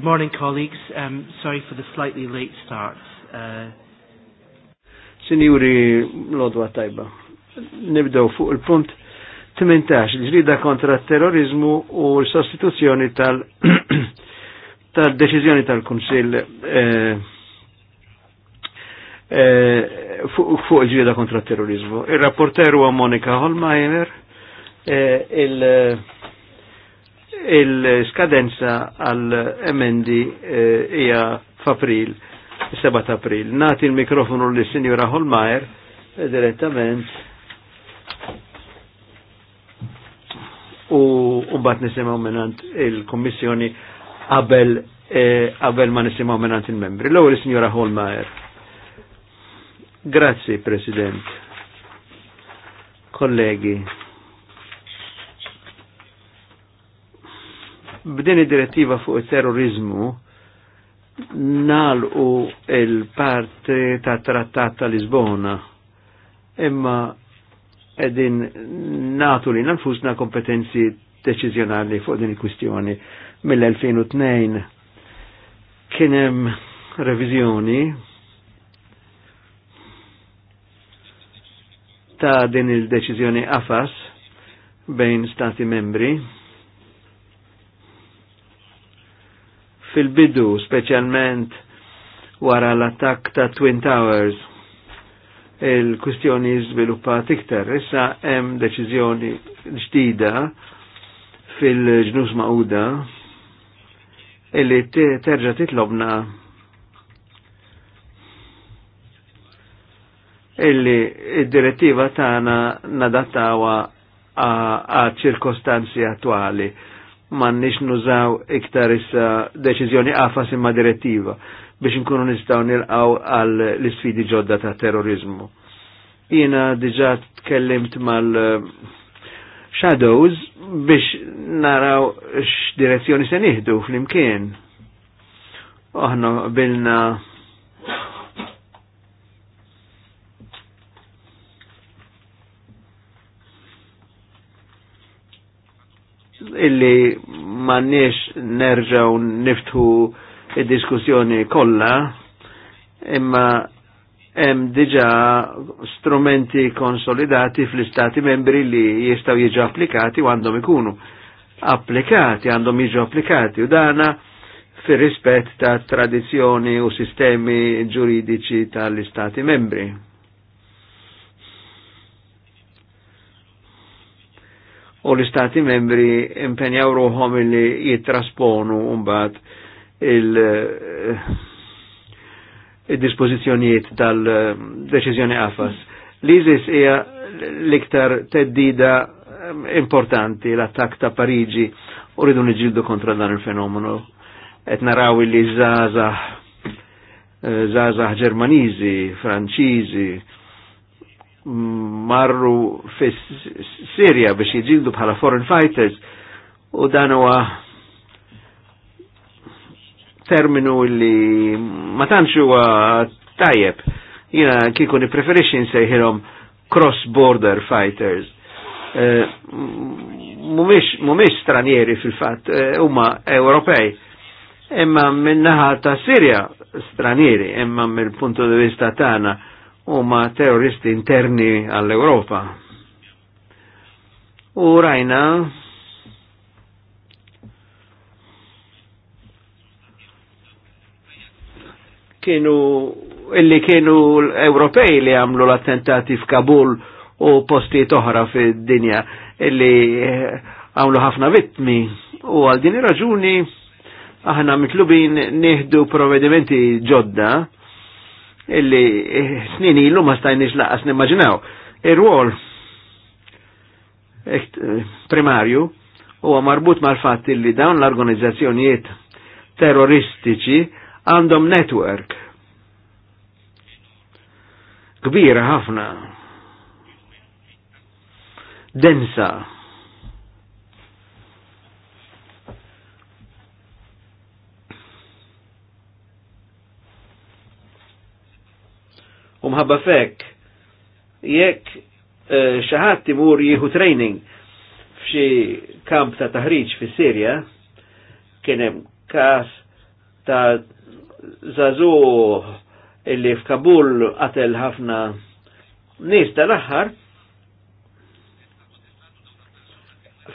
Good morning, colleagues. Um, sorry for the slightly late start. Uh... Sinjuri, lodwa tajba. Nibdew fuq il-punt 18, ġrida kontra terrorizmu u l-sostituzzjoni tal- tal-deċizjoni tal-Kunsill eh, eh, fuq il-ġrida kontra terrorizmu. Il-rapporteru għam Monika Holmeier, eh, il- il-skadenza għal-emendi eh, hija e, f'April, 7 April. Nati il-mikrofonu li sinjura Holmajer eh, direttament u mbagħad nisimgħu minant il-Kommissjoni qabel eh, qabel ma nisimgħu minant il-membri. L-ewwel sinjura Holmajer. Grazzi, President. Kollegi b'din id-direttiva fuq il-terrorizmu nalqu il-parti ta' trattat ta' Lisbona imma edin natu li nanfusna kompetenzi deċizjonali fuq din il-kwistjoni mill-2002 kienem revizjoni ta' din il-deċizjoni AFAS bejn stati membri fil-bidu, specialment wara l-attak ta' Twin Towers. Il-kustjoni żviluppat iktar. Issa hemm deċiżjoni ġdida fil-ġnus ma'uda illi terġa' titlobna illi id-direttiva tagħna nadattawa għal ċirkostanzi attwali m'għandniex nużaw iktar issa deċiżjoni qafas imma direttiva biex nkunu nistgħu nilqgħu għal l-isfidi ġodda ta' terrorizmu. Jiena diġà tkellimt mal eh, shadows biex naraw x'direzzjoni se nieħdu fl-imkien. Aħna bilna illi mannix nerġaw niftu id-diskussjoni kollha, imma hemm diġa strumenti konsolidati fl-istati membri li jistgħu jiġu applikati u għandhom ikunu applikati, għandhom jiġu applikati u dana fir rispett ta' tradizjoni u sistemi ġuridiċi tal-istati membri. u l-istati membri impenjaw ruħom li jittrasponu umbat il- eh, il-dispozizjonijiet tal-deċizjoni għafas. L-ISIS hija l-iktar teddida eh, importanti l-attak ta' Parigi u rridu niġildu kontra dan il-fenomenu. Et naraw li zaza eh, zaza ġermanizi, franċizi, marru fis Sirja biex jiġildu bħala foreign fighters u dan huwa terminu li ma tantx huwa tajjeb. Jiena kieku nippreferixxi nsejħilhom cross-border fighters. E, eh, Mhumiex stranieri fil-fatt, eh, huma Ewropej. Imma minnaħa ta' Sirja stranieri, imma mill-puntu di vista tagħna huma terroristi interni għall-Europa. U rajna kienu illi kienu l-Ewropej li għamlu l-attentati f'Kabul u postijiet oħra fid-dinja illi eh, għamlu ħafna vittmi u għal din raġuni aħna mitlubin nieħdu provvedimenti ġodda illi eh, snin ilu ma stajniex laqas nimmaġinaw. Ir-rwol eh, primarju huwa marbut mal-fatt illi dawn l-organizzazzjonijiet terroristiċi għandhom network kbira ħafna densa Umħabba mħabba fekk, jekk eh, xaħat timur jieħu training fxie kamp ta' taħriġ fi Sirja, kienem kas ta' zazu illi f'Kabul qatel ħafna nis tal-aħħar,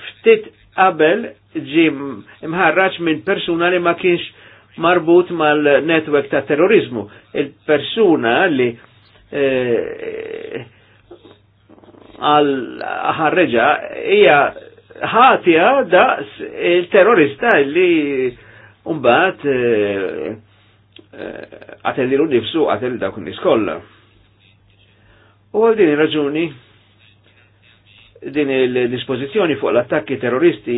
ftit qabel ġim imħarraċ minn persuna li ma kienx marbut mal netwek ta' terrorizmu. Il-persuna li E, għal ħarreġa hija ħatja daqs il-terrorista li mbagħad għatellilu e, e, nifsu għatelli dawk nis kollha. U għal din raġuni din il dispozizjoni fuq l-attakki terroristi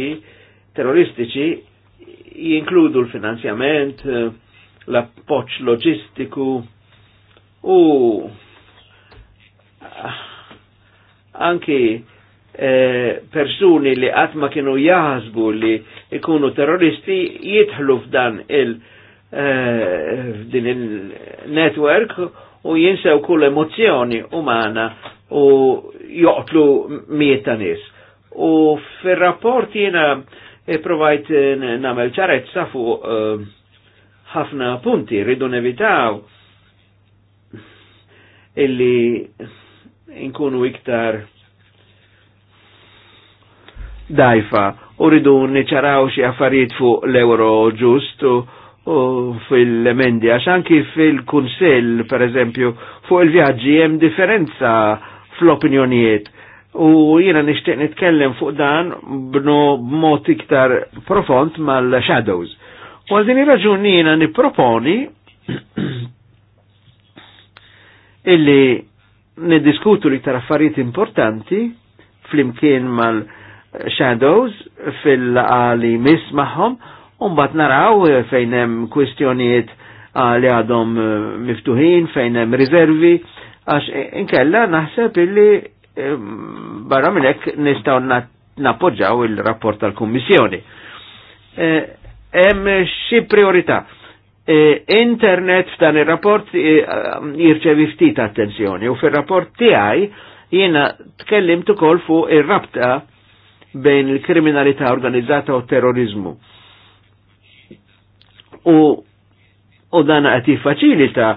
terroristiċi jinkludu l-finanzjament, l-appoċ loġistiku, u ah, anki eh, persuni li għatma kienu jahazbu li ikunu terroristi jitħlu f'dan il- eh, din il-network u jinsew kull emozjoni umana u joqtlu miet ta' U fil-rapport jena e eh, provajt namel ċarezza fuq ħafna punti rridu nevitaw illi nkunu iktar dajfa u ridu niċaraw xie affarijiet fuq l-euro ġust u fil-emendi, għax anki fil-kunsell, per eżempju, fuq il-vjaġġi hemm differenza fl-opinjonijiet. U jiena nixtieq nitkellem fuq dan b'no b'mod iktar profond mal-shadows. U għal din raġuni jiena nipproponi illi niddiskutu li taraffariet importanti flimkien mal-shadows fil-għali mis maħom Umbat naraw fejn hemm ah, li għadhom eh, miftuħin, fejn hemm riservi, għax inkella naħseb illi eh, barra minnek nistaw nistgħu nappoġġaw il-rapport tal-Kummissjoni. Eh, hemm xi priorità E, internet f'dan il-rapport e, jirċevi ftit attenzjoni u fil-rapport tiegħi jiena tkellimt ukoll fuq ir-rabta bejn il-kriminalità organizzata u terrorizmu. U u dan qed jiffaċilita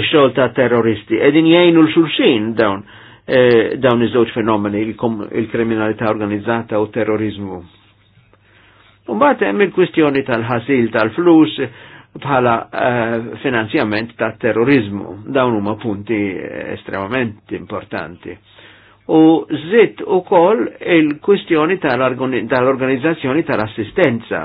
x-xogħol ta' terroristi qegħdin jgħinu l xulxin dawn e, dawn iż-żewġ fenomeni il-kriminalità organizzata u terrorizmu. U mbagħad hemm il-kwistjoni tal-ħasil tal-flus, tal flus bħala eh, finanzjament ta' terrorizmu. Dawn huma punti estremament importanti. U zitt u koll il-kwistjoni tal-organizzazzjoni tal tal-assistenza.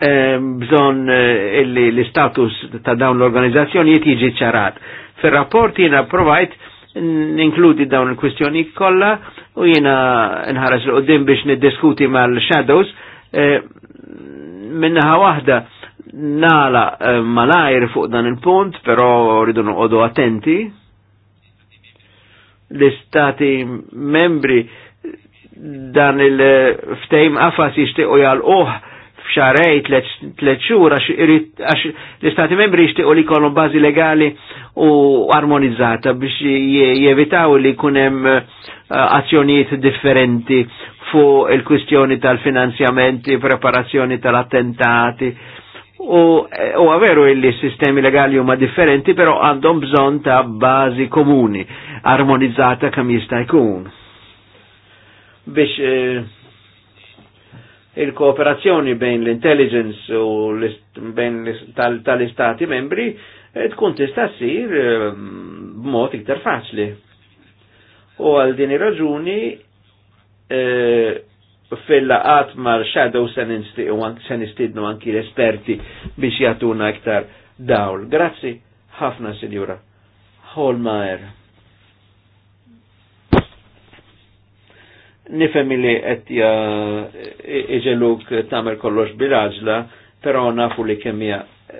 Bżon eh, il-status l-istatus ta' dawn l-organizzazzjoni jiġi ċarat. Fil-rapport jina provajt ninkludi dawn il-kwistjoni kollha u jiena nħares l qoddim biex niddiskuti mal-shadows e, minnaħa waħda nala e, malajr fuq dan il-punt, però rridu noqogħdu attenti. L-istati membri dan il-ftejm qafas jixtiequ jgħal oħ f'xarej, tliet xhur għax l-Istati membri jixtiequ li jkollhom bażi legali u armonizzata biex jevitaw li jkun hemm eh, azzjonijiet differenti fu il-kwistjoni tal-finanzjamenti, preparazzjoni tal-attentati. U eh, għaveru illi sistemi legali huma differenti, però għandhom bżon ta' bażi komuni, armonizzata kam jista' jkun. Biex eh, il-kooperazzjoni bejn l-intelligence u bejn tal-istati tal membri eh, tkun tista' ssir eh, b'mod iktar faċli. U għal din ir-raġuni eh, fil-laqat mar shadow sen anki l-esperti biex jatuna iktar dawl. Grazzi ħafna, Sinjura. Holmeyer. nifem li għetja iġeluk tamer kollox bil-ħagġla, pero nafu li kemija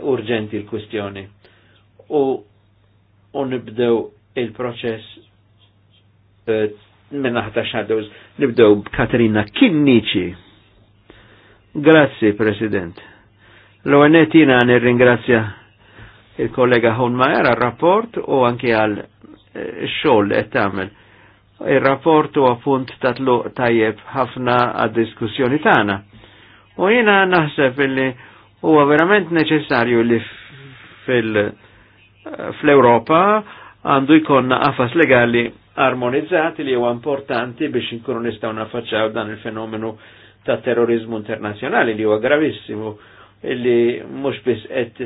urġenti l-kustjoni. U, nibdew il-proċess eh, minna ħata xadows, nibdew b'Katerina Kinnici. Grazzi, President. L-għanetina nir-ringrazzja il-kollega Hun Majer għal-rapport u anki għal eh, xogħol qed tagħmel Il-rapport huwa punt ta' tluq tajjeb ħafna għad-diskussjoni tagħna. U jina naħseb li huwa verament neċessarju li fil-Europa għandu jkonna qafas legali armonizzati li huwa importanti biex inkunu nistgħu nafaċċaw dan il-fenomenu ta' terrorizmu internazzjonali li huwa gravissimu illi mhux biss qed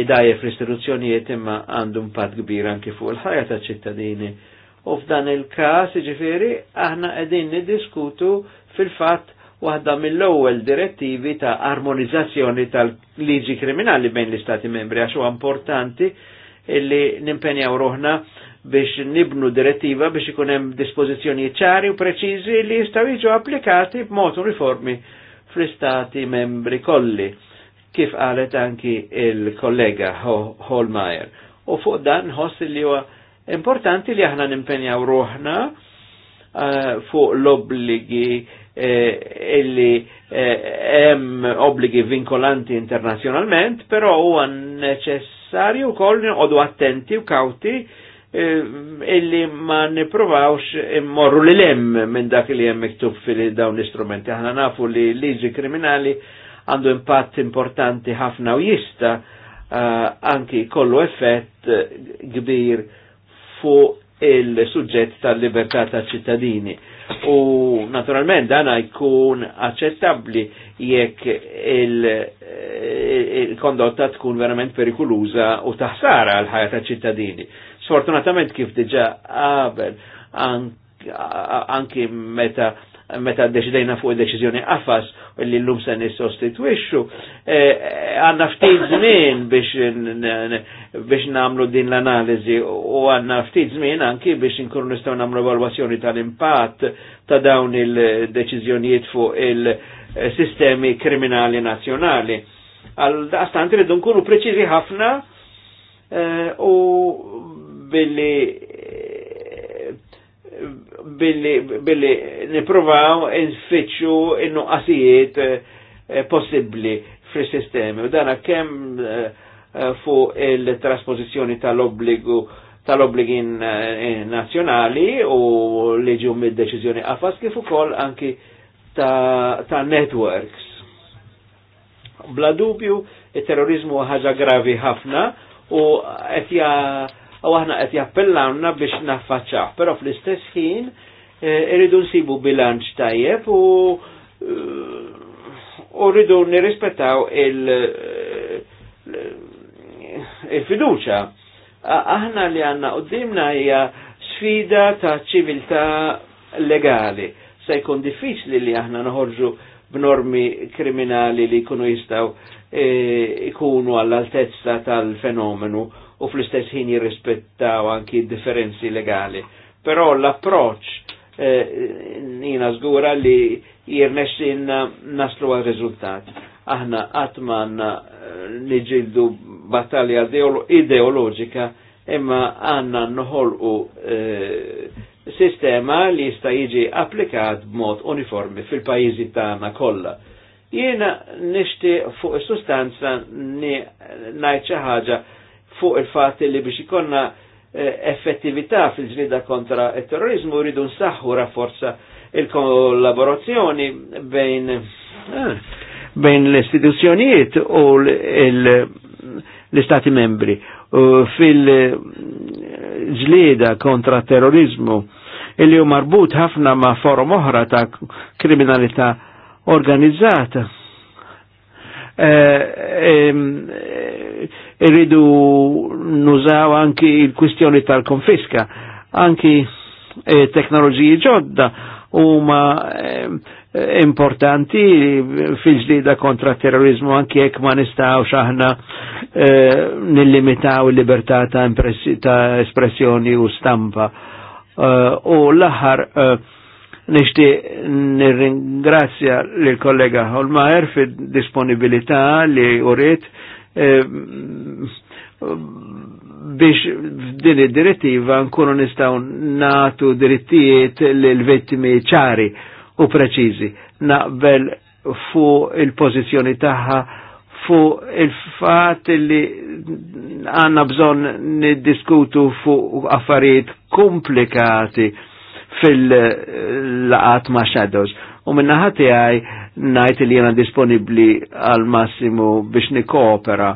idajje fl-istituzzjonijiet imma għandu impatt kbir anki fuq il-ħajja ta' ċittadini U f'dan il-kas, ġifiri, aħna qegħdin niddiskutu fil-fatt waħda mill-ewwel direttivi ta' armonizzazzjoni tal-liġi kriminali bejn l-Istati membri għax huwa importanti illi nimpenjaw ruħna biex nibnu direttiva biex ikun hemm dispożizzjoni ċari u preċiżi li jistgħu jiġu applikati b'mod uniformi fl-Istati membri kolli kif qalet anki il-kollega Holmeyer. U fuq dan ħoss li huwa Importanti li aħna nimpenjaw ruħna uh, fuq l-obligi uh, illi eh, hemm eh, obligi vinkolanti internazzjonalment, però huwa neċessarju wkoll nqogħdu attenti u kawti illi ma niprovawx immorru li lem minn dak li hemm miktub fil-dawn l-istrumenti. Aħna nafu li liġi kriminali għandu impatt importanti ħafna u jista uh, anki kollu effett kbir uh, fuq il-sujġett tal-libertà tal ċittadini. U naturalment dana jkun aċċettabbli jekk eh, il-kondotta tkun verament perikoluża u taħsara għal ħajja tal ċittadini. Sfortunatament kif diġà qabel anki meta meta deċidejna fuq id-deċiżjoni għafas, li l-lum se nissostitwixxu. E, għanna ftit żmien biex namlu din l-analiżi u għanna ftit żmien anki biex inkunu nistgħu nagħmlu evalwazzjoni tal-impatt ta' dawn il-deċiżjonijiet fuq il-sistemi kriminali nazzjonali. Għal-dastant rridu nkunu preċiżi ħafna e, u billi billi, billi niprovaw nfittxu innu nuqqasijiet eh, possibbli fil-sistemi. U dana kemm eh, fuq il-trasposizjoni tal-obbligu tal obbligi nazjonali eh, u li mid-deċiżjoni għafas kif ukoll anki ta', networks. Bla dubju, il-terrorizmu ħaġa gravi ħafna u qed u aħna qed jappellawna biex naffaċċaħ, però fl-istess ħin eh, irridu nsibu bilanċ tajjeb u eh, u rridu nirrispettaw il-fiduċa. Eh, aħna li għanna qoddimna hija sfida ta' ċiviltà legali. Se jkun diffiċli li aħna noħorġu b'normi kriminali li jkunu jistaw ikunu għall-altezza tal-fenomenu u fl-istess ħin jirrispettaw anki differenzi legali. Però l-approċ eh, nina zgura li jirnexin naslu għal rizultat. Aħna għatman eh, niġildu battalja ideologika imma għanna nħolqu eh, sistema li jista jiġi applikat b'mod uniformi fil-pajizi tagħna kollha. Jiena nixti fuq is-sustanza ni xi ħaġa fuq il-fat li biex ikonna eh, effettività fil-ġlida kontra il-terrorizmu rridu nsaħħu rafforza il-kollaborazzjoni bejn eh, bejn l-istituzzjonijiet u l-istati membri fil-ġlida kontra terrorizmu il-li hu marbut ħafna ma' forum oħra ta' kriminalità organizzata. Eh, irridu nużaw anki il-kwistjoni tal-konfiska, anki eh, teknoloġiji ġodda huma e, importanti fil-ġdida kontra terrorizmu anki jekk ma nistgħux aħna eh, nillimitaw il-libertà ta, espressjoni u stampa. U l-aħħar nishti nirringrazzja lil kollega Holmaer fil-disponibilità li uriet Eh, biex din id-direttiva nkunu nistaw natu drittijiet l-vittimi ċari u preċizi. Naqbel fu il-pozizjoni taħħa fu il-fat li għanna bżon niddiskutu fu affarijiet komplikati fil-laqat ma' shadows. U minna ħati għaj najt li jena disponibli għal massimu biex nikoopera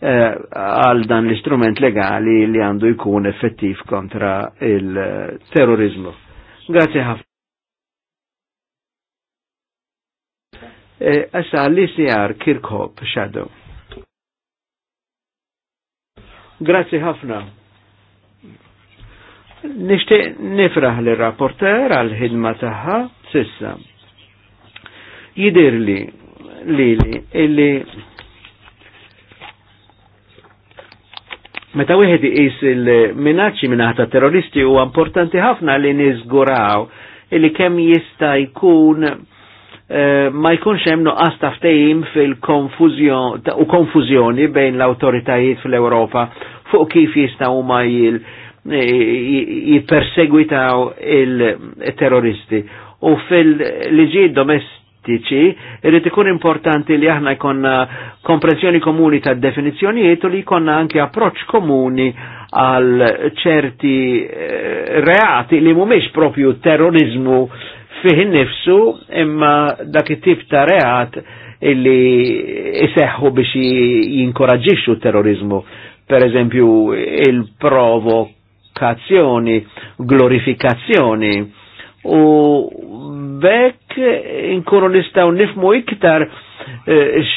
eh, għal dan l-istrument legali li għandu jkun effettiv kontra il-terrorizmu. Grazie ħafna. Issa eh, l sijar Kirkhop Shadow. Grazzi ħafna. Nishtiq nifraħ li rapporter għal-ħidma taħħa sissa. Jidirli li li illi Meta wieħed iqis il-minacċi minnaħta terroristi huwa importanti ħafna li niżguraw illi kemm jista' jkun eh, ma jkunx hemm nuqqas taftejim fil-konfużjoni u konfużjoni bejn l-awtoritajiet fl-Ewropa fuq kif jista' huma eh, jippersegwitaw il-terroristi. U fil-liġijiet domestiċi prattiċi, irrid ikun importanti li aħna jkonna komprensjoni komuni ta' definizjonijiet u li jkonna anke approċ komuni għal ċerti eh, reati li mhumiex propju terrorizmu fih nifsu imma dak it-tip ta' reat illi iseħħu biex jinkoraġixxu terrorizmu. Per eżempju, il-provokazzjoni, glorifikazzjoni u bekk inkunu nistaw nifmu iktar eh,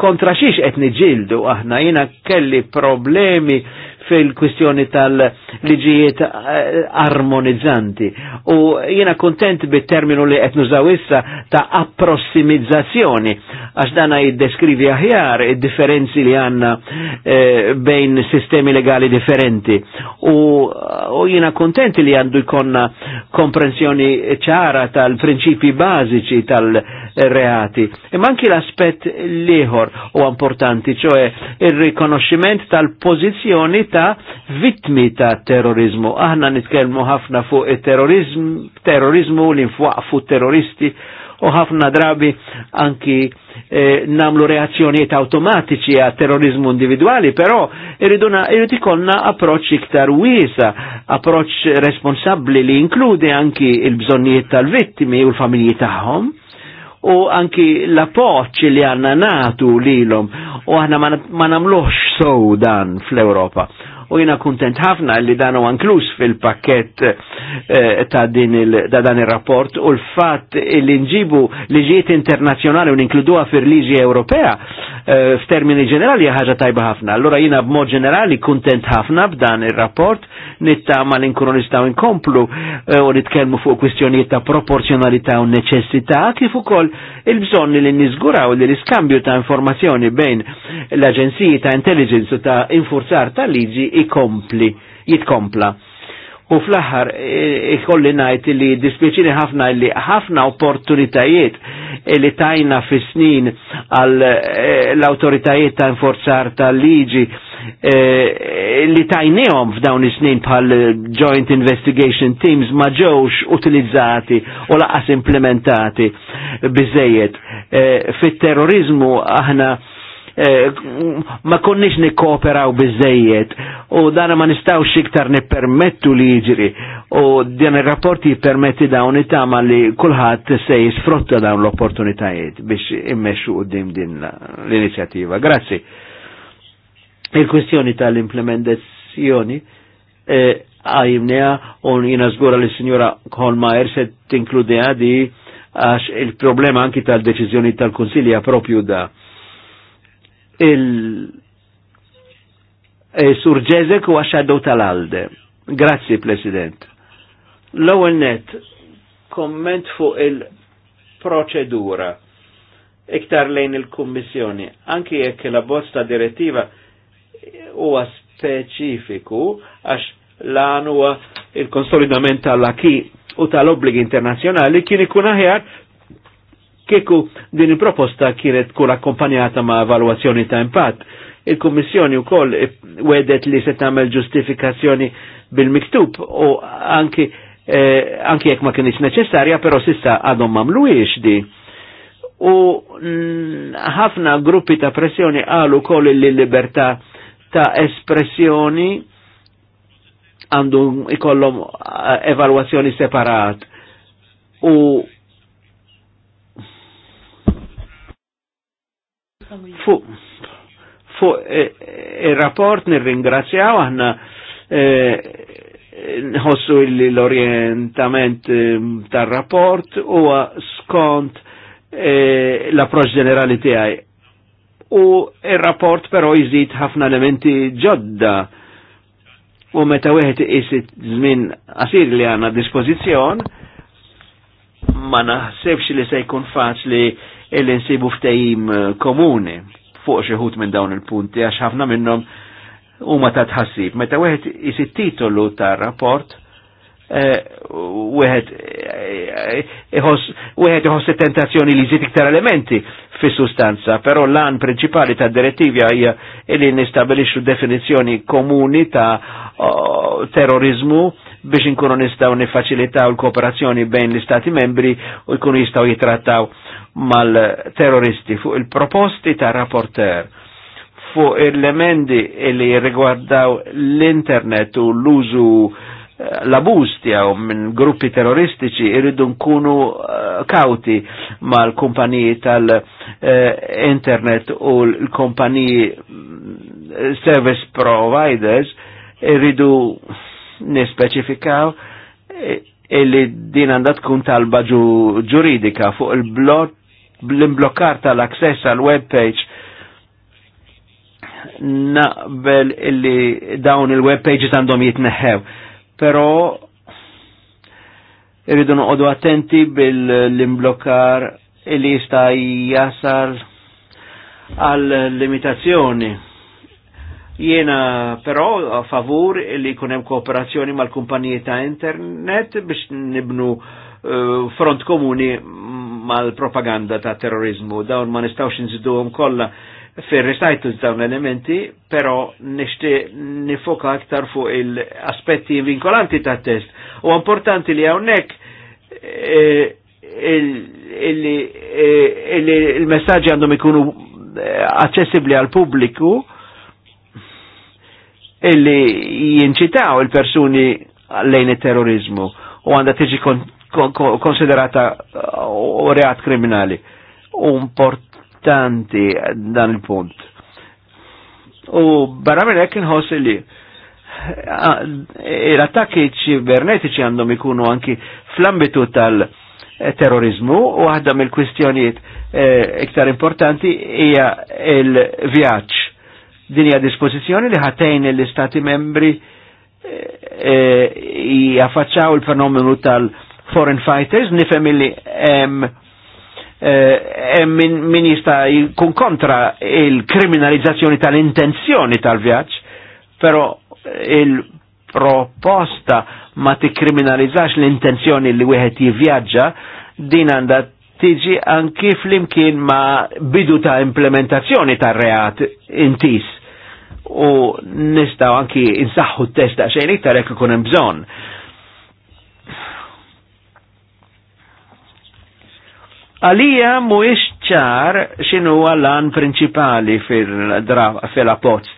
kontra xiex qed niġildu aħna jina kelli problemi fil-kwistjoni tal-liġijiet eh, armonizzanti. U jiena kontent bit-terminu li qed nużawissa ta' approssimizzazzjoni, għax dana jiddeskrivi aħjar id-differenzi li għanna e, bejn sistemi legali differenti. U, u jiena kontenti li għandu jkonna komprensjoni ċara tal-prinċipi bażiċi tal-, reati. Imma anki l-aspett liħor u importanti, ċoe il rikonoximent tal-pozizjoni ta' vittmi ta' terrorizmu. Aħna nitkellmu ħafna fuq il-terrorizmu, terrorizmu terrorizmu l fuq terroristi u ħafna drabi anki eh, namlu reazzjonijiet automatiċi għat terrorizmu individuali, però irriduna irrid ikollna approċċ iktar wiesa, approċċ responsabbli li inkludi anki il-bżonnijiet tal-vittimi u l-familji tagħhom u anki l-appoċ li għanna natu l-om u għanna ma namluħx sow dan fl-Europa u jina kuntent ħafna li dan u anklus fil-pakket eh, ta' din da dan il-rapport u l-fat li nġibu liġijiet internazjonali u ninkluduha fil-liġi Ewropea eh, f'termini ġenerali ħaġa tajba ħafna. Allora jina b'mod ġenerali kuntent ħafna b'dan il-rapport ma l inkronista u inkomplu u nitkelmu fuq kwistjonijiet ta' proporzjonalità u neċessità kif ukoll il-bżonn li niżguraw li l-iskambju ta' informazzjoni bejn l-Aġenziji ta' Intelligence u ta' infurzar ta' liġi ikompli, jitkompla. U fl-aħħar eh, ikolli ngħid li dispieċini ħafna li ħafna opportunitajiet li tajna fi snin għall eh, autoritajiet awtoritajiet ta' infurzar ta' liġi Eh, li tajnijom f'dawn is-snin bħal Joint Investigation Teams ma ġewx utilizzati u laqas implementati biżejjed. Eh, fit-terrorizmu aħna eh, ma konniex nikkooperaw biżejjed u dana ma nistawx iktar nippermettu li jiġri u din ir rapporti jippermetti dawn it-tama li kulħadd se jisfrutta dawn l-opportunitajiet biex immexxu qudiem din l-inizjattiva. Grazzi il kwestjoni tal-implementazzjoni eh, għajimnija un jina zgura li signora Holmajer se tinkludija di għax il-problema anki tal-deċizjoni tal-Konsilja propju da. Il-Sur eh, Ġezek u għaxħaddu tal-Alde. Grazzi, President. L-ewel net, komment fuq il-proċedura iktar lejn il kommissjoni anki jekk la bosta direttiva huwa speċifiku għax l l-għan huwa il-konsolidament tal laki u tal-obbligi internazzjonali kien ikun aħjar kieku din il-proposta kienet tkun akkompanjata ma' evalwazzjoni ta' impatt. Il-Kummissjoni wkoll wedet li se tagħmel ġustifikazzjoni bil-miktub u anki eh, anki jekk ma kienx neċessarja, però sissa għadhom mamluwiex di u ħafna gruppi ta' pressjoni għalu koll li libertà ta' espressjoni għandu ikollhom eh, evalwazzjoni separat u fu, fu, eh, il-rapport nir-ringrazzjaw aħna eh, nħossu eh, l-orientament tar-rapport u skont eh, l-approċ ġenerali u il-rapport però jżid ħafna elementi ġodda u meta wieħed isit żmien qasir li għandna dispożizzjon ma naħsebx li se jkun faċli li nsibu ftehim eh, komuni fuq xi ħut minn dawn il-punti għax ħafna minnhom huma ta' tħassib. Meta wieħed isit titolu tar-rapport Eh, eh, wieħed iħoss tentazzjoni li jżid iktar elementi fi sustanza però l-an principali ta' direttiva hija li nistabilixxu definizzjoni komuni ta' terrorizmu biex inkunu nistgħu nifaċilitaw l-kooperazzjoni bejn l-Istati membri u jkunu jistgħu jitrattaw mal-terroristi fuq il-proposti ta' rapporter fuq il-lemendi li jirrigwardaw l-internet u l-użu l-abuż tiegħu minn gruppi terroristiċi irridu nkunu eh, kawti mal-kumpaniji tal-internet eh, u l-kumpaniji mm, service providers irridu nispeċifikaw eh, illi din għandha tkun talba ġuridika fuq il l-imblokkar tal-aksess għal web page naqbel illi dawn il-web pages għandhom jitneħħew però irridu noqodu attenti bil-imblokkar li jista' jasal għal limitazzjoni. Jiena però a favur li jkun hemm kooperazzjoni mal-kumpaniji ta' internet biex nibnu uh, front komuni mal-propaganda ta' terrorizmu. Dawn ma nistawx nżiduhom kollha fir-recitu dawn elementi, pero nishti nifoka aktar fuq il-aspetti vinkolanti ta' test. U importanti li hawnhekk eh, eh, il-messagġi għandhom ikunu eh, accessibli għal publiku illi jinċitaw il-persuni lejn il-terrorizmu u għanda tiġi konsiderata u reat kriminali. Un port importanti dan il-punt. U barra minn hekk li l-attakki ċibernetiċi għandhom ikunu anki fl-ambitu tal-terrorizmu u għadda mill-kwistjonijiet e, iktar importanti hija il-vjaġġ. Din hija dispożizzjoni li ħatejn l-istati membri e, e, jaffaċċaw il-fenomenu tal-foreign fighters, nifem li hemm Eh, eh, min, min jista' jkun kontra il-kriminalizzazzjoni tal-intenzjoni tal-vjaġġ, però il-proposta ma tikkriminalizzax l-intenzjoni li wieħed jivvjaġġa, din għandha tiġi anki flimkien ma bidu ta' implementazzjoni ta' reat intis u nistaw anki insaħħu t-test xejn iktar jekk ikun hemm bżonn Għalija mhuwiex ċar għallan l-an prinċipali fil tal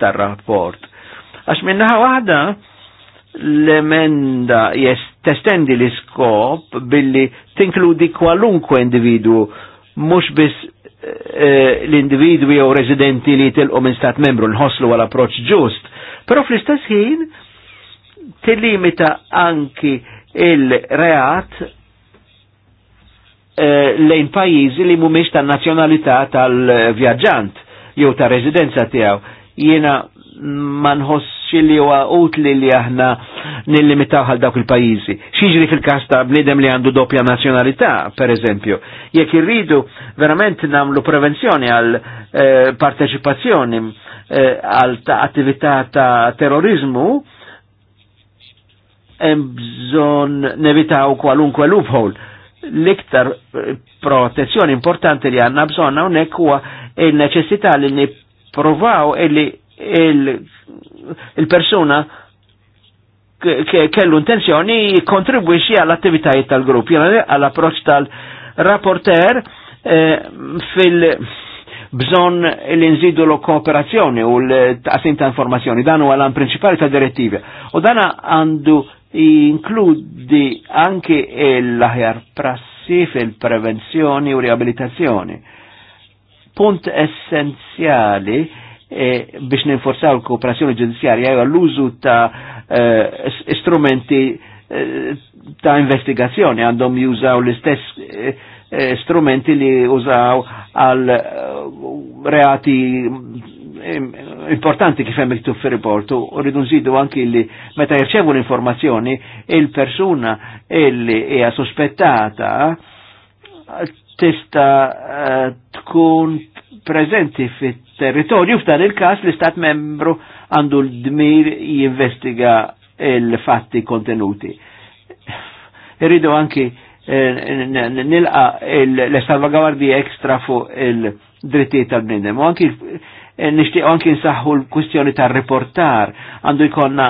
tar-rapport. Għax minnaħa għada l-emenda testendi l-iskop billi tinkludi kwalunkwe individu mhux biss eh, l-individwi jew residenti li tilqu minn stat membru nħosslu għal approċ ġust. Però fl-istess ħin tillimita anki il-reat Eh, lejn pajjiżi li mhumiex tan-nazzjonalità tal-vjaġġant jew ta' residenza tiegħu. Jiena ma nħossx li huwa utli li aħna nillimitaw għal dawk il-pajjiżi. Xiġri fil-każ ta' bniedem li għandu doppja nazzjonalità, per eżempju. Jekk irridu verament nagħmlu prevenzjoni għal eh, parteċipazzjoni eh, għal ta' attività ta' terrorizmu, hemm bżonn nevitaw kwalunkwe loophole l-iktar eh, protezzjoni importanti li għanna bżonna unnek huwa il-neċessità li niprovaw il-li il-persuna kellu intenzjoni kontribwixi għall-attivitajiet tal-grupp, għall-approċ tal-rapporter eh, fil-bżon l-inżidu l-kooperazzjoni u l-tasin ta' informazzjoni, dan huwa l-an principali ta' direttivi. U dan għandu inkludi anke l-aħjar prassi fil-prevenzjoni u riabilitazzjoni. Punt essenzjali E, biex ninforzaw l-kooperazzjoni ġudizzjarja jew l-użu ta' e, strumenti e, ta' investigazzjoni għandhom jużaw l-istess strumenti li użaw għal reati importanti kif hemm miktub fir-report u rridu nżidu anki li meta jirċevu l-informazzjoni il-persuna illi hija sospettata tista eh, tkun preżenti fit-territorju f'dan il-każ li stat membru għandu l-dmir jinvestiga il-fatti kontenuti. Irridu anki eh, nilqa l-salvagawardija ekstra fuq il-drittijiet tal-bnidem. U anki Eh, nishtiq anki nsaħħu l kustjoni ta' reportar għandu jkonna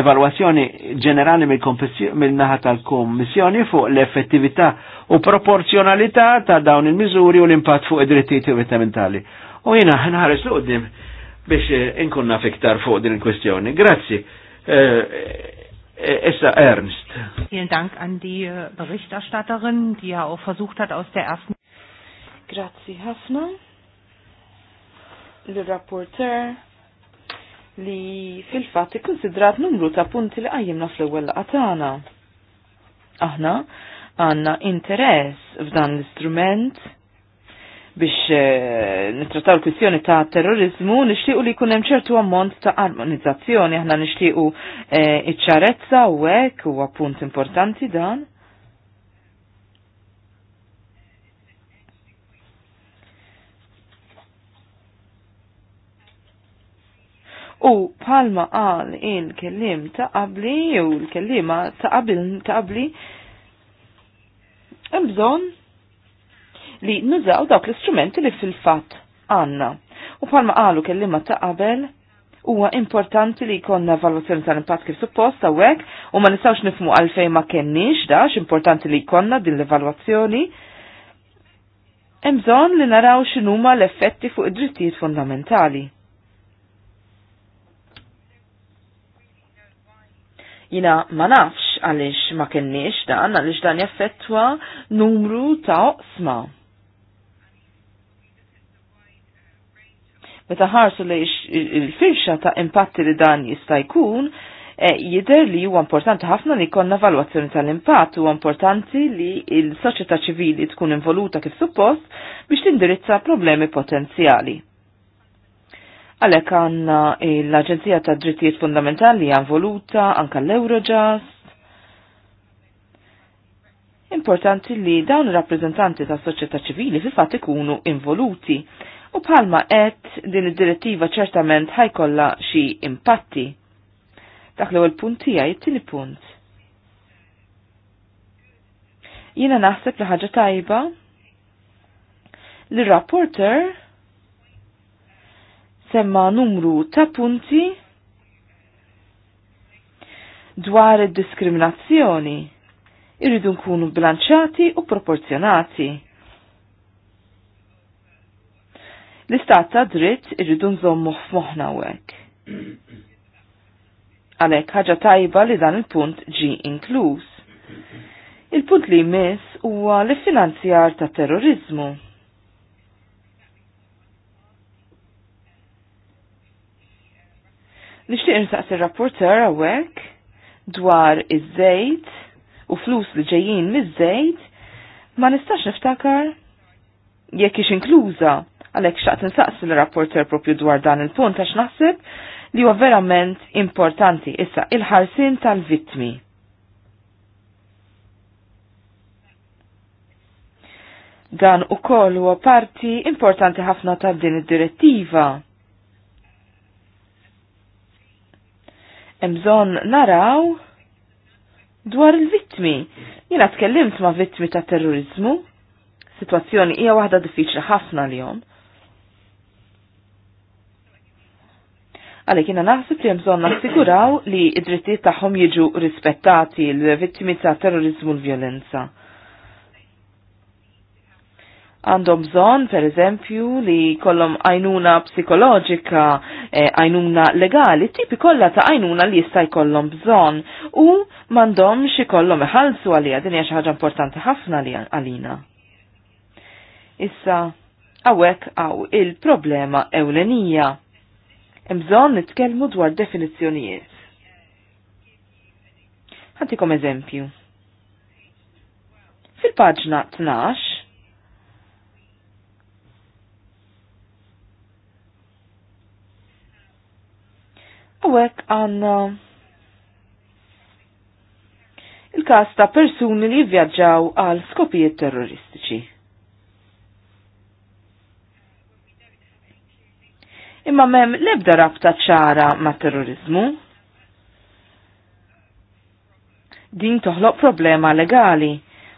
evalwazzjoni ġenerali mill-naħa tal-Kommissjoni fuq l-effettività u proporzjonalità ta' dawn il-miżuri u l-impatt fuq id-drittijiet fundamentali. U jina ħares l biex eh, inkunna fiktar fuq din il kustjoni Grazzi. Issa eh, Ernst. Vielen Dank an die Berichterstatterin, die ja auch versucht hat aus der ersten Grazie, Hafner l-rapporter li fil-fatt ikkonsidrat numru ta' punti li għajjimna fl-ewwel laqatana. Aħna għanna interess f'dan l-istrument biex eh, nitrataw l-kwistjoni ta' terrorizmu, nixtiequ li jkun hemm ċertu ammont ta' armonizzazzjoni, aħna nixtiequ eh, iċ-ċarezza u hekk huwa punt importanti dan. U palma għal in kellim ta' qabli u l-kellima ta' qabli ta' qabli imbżon li nużaw dawk l-istrumenti li fil-fat għanna. U palma għalu kellima ta' qabel huwa importanti li jkollna valutazzjoni tal-impatt kif suppost hawnhekk u ma nistgħux nifmu għalfejn ma kenniex dax importanti li jkollna din l-evalwazzjoni. Hemm bżonn li naraw x'inhuma l-effetti fuq id-drittijiet fundamentali. Jina ma nafx għalix ma kenniex dan, għalix dan jaffettwa numru ta' sma. Meta ħarsu li il-firxa ta' impatti li dan jista' jkun, e, jider li huwa importanti ħafna li konna valwazzjoni tal-impatt huwa importanti li il-soċjetà ċivili tkun involuta kif suppost biex tindirizza problemi potenzjali. Għalek għanna l-Aġenzija ta' Drittijiet Fundamentali għan voluta, anka l-Eurojust. Importanti li dawn rappresentanti ta' soċjetà ċivili fi fatt ikunu involuti. U bħalma qed din id-direttiva ċertament ħajkolla xi impatti. Dak l-ewwel punt tiegħi it-tieni punt. Jiena naħseb li ħaġa tajba li rapporter semma numru ta' punti dwar id-diskriminazzjoni. Irridu nkunu bilanċati u proporzjonati. L-istat ta' dritt irridu nżommu f'moħħna hekk. Għalhekk ħaġa tajba li dan il-punt ġi inkluż. Il-punt li jmiss huwa l-finanzjar ta' terrorizmu. Nixtieq nistaqsi ir-rapporter hawnhekk dwar iż-żejt u flus li ġejjin miż-żejt ma nistax niftakar jekk ix inkluża għalhekk xaqt nistaqsi l-rapporter propju dwar dan il-punt għax naħseb li huwa verament importanti issa il-ħarsin tal-vittmi. Dan u huwa parti importanti ħafna tal din id-direttiva. Mżon naraw dwar il-vittmi. Jina tkellimt ma' vittmi ta' terrorizmu. Situazzjoni hija waħda diffiċli ħafna l-jom. Għalek jina naħseb li jemżon nassiguraw li id-drittijiet tagħhom jiġu rispettati l-vittmi ta' terrorizmu l-violenza għandhom bżon, per eżempju, li kollom għajnuna psikoloġika, eh, għajnuna e, legali, tipi kollha ta' għajnuna li jista' jkollhom bżon u mandom xie kollom iħallsu għalija, din hija xi ħaġa importanti ħafna li għalina. Issa, hawnhekk għaw il-problema ewlenija. Mżon nitkellmu dwar definizzjonijiet. Ħantikom eżempju. Fil-paġna 12, U hekk il-każ ta' persuni li vjaġġaw għal skopijiet terroristiċi. Imma mem lebda rabta ċara ma' terrorizmu. Din toħloq problema legali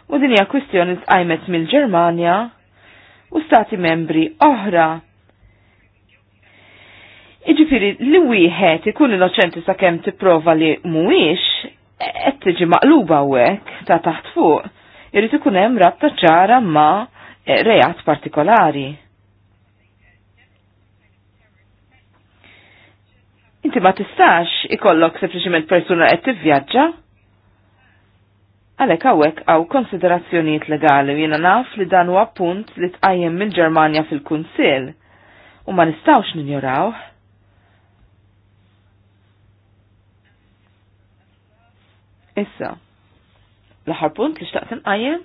u din hija kwistjoni tqajmet mill-Ġermanja u stati membri oħra Ġifiri, li wieħed ikun innoċenti sakemm tipprova li mhuwiex qed tiġi maqluba hekk ta' taħt fuq, irid ikun hemm rabta ċara ma' reat partikolari. Inti ma tistax ikollok sempliċiment persuna qed tivvjaġġa? Għalhekk hawnhekk hawn konsiderazzjonijiet legali jiena naf li dan huwa punt li tqajjem mill-Ġermanja fil-Kunsill u ma nistgħux ninjorawh. Issa, l-aħħar punt li xtaqt inqajjem?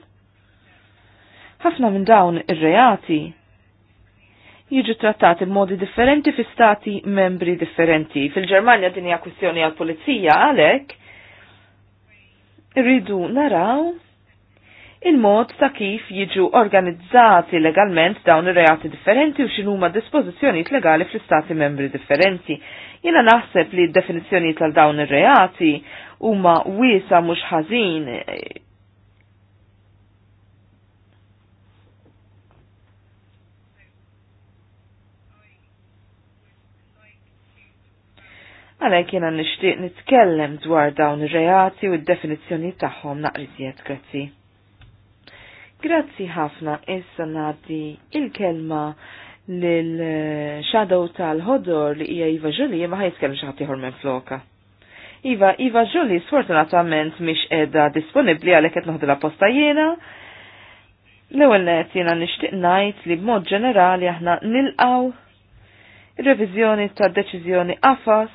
Ħafna minn dawn ir-reati jiġu trattati b'modi differenti fi stati membri differenti. Fil-Ġermanja din hija kwistjoni għall-Pulizija għalhekk irridu naraw il-mod ta' kif jiġu organizzati legalment dawn ir-reati differenti u x'inhuma dispożizzjonijiet legali fl-istati membri differenti. Jiena naħseb li d tal dawn ir-reati huma wiesa mhux ħażin Għalek jena nishtiq nitkellem dwar dawn ir-reati u d-definizzjoni tagħhom naqriżiet, grazzi. Grazzi ħafna issa nadi il-kelma lil-shadow eh, tal-ħodor li hija Iva Ġuli ma ħajt kellu ħadd ieħor minn floka. Iva, Iva Ġuli sfortunatament mhix qiegħda disponibbli għalhekk qed la posta jena. L-ewwel net jiena nixtieq ngħid li b'mod ġenerali aħna nilqaw ir-reviżjoni tad-deċiżjoni afas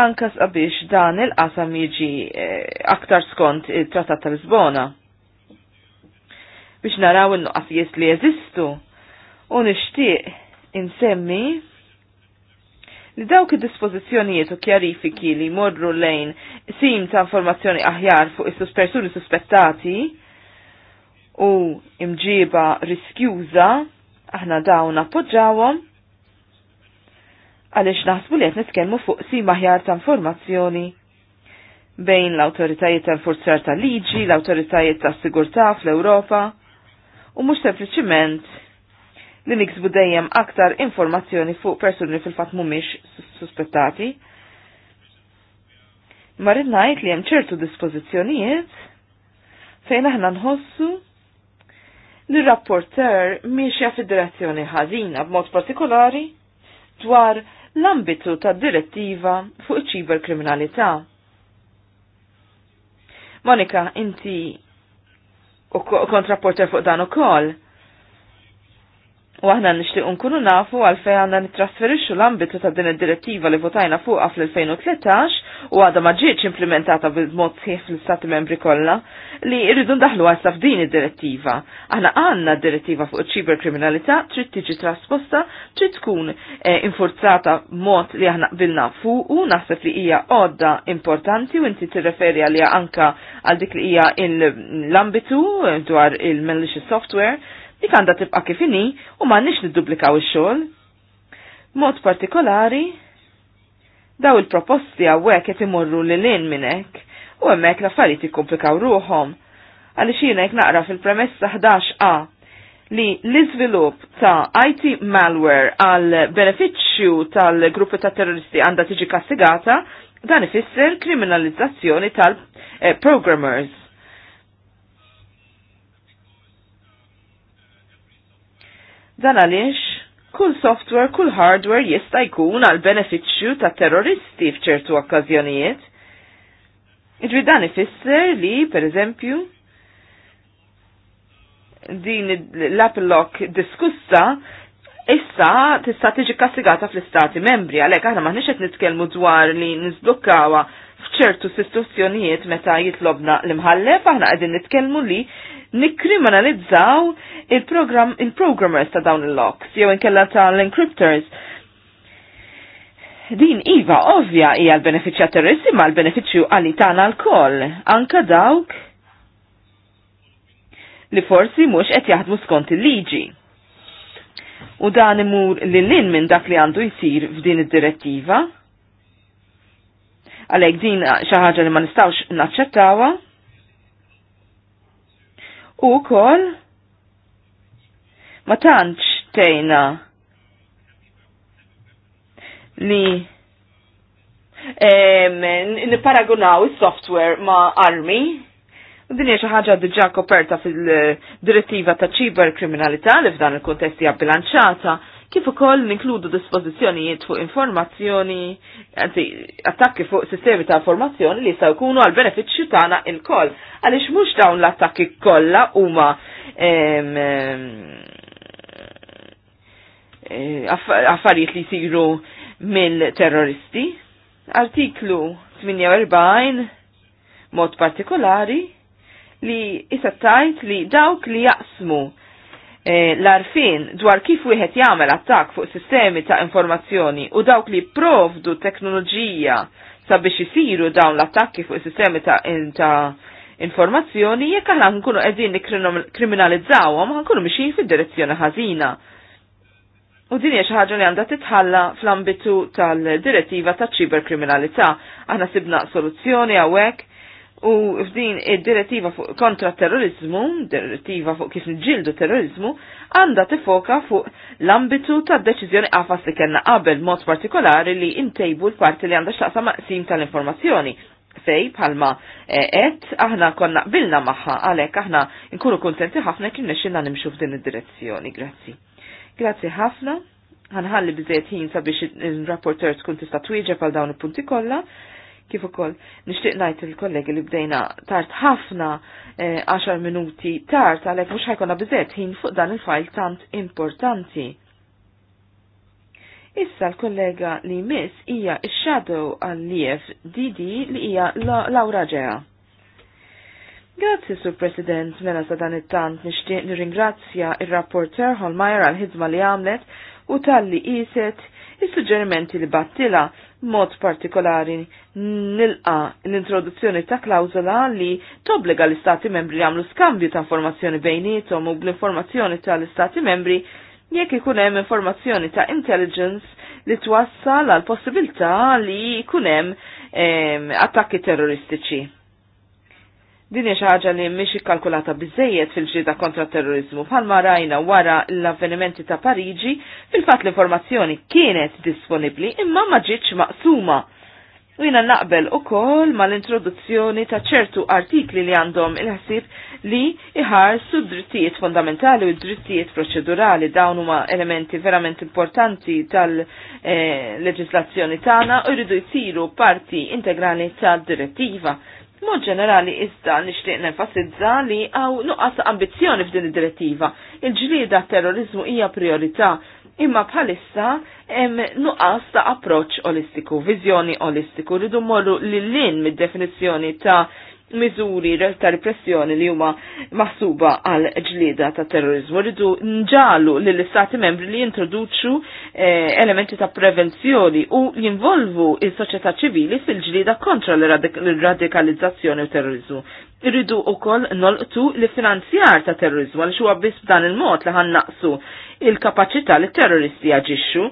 anka sabiex dan il-qasam jiġi eh, aktar skont il-Trattat ta' Lisbona. Biex naraw il nuqqas li jeżistu u nixtieq insemmi li dawk id-dispożizzjonijiet u kjarifiki li morru lejn sim ta' informazzjoni aħjar fuq is-persuni suspettati u imġiba riskjuża aħna dawn appoġġawhom għaliex naħsbu li qed nitkellmu fuq sima ħjar ta' informazzjoni bejn l-awtoritajiet tal-forzar tal-liġi, l-awtoritajiet tas-sigurtà fl-Ewropa u mhux sempliciment li niksbu dejjem aktar informazzjoni fuq persuni fil-fatt mhumiex suspettati. Ma rrid li hemm ċertu dispożizzjonijiet fejn aħna nħossu li rapporter miexja fid-direzzjoni ħażina b'mod partikolari dwar l-ambitu ta' direttiva fuq iċ-ċiber kriminalità. Monika, inti u kontrapporter fuq dan ukoll. U aħna nishtiq nkunu nafu għalfejn għandna nittrasferixxu l-ambitu ta' din id-direttiva li votajna fuqa fl-2013 u għadha ma ġietx implementata bil-mod sħiħ fl istati membri kollha li jridu ndaħlu għassa f'din id-direttiva. Aħna għandna direttiva fuq iċ-ċiberkriminalità trid tiġi trasposta, trid tkun eh, infurzata mod li aħna qbilna fuq u naħseb li hija għodda importanti u inti tirreferi għalija anka għal dik li hija l-ambitu dwar il-malicious software dik għandha tibqa' kif inhi u m'għandniex niddublikaw ix-xogħol. Mod partikolari daw il-proposti għawek qed imorru li lin minn hekk u hemmhekk l-affarijiet ikkomplikaw ruhom. Għaliex xinek naqra fil-premessa 11a li l-izvilup ta' IT malware għal beneficju tal-gruppi ta' terroristi għanda tiġi kastigata, dan ifisser kriminalizzazzjoni tal-programmers. Eh, Dan għaliex kull software, kull hardware jista' jkun għal benefiċċju ta' terroristi f'ċertu okkażjonijiet. Iġri dan ifisser li, per eżempju, din l-Apple Lock diskussa issa tista' tiġi kastigata fl-istati membri, għalhekk aħna maħniex qed nitkellmu dwar li nisblukkawha f'ċertu sistuzzjonijiet meta jitlobna l-imħallef, aħna qegħdin nitkellmu li nikkriminalizzaw il-programmers il ta' dawn il-locks, jew inkella ta' l-encryptors. Din iva ovvja hija l-benefiċċja terroristi ma l-benefiċċju għalli tagħna l-koll, anka dawk li forsi mhux qed jaħdmu skont il-liġi. U dan imur lil lin minn dak li għandu jsir f'din id-direttiva. Għalhekk din xi ħaġa li ma nistgħux naċċettawha u kol ma tantx tejna li niparagunaw il-software ma' armi Din hija xi ħaġa diġà koperta fil-direttiva ta' ċiber kriminalità li f'dan il kontesti hija bilanċata kif ukoll ninkludu dispożizzjonijiet fuq informazzjoni, anzi attakki fuq sistemi ta' informazzjoni li jistgħu jkunu għal benefiċċju tagħna il-koll. Għaliex mhux dawn l-attakki kollha huma affarijiet li jsiru mill-terroristi. Artiklu 48 mod partikolari li issa tajt li dawk li jaqsmu Eh, l-arfin dwar kif wieħed jagħmel attakk fuq sistemi ta' informazzjoni u dawk li provdu teknoloġija sabiex isiru dawn l-attakki fuq sistemi ta', ta informazzjoni jekk aħna nkunu qegħdin nikkriminalizzawhom ma nkunu mixin fid-direzzjoni ħażina. U din hija xi ħaġa li għandha titħalla fl-ambitu tal-direttiva ta' ċiberkriminalità. Aħna sibna soluzzjoni hawnhekk U f'din id-direttiva fuq kontra terrorizmu, direttiva fuq kif nġildu terrorizmu, għanda tifoka fuq l-ambitu ta' deċiżjoni għafas li kena qabel mod partikolari li intejbu l-parti li għanda xaqsa maqsim tal-informazzjoni fej palma e, et aħna konna bilna maħħa għalek aħna nkunu kontenti ħafna kien nexxinna nimxu f'din id-direzzjoni. Grazzi. Grazzi ħafna ħanħalli bizziet ħin sabiex il-rapporter tkun tista' twieġeb għal dawn il-punti kollha kif ukoll nixtieq ngħid il-kollegi li bdejna tard ħafna 10 eh, minuti tard għalhekk mhux ħajkonna biżgħet ħin fuq dan il file tant importanti. Issa l-kollega li miss hija x-shadow għal-lief Didi li hija Laura Ġea. Grazzi, Sur President, mela sa dan it-tant nixtieq nirringrazzja ir-rapporter Holmajer għal-ħidma li għamlet u tal-li qiset Is-suġġerimenti li battila mod partikolari nilqa l-introduzzjoni ta' klawzola li tobbliga l-Istati membri li għamlu skambju ta' informazzjoni bejnietom u bl-informazzjoni tal-Istati membri jekk ikun hemm informazzjoni ta' intelligence li twassal għal possibilità li jkun hemm attakki terroristiċi. Din hija xi ħaġa li mhix ikkalkulata biżejjed fil-ġrida kontra terrorizmu bħalma rajna wara l-avvenimenti ta' Pariġi fil-fatt l-informazzjoni kienet disponibbli imma ma ġietx maqsuma. U jina naqbel u koll ma l-introduzzjoni ta' ċertu artikli li għandhom il-ħsib li iħarsu drittijiet fondamentali u drittijiet proċedurali dawn huma elementi verament importanti tal-leġislazzjoni eh, tagħna u jridu jsiru parti integrali tad-direttiva Mod ġenerali iżda nixtieq nenfasizza li għaw nuqqas ambizzjoni f'din id-direttiva. Il-ġlieda terrorizmu hija priorità imma bħalissa hemm nuqqas ta' approċċ olistiku, viżjoni olistiku, rridu morru lil lin mid-definizzjoni ta' miżuri ta' repressjoni li huma maħsuba għal ġlieda ta' terrorizmu. Rridu nġalu li l-istati membri li jintroduċu eh, elementi ta' prevenzjoni u jinvolvu il-soċjetà ċivili fil-ġlieda kontra l-radikalizzazzjoni u terrorizmu. Ridu u koll nolqtu li finanzjar ta' terrorizmu għal xuwa bis b'dan il-mod li ħannaqsu il-kapacità li terroristi jaġixxu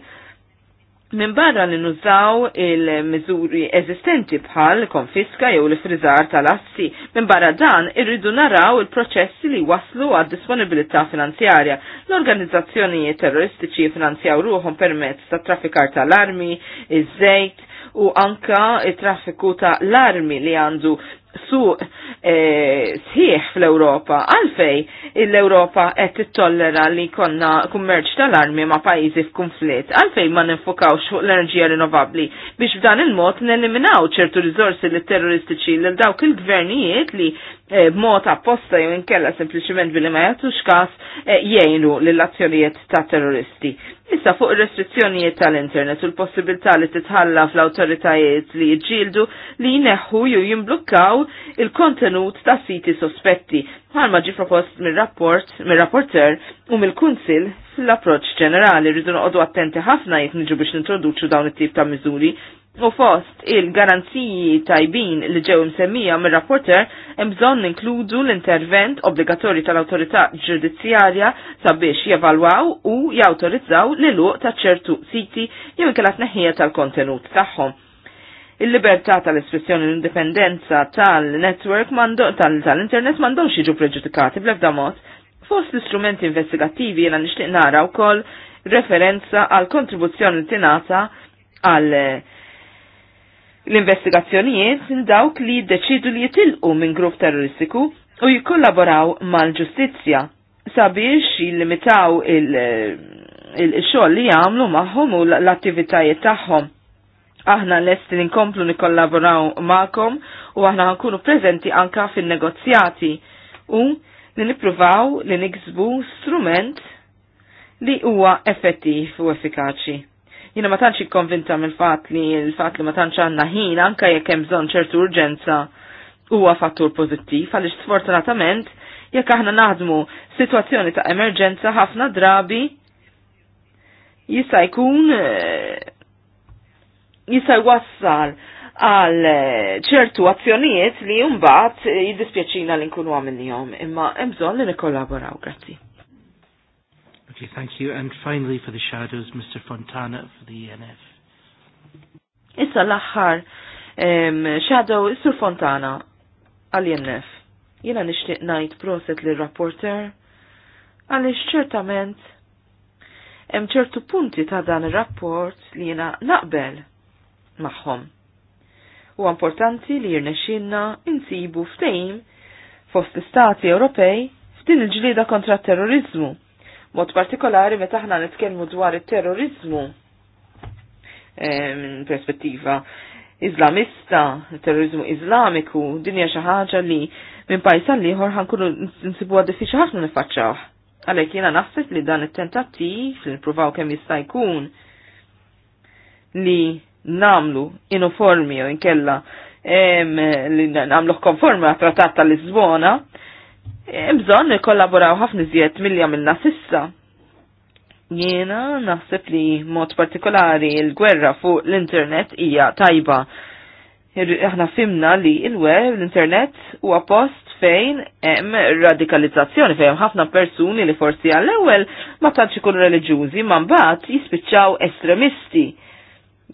Min barra li nużaw il-mizuri eżistenti bħal konfiska jew l-frizar tal-assi, minn barra dan irridu naraw il-proċessi li waslu għad disponibilità finanzjarja. L-organizzazzjonijiet terroristiċi finanzjaw ruħum permezz ta' traffikar tal-armi, iż-żejt, u anka il-traffiku ta' l-armi li għandu suq eh, sħiħ fl-Europa. Għalfej l-Europa qed tittollera li konna kummerċ tal-armi ma' pajjiżi f'kunflitt. Għalfej ma ninfokawx fuq l-enerġija rinnovabbli biex b'dan il-mod neliminaw ċertu rizorsi li terroristiċi l dawk il-gvernijiet li Eh, Mod apposta jew inkella sempliċement billi ma jagħtux każ eh, jgħinu lill-azzjonijiet ta' terroristi. Issa fuq ir-restrizzjonijiet tal-internet u l-possibilità li titħalla fl-awtoritajiet li jġildu li jneħħu jew jimblukkaw il-kontenut ta' siti sospetti bħalma ġi propost mill-rapport, mill-rapporter u mill-kunsil fl-approċ ġenerali rridu noqogħdu attenti ħafna jekk niġu biex nintroduċu dawn it-tip ta' miżuri u fost il-garanziji tajbin li ġew msemmija mill-rapporter hemm bżonn inkludu l-intervent obbligatorju tal-awtorità ġudizzjarja sabiex jevalwaw u jawtorizzaw l-luq ta' ċertu siti jew inkella tneħħija tal-kontenut tagħhom il-libertà tal-espressjoni u l-indipendenza tal-network tal-internet -tal mandawx jiġu preġudikati bl mod. Fost l-istrumenti investigativi jena nishtiq nara wkoll referenza għal kontribuzzjoni tinata għal eh, l-investigazzjonijiet dawk li deċidu li jitilqu minn grupp terroristiku u jikollaboraw mal-ġustizzja sabiex jillimitaw eh, il-xogħol il il li jagħmlu magħhom u l-attivitajiet tagħhom Aħna lesti ninkomplu nikollaboraw ma'kom u aħna nkunu prezenti anka fin-negozjati u li nippruvaw li niksbu strument li huwa effettiv u effikaċi. Jina ma tantx ikkonvinta mill-fatt li l-fatt li ma tantx għandna ħin anke jekk hemm bżonn ċertu urġenza huwa fattur pożittiv għaliex sfortunatament jekk aħna naħdmu situazzjoni ta' emerġenza ħafna drabi jista' jkun eh, jista' jwassal għal eh, ċertu azzjonijiet li jumbat eh, jiddispjaċina li nkunu għamilnijom, imma imżon li nikollaboraw, grazzi. Okay, thank you. And finally for the shadows, Mr. Fontana for the ENF. Issa l-axħar shadow, Mr. Fontana għal-ENF. Jena nishtiq najt proset li rapporter għal ċertament hemm ċertu punti ta' dan ir-rapport li jena naqbel maħħom. U importanti li jirnexinna insibu ftejm fost istati Ewropej f'din il-ġlida kontra terrorizmu. Mod partikolari meta aħna nitkellmu dwar it-terrorizmu minn ehm, perspettiva Islamista, terrorizmu Islamiku, din hija xi ħaġa li minn pajsa liħor ħankunu nsibuha diffiċi ħafna nifaċċaw. Għalhekk jiena naħseb li dan it-tentattiv li nippruvaw kemm jista' jkun li namlu inuformi u inkella li namlu konformi għat trattat tal-Lisbona, bżon kollaboraw ħafna iżjed milja minna sissa. Jiena naħseb li mod partikolari il-gwerra fuq l-internet hija tajba. Aħna fimna li il-web, l-internet huwa post fejn hemm radikalizzazzjoni fejn ħafna persuni li forsi għall-ewwel ma tantx ikunu reliġjużi ma mbagħad jispiċċaw estremisti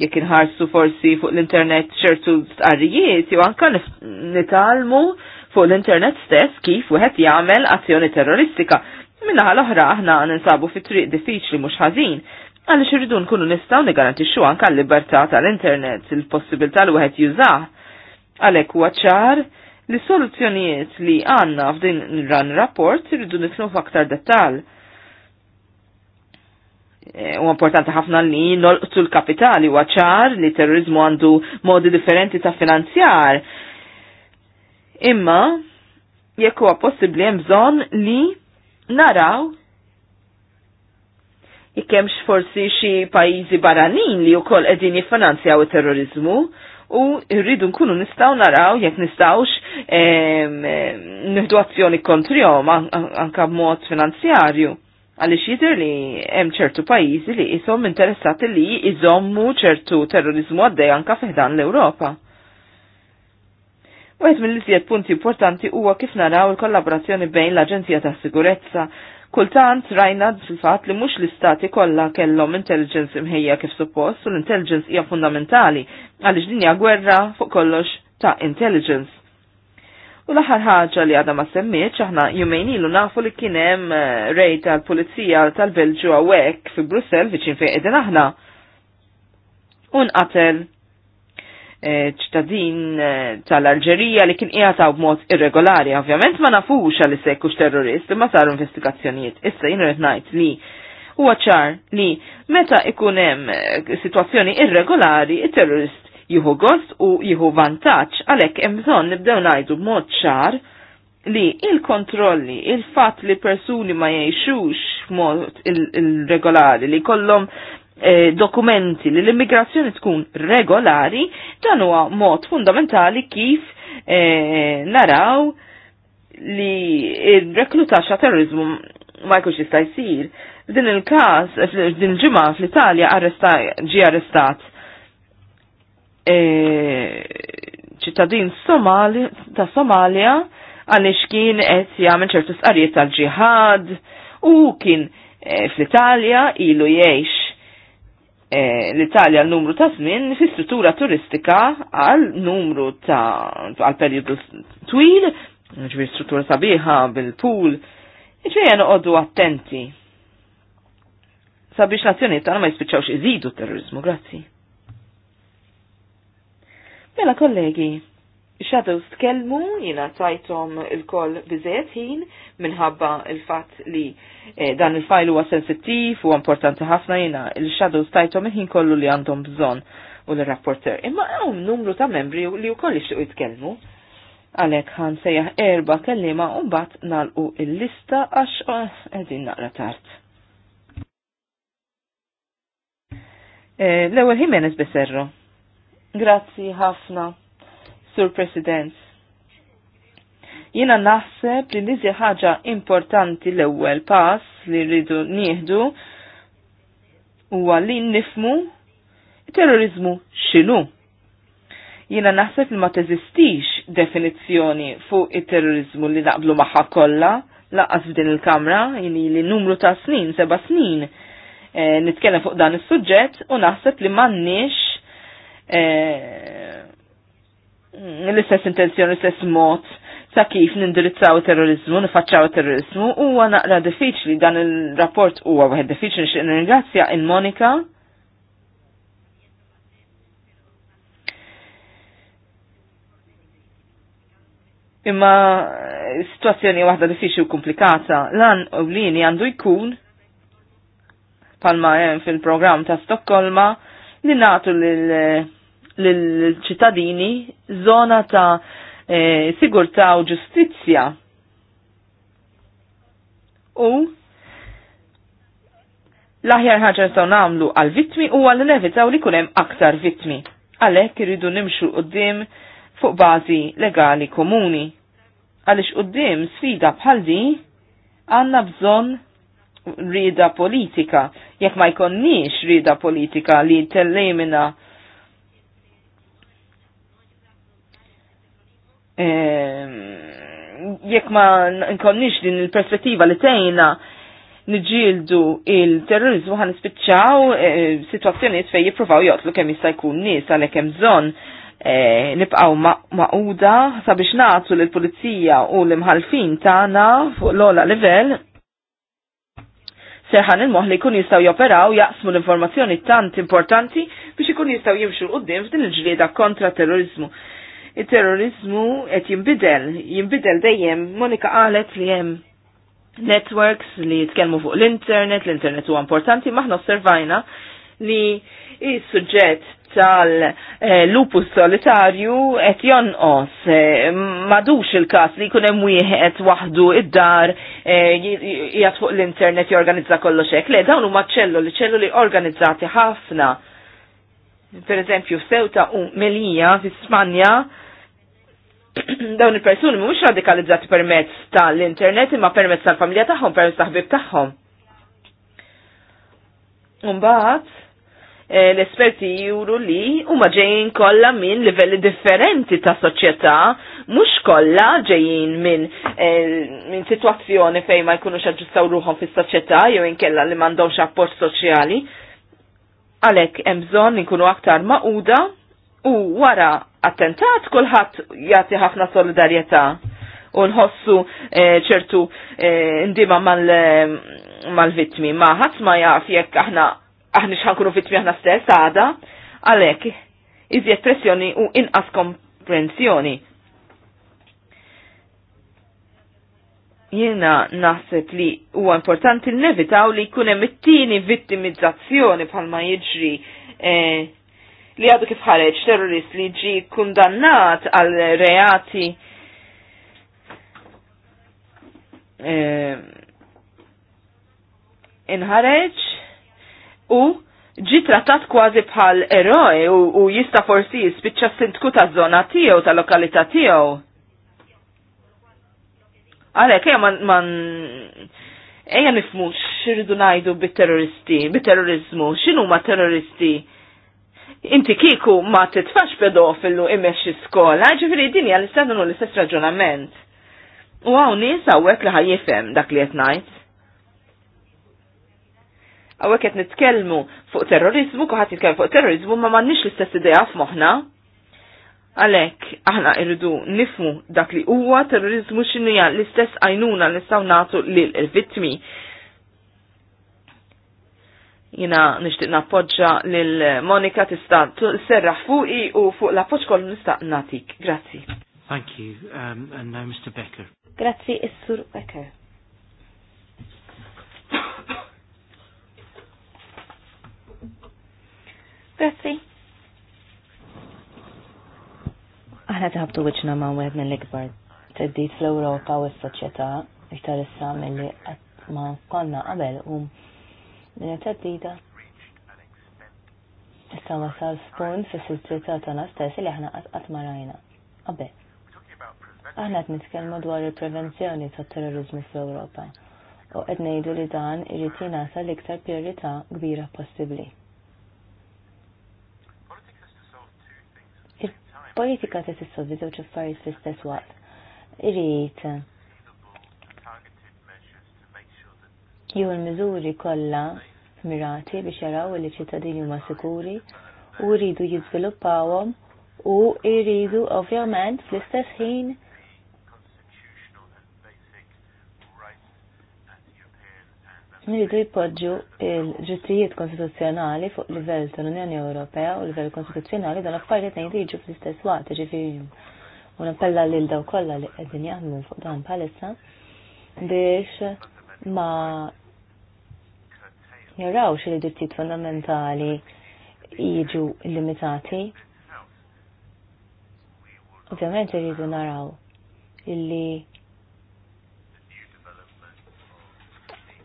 jekk inħarsu forsi fuq l-internet ċertu stqarrijiet, jew anka nitalmu fuq l-internet stess kif wieħed jagħmel azzjoni terroristika. Minnaħa l-oħra aħna ninsabu fi triq diffiċli mhux ħażin, għaliex irridu nkunu nistgħu nigarantixxu anke l-libertà tal-internet, il-possibilità li wieħed jużah. Għalhekk huwa ċar li soluzzjonijiet li għandna f'din ran rapport irridu nitlu f'aktar dettall Eh, u importanti ħafna li nolqtu l-kapitali u ċar li terrorizmu għandu modi differenti ta' finanzjar. Imma, jekk huwa possibbli hemm bżonn li naraw jekk forsi xi pajjiżi barranin li wkoll qegħdin jiffinanzjaw it-terrorizmu u rridu nkunu nistgħu naraw jekk nistgħux ehm, eh, nieħdu azzjoni kontrihom anke b'mod finanzjarju għalli jidir li hemm ċertu pajjiżi li jisom interessati li jizommu ċertu terrorizmu għaddej anka fiħdan l-Ewropa. Wieħed mill-iżjed punti importanti huwa kif naraw il-kollaborazzjoni bejn l-Aġenzija ta' Sigurezza. Kultant rajna fil-fatt li mhux l-istati kollha kellhom intelligence imħejja kif suppost u l-intelligence hija fundamentali għaliex din hija gwerra fuq kollox ta' intelligence. U l-aħħar ħaġa li għadha ma semmiċ, aħna jumejn ilu nafu li kien hemm eh, rej tal-Pulizija tal-Belġu hawnhekk fi Brussell viċin fejn qegħdin aħna. U nqatel eh, ċittadin eh, tal-Alġerija li kien qiegħed b'mod irregolari, ovvjament ma nafux għal sekkux terrorist imma saru investigazzjonijiet. Issa jien rid ngħid li huwa ċar li meta ikunem hemm sitwazzjoni irregolari, it-terrorist Jihu gost u jieħu vantaġġ għalhekk hemm bżonn nibdew ngħidu b'mod ċar li il-kontrolli, il-fatt li persuni ma jgħixux mod il-regolari, li kollom eh, dokumenti li l-immigrazzjoni tkun regolari, dan huwa mod fundamentali kif eh, naraw li il-reklutax ta' terrorizmu ma jkunx jista' jsir. F'din il-każ, f'din il-ġimgħa fl-Italja arresta ġi arrestat E, ċittadin Somali ta' Somalia għaliex kien qed jagħmel ċertu sqarijiet tal-ġihad u kien e, fl-Italja ilu jgħix e, l-Italja l-numru ta' żmien fi struttura turistika għal numru ta' għal periodu twil, ġbir struttura sabiħa bil-pool, ġbir noqogħdu attenti sabiex nazzjoniet tagħna ma jispiċċawx iżidu terrorizmu, grazzi. Mela kollegi, Shadows tkellmu, jina tajtom il-koll bizet ħin minħabba il-fat li eh, dan il-fajl huwa sensittiv u importanti ħafna jina il-Shadows tajtom il-ħin kollu li għandhom bżon u l-rapporter. Imma għom numru ta' membri li u koll ixtiqu jitkellmu. Għalek ħan sejjaħ erba kellima un bat nalqu il-lista għax eh, għedin naqra tard. Eh, L-ewel Jimenez Becerro. Grazzi ħafna, Sur President. Jina naħseb li liżi ħaġa importanti l-ewwel pass li rridu nieħdu huwa li nifmu terrorizmu xinu. Jina naħseb li ma teżistix definizzjoni fuq it-terrorizmu li naqblu magħha kollha laqqas f'din il-kamra, jini li numru ta' snin, seba' snin, e, nitkellem fuq dan is-suġġett u naħseb li m'għandniex Eh, l-istess intenzjoni, l-istess mod ta' kif nindirizzaw terrorizmu, nifacċaw terrorizmu, huwa naqra diffiċli dan il-rapport huwa wieħed diffiċli xi nirringrazzja in Monika. Imma situazzjoni waħda diffiċli u komplikata, lan u lini għandu jkun palma fil-programm ta' Stokkolma li natu lil l-ċittadini zona ta' e, sigurtà u ġustizzja. U l-aħjar ħaġa nistgħu nagħmlu għal vittmi u għal nevitaw li kunem aktar vittmi. Għalhekk iridu nimxu qudiem fuq bażi legali komuni. Għaliex qudiem sfida bħal di għandna bżonn rida politika. Jekk ma jkonniex rida politika li tellemina Ehm, jekk ma nkonniex din il-perspettiva li tejna nġildu il-terrorizmu ħan nispiċċaw eh, situazzjoni situazzjoniet fej jippruvaw jotlu kemm jista' jkun nies għalhekk hemm bżonn e, nibqgħu maquda sabiex nagħtu lill pulizija u l-imħalfin tagħna fuq l-ola livell serħan il-moħ li jkun jistgħu joperaw jaqsmu l-informazzjoni tant importanti biex ikun jistgħu jimxu l-qudiem f'din il-ġlieda kontra terrorizmu il-terrorizmu qed jinbidel, jinbidel dejjem. Monika qalet li hemm networks li jitkelmu fuq l-internet, l-internet huwa importanti, maħna osservajna li il suġġett tal-lupus solitarju qed jonqos madux il-każ li jkun hemm wieħed waħdu id-dar eh, jgħat fuq l-internet jorganizza kollox hekk. Le dawn huma ċelluli, ċelluli organizzati ħafna. Per eżempju, f'Sewta u Melija fi Spanja dawn il-persuni mhumiex radikalizzati permezz tal-internet imma permezz tal-familja tagħhom, permezz taħbib tagħhom. Mbagħad eh, l-esperti juru li huma ġejjin kollha minn livelli differenti ta' soċjetà, mhux kollha ġejjin minn eh, sitwazzjoni fejn ma jkunux aġġustaw ruħhom fis-soċjetà jew inkella li m'għandhomx apport soċjali. Għalhekk hemm bżonn inkunu aktar maquda u wara attentat kulħadd jagħti ħafna solidarjetà u nħossu eh, ċertu eh, ndima eh, mal-vitmi. Ma ħadd ma jaf jekk aħna aħni xankunu vitmi aħna stess għada, għalhekk iżjed pressjoni u inqas komprensjoni. Jiena naħseb li huwa importanti nevitaw li jkun hemm it-tieni vittimizzazzjoni bħalma jiġri eh, li għadu kif ħareġ terrorist li ġi kundannat għal reati inħareċ eh, inħareġ u ġi trattat kważi bħal eroj u, u jista forsi jispiċċa sintku ta' zona tiegħu ta' lokalità tiegħu. Għalhekk eja man, man ejja nifmu x'irridu ngħidu bit-terroristi, bit-terrorizmu, x'inhuma terroristi? inti kiku ma titfax pedofilu imexxi skola, ġifiri dini għal-istadnu l-istess raġunament. U għaw nis għawek li ħajifem dak li jtnajt. Għawek jt nitkelmu fuq terrorizmu, kuħat jitkellmu fuq terrorizmu, ma nix l-istess ideja f-moħna. Għalek, aħna irridu nifmu dak li huwa terrorizmu xinu l-istess għajnuna l-istaw natu l-vittmi jina nishtiq nappoġġa lil Monika tista' serraħ fuqi u fuq l-appoġġ kollu nista' natik. Grazzi. Thank you. Um, and now Mr. Becker. Grazzi, issur Becker. Grazzi. Aħna taħbtu wiċna ma' wieħed mill-ikbar teddit fl-Ewropa u s-soċjetà iktar issa milli li ma konna qabel u um Dinja teddida. Issa wasal spun fis siltrità tagħna stess li aħna qatt marajna. Qabel. Aħna qed nitkellmu dwar il-prevenzjoni tat-terrorizmu fl-Ewropa u qed ngħidu li dan irid jingħata l-iktar prijorità kbira possibbli. Il-politika tista' tissolvi żewġ affarijiet fl-istess waqt. Irid jew l-miżuri kollha mirati biex jaraw li ċittadini huma sikuri u rridu jiżviluppawhom u jridu ovvjament fl-istess ħin Nridu jpoġġu il-ġittijiet konstituzzjonali fuq livell tal-Unjoni Ewropea u livell konstituzzjonali dan affarijiet ngħidu jiġu fl-istess waqt ġifieri. U nappella lil daw kollha li qegħdin jaħdmu fuq dan palissa biex ma jarawx li drittijiet fundamentali jiġu limitati. Ovvjament irridu naraw illi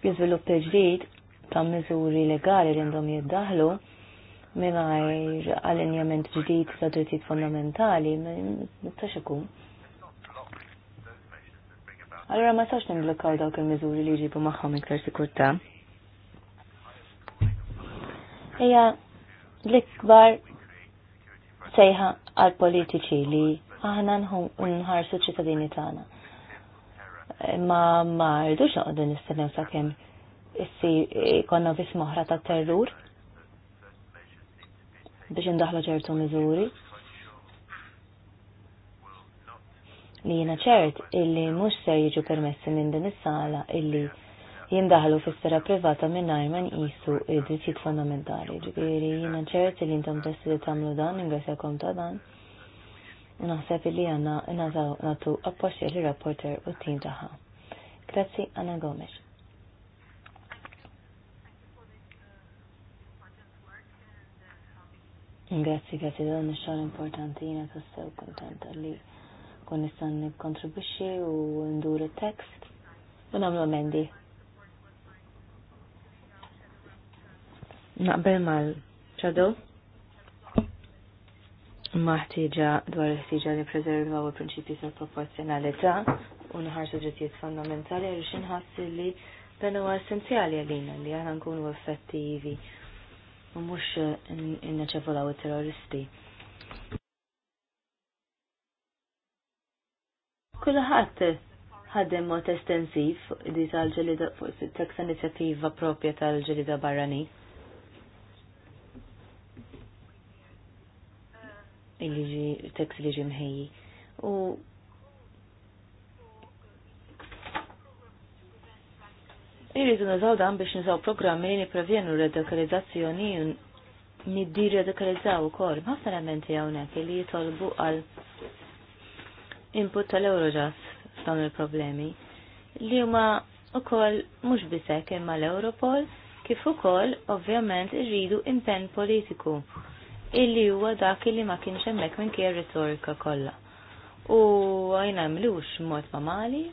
il ġdid ta' miżuri legali li għandhom jiddaħlu mingħajr allinjament ġdid ta' drittijiet fundamentali m'tax ikun. Allora ma sax nimblokkaw dawk il-miżuri li jġibu magħhom iktar sikurtà hija l-ikbar sejħa għal politiċi li aħna nħarsu ċittadini tagħna. Ma ma rridux noqogħdu nistennew sakemm issi konna bis moħra ta' terrur biex indaħlu ċertu miżuri. Li jiena ċert illi mhux se jiġu permessi minn din is-sala illi jindaħlu fis-sfera privata minnajr ma nqisu id-drittijiet fondamentali. Ġifieri jiena ċert li intom testi li tagħmlu dan, ingrassjakom ta' dan. Naħseb li għanna nazaw natu appoġġi li rapporter u t tim taħħa. Grazzi Anna Gomes. Grazzi, grazzi, dan xogħol importanti jiena tassew kontenta li kon nistan kontribuċi u ndur it-text u nagħmlu emendi. naqbel mal ċadu ma ħtieġa dwar il-ħtieġa li preservaw il-prinċipji tal-proporzjonalità u nħar suġġettijiet fondamentali għal inħassi li dan huwa essenzjali għalina li aħna nkunu effettivi u mhux inneċevolaw it-terroristi. Kulħadd ħadem mod estensiv di tal-ġelida fuq tekst inizjattiva propja tal-ġelida barranin il tekst liġi mħejji. U Irridu nużaw dan biex nużaw programmi li niprevjenu radikalizzazzjoni niddi radikalizzaw ukoll. Ħafna elementi hawnhekk li jitolbu għal input tal eurojas f'dawn il-problemi li huma wkoll mhux biss hekk imma l-Europol kif ukoll ovvjament irridu impenn politiku illi huwa dak illi ma kienx hemmhekk kien retorika kollha. U għajna mlux mod mali,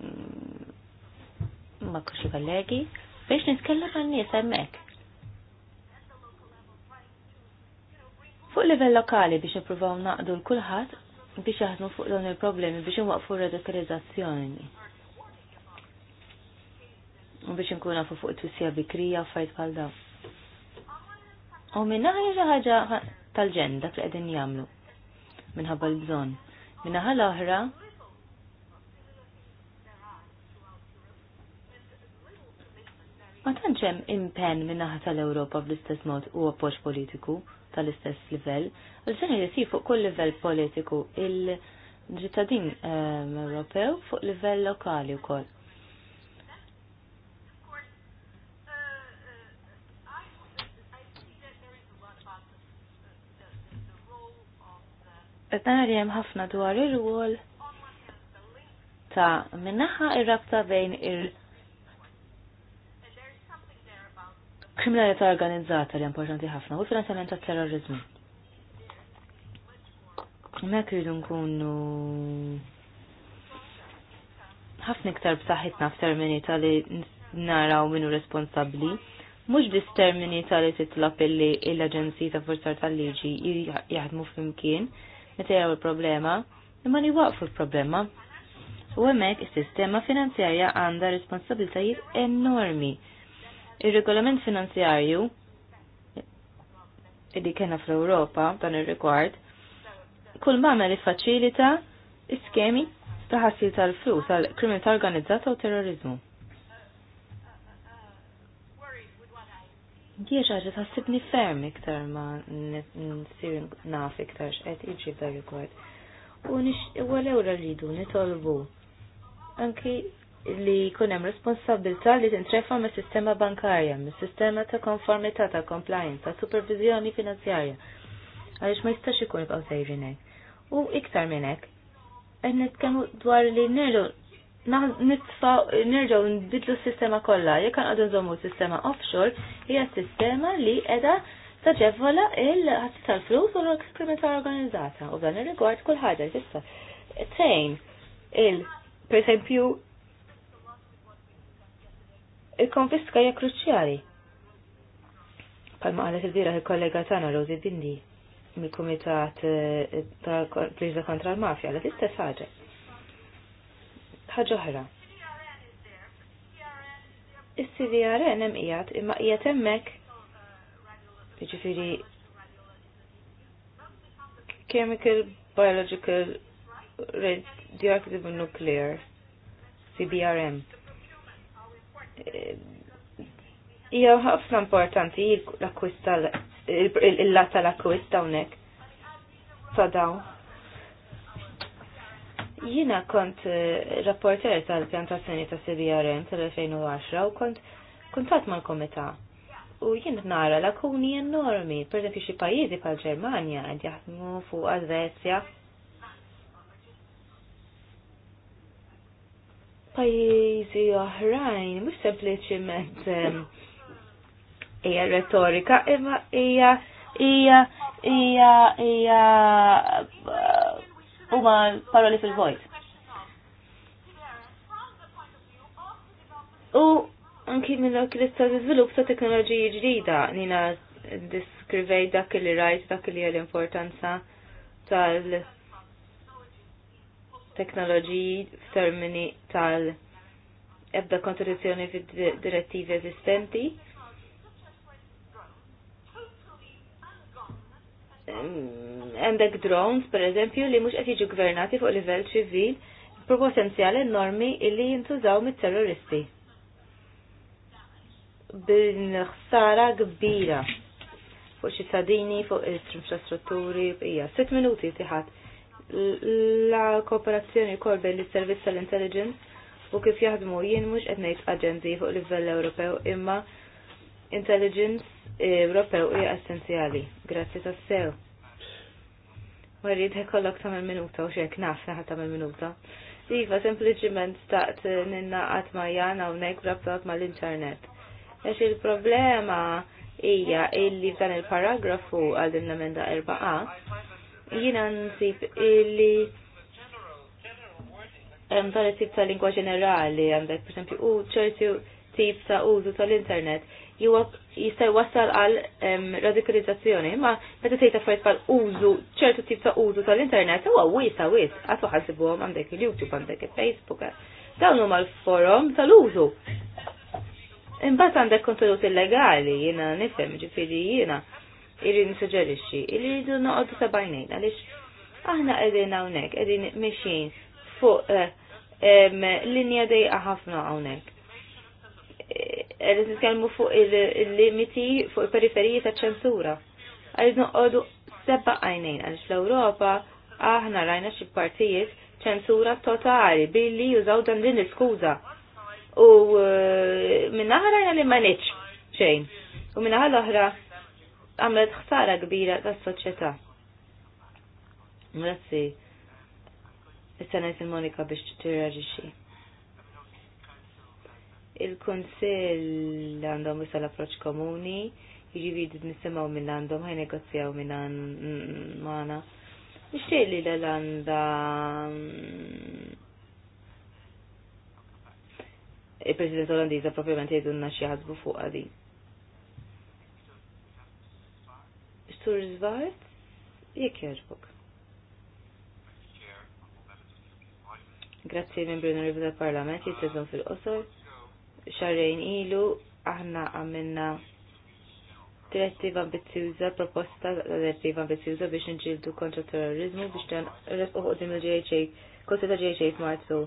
mm, ma kuxi kollegi, biex nitkellem għan nies hemmhekk. Fuq livell lokali biex nippruvaw naqdu l-kulħadd biex jaħdmu fuq dawn il-problemi biex nwaqfu radikalizzazzjoni. U biex nkun nafu fuq it-twissija bikrija u fajt bħal dawn. U minnaħi xi ħaġa tal-ġen dak li qegħdin jagħmlu minħabba l-bżonn. Minnaħa l-oħra Ma tantx hemm impenn minnaħa tal-Ewropa bl-istess mod u appoġġ politiku tal-istess livell, għal xejn jisir fuq kull livell politiku il-ġittadin ehm, Ewropew fuq livell lokali wkoll. qed narajem ħafna dwar ir-rwol ta' minnaħa ir-rabta bejn il- kriminalità organizzata li importanti ħafna u finanzament finanzjament ta' terrorizmu. Mek rridu nkunu ħafna iktar b'saħħitna f'termini tal-li naraw minnu responsabbli, mhux biss termini tal-li titlab illi l aġenzija ta' Forzar tal-Liġi jaħdmu flimkien, nitejgħu il-problema, imma li waqfu l-problema. U hemmhekk is-sistema finanzjarja għandha responsabiltajiet enormi. Ir-regolament finanzjarju li kena fl-Ewropa dan ir-rigward, kull mamel iffaċilita iskemi ta' ħassil tal-flus għall-krimin kriminalità organizzata u terrorizmu. Diex ħaġa tħassibni ferm iktar ma n-sir naf iktar x'qed jiġi f'dar rigward. U walew rridu nitolbu anki li jkun hemm responsabilità li intrefa mis sistema bankarja, mis sistema ta' konformità ta' compliance, ta' supervizjoni finanzjarja. Għaliex ma jistax ikun ibqgħu sejrin U iktar minn hekk, kemmu dwar li nerġgħu nirġaw nbidlu s-sistema kollha. Jekk għadun zomu s-sistema offshore, hija sistema li qiegħda taġevola il-ħassi tal-flus u l eksperimenta organizzata. U dan ir-rigward kull ħaġa tista' tejn il per esempio il-konfiska hija kruċjali. Palma qalet il-bira il-kollega tagħna Rosi Dindi mill-Kumitat eh, ta' Pliża kontra l-Mafja, l-istess ħaġa ħaġa oħra. Is-CDRN hemm qiegħed imma qiegħed hemmhekk jiġifieri chemical biological radioactive nuclear CBRN. Hija ħafna importanti l akwista l lat l-akwista hawnhekk sadaw. dawn Jina kont eh, rapporter tal-pjantazzjoni ta' CBRN tal-2010 u kont kuntat mal komita U jien nara lakuni enormi, per eżempju xi pajjiżi bħal Ġermanja qed jaħdmu fuq Svezja. Pajjiżi oħrajn mhux sempliċiment ehm, hija retorika, imma hija hija hija huma paroli fil-vojt. U anki minn dak li sta' żvilupp ta' teknoloġiji ġdida nina diskrivej dak li rajt dak li l-importanza tal teknoloġiji f'termini tal ebda kontradizzjoni fid-direttivi eżistenti. Um, għandek drones, per eżempju, li mhux qed jiġu gvernati fuq livell ċivil, propotenzjali enormi illi jintużaw mit-terroristi. bin ħsara kbira fuq ċittadini, fuq infrastrutturi, ija, sitt minuti tiħat. La kooperazzjoni wkoll bejn is-servizz tal-intelligence u kif jaħdmu jien mhux qed ngħid fuq livell Ewropew imma intelligence Ewropew hija essenzjali. Grazzi tas-sew. Marid, u kollok ħekollok tagħmel minuta u xek naf naħat tagħmel minuta. Iva, sempliċiment staqt ninnaqat ma jana u nek brabtat ma l-internet. Għax il-problema ija illi f'dan il-paragrafu għal din l-emenda 4a, jina nsib illi hemm dan tip tal-lingua ġenerali għandek per pereżempju u ċerti tip ta' użu tal-internet jista' jwassal għal radikalizzazzjoni, ma meta tgħid affarijiet bħal użu ċertu tip ta' użu tal-internet huwa wiesa wies, qatt waħasibuhom għandek il-YouTube, għandek il-Facebook. Dawn huma l-forum tal-użu. Imbagħad għandek kontenut illegali, jiena nifhem ġifieri jiena irrid nisuġġerixxi li jridu noqogħdu bajnejn għaliex aħna qegħdin hawnhekk qegħdin mixin fuq eh, linja dejqa ħafna hawnhekk għedin nitkellmu fuq il-limiti fuq il-periferiji ta' ċensura. Għedin noqogħdu sebba għajnejn għaliex l-Ewropa aħna rajna xi partijiet ċensura totali billi jużaw dan din l skuza U eh, minnaħa rajna li ma nitx xejn. U minnaħa l-oħra għamlet ħsara kbira tas-soċjetà. Grazzi. Issa ngħid il-Monika biex xie il-Konsil għandhom issa l-approċ komuni, jiġifieri nisimaw minn għandhom għaj negozjaw minn għana. Nixtieq li l għanda mm, il-President Olandiza propjament n xi għazbu fuq għadi. Stur Zvart, jekk jogħġbok. Grazzi membri onorevoli tal-Parlament, jittezon fil-qosor xarrejn ilu aħna għamilna direttiva ambizjuża, proposta direttiva ambizjuża biex nġildu kontra terrorizmu biex dan resqoħu qdim il-JHA, kosti ta' JHA f'Marzu.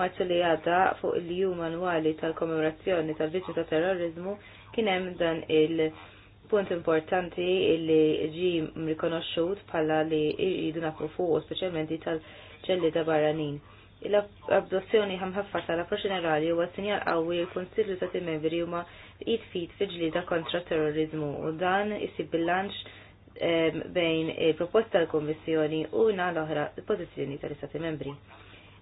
Marzu li għadda fuq il-jum annwali tal-kommemorazzjoni tal-vittmi ta' terrorizmu kien hemm dan il- punt importanti li ġi mrikonoxxut bħala li jridu nafu fuq, speċjalment tal ċelli ta' barranin. Il-abdozzjoni ħamħaffa tal-approċ ġenerali huwa sinjal qawwi l kunsillu ta' membri huma id fit fil-ġlida kontra terrorizmu u dan isib bilanċ ehm, bejn il-proposta tal-Kommissjoni u na l-oħra pożizzjoni tal-Istati membri.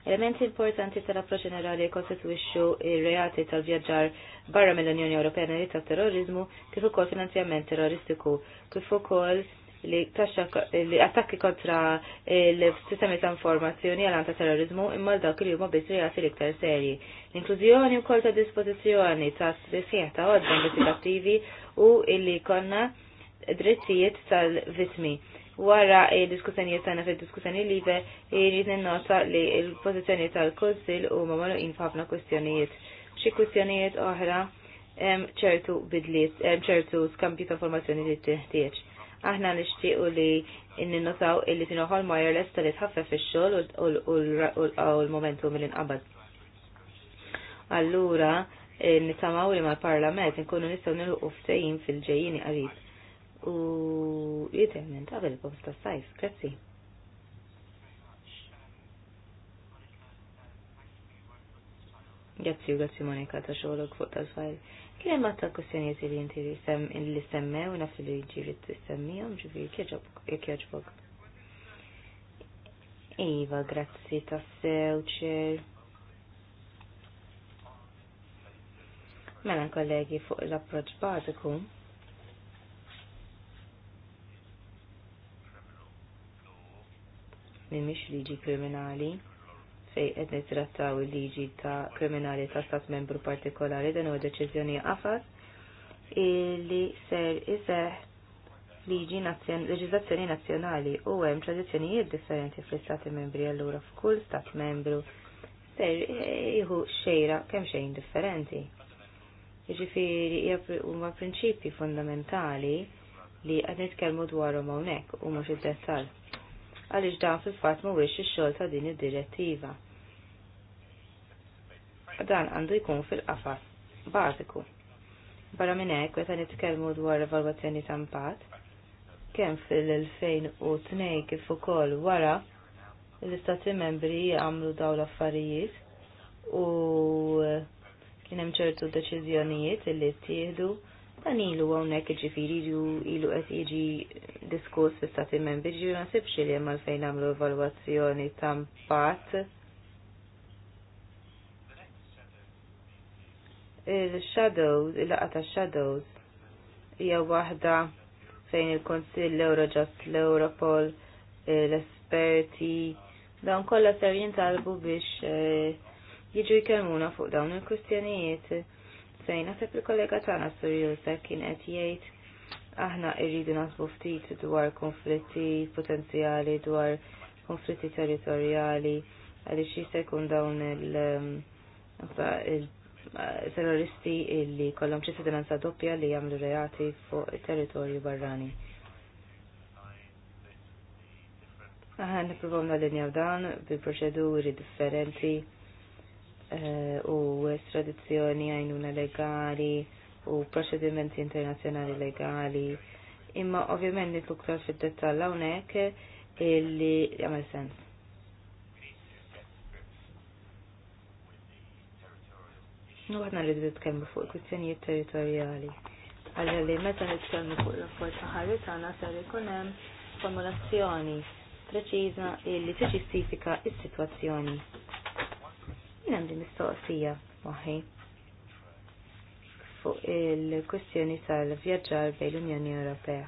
Elementi importanti tal-approċ ġenerali jkostitwixxu ir-reati tal-vjaġġar barra mill-Unjoni Ewropea li ta' terrorizmu kif ukoll finanzjament terroristiku, kif ukoll li taxxa li attakki kontra l-sistemi ta' informazzjoni għal ta' terrorizmu imma dawk li huma biss reati l-iktar serji. L-inklużjoni wkoll ta' dispożizzjoni ta' sisieħ ta' għodda investigattivi u illi konna drittijiet tal-vitmi. Wara il-diskussjonijiet tagħna fid-diskussjoni libe jrid nota li l-pożizzjoni tal-Kunsil huma magħluqin f'afna kwistjonijiet. Xi kwistjonijiet oħra ċertu bidliet, ċertu skambju ta' informazzjoni li teħtieġ Aħna nixtiequ li ninnotaw illi tinoħol ma jirles tal tħaffef ix-xogħol u l-momentu mill-inqabad. Allura, nitamaw li mal-parlament nkunu nistgħu nilħu ftehim fil-ġejjini qarib. U jitemen qabel il-posta sajf, grazzi. Grazzi, grazzi Monika ta' xogħol fuq tal-fajl. Kema ta' kustjonijiet li inti li semmew, naf li ġiri t-semmijom, ġivir kieġbog. Iva, grazzi ta' sewċer. Mela kollegi fuq l-approċ bażiku. Mimiex liġi kriminali fej qed nittrattaw il-liġi ta' kriminali ta' stat membru partikolari dan huwa deċiżjoni qafas illi ser iseħ liġi leġiżlazzjoni nazzjonali u hemm tradizzjonijiet differenti fl-istati membri allura f'kull stat membru ser jieħu xejra kemm xejn differenti. Jiġifieri huma prinċipji fundamentali li qed nitkellmu dwarhom hawnhekk u mhux id-dettall għaliex dan fil-fatt mhuwiex ix-xogħol ta' din id-direttiva. Dan għandu jkun fil-qafas bażiku. Barra minn hekk meta nitkellmu dwar evalwazzjoni ta' impatt, kemm fil-2002 kif ukoll wara l-istati membri għamlu daw l-affarijiet u kien hemm ċertu deċiżjonijiet li ttieħdu Dan ilu għonek ġifiri ju ilu għet iġi diskus fi stati membri ġi nasibx li jemma l-fejn għamlu evaluazzjoni tampat. Il-shadows, il-laqata shadows, hija waħda fejn il-Konsill l-Eurojust, l-Europol, l-esperti, dawn kollha ser jintalbu biex eh, jiġu jkellmuna fuq dawn il-kwistjonijiet għalfejn. Naħseb il-kollega tagħna Sur Jusek kien qed jgħid aħna irridu nasbu ftit dwar konflitti potenzjali, dwar konflitti territorjali, għaliex jista' jkun dawn il- um, uh, terroristi illi kollhom ċittadinanza doppja li jagħmlu reati fuq it-territorju barrani. Aħna nippruvaw nalinjaw dan bi proċeduri differenti Eh, u estradizzjoni għajnuna legali u procedimenti internazjonali legali. Imma ovvjament nitlu ktar fid-dettall hawnhekk illi jagħmel sens. Nuħadna li dritt nitkellmu fuq kwistjonijiet territorjali. Għalli li meta nitkellmu fuq l-rapport ħarri tagħna ser ikun hemm formulazzjoni preċiża li tiġġistifika s-sitwazzjoni. Jien għandi mistoqsija waħi fuq il-kwestjoni tal-vjaġġar bejn l-Unjoni Ewropea.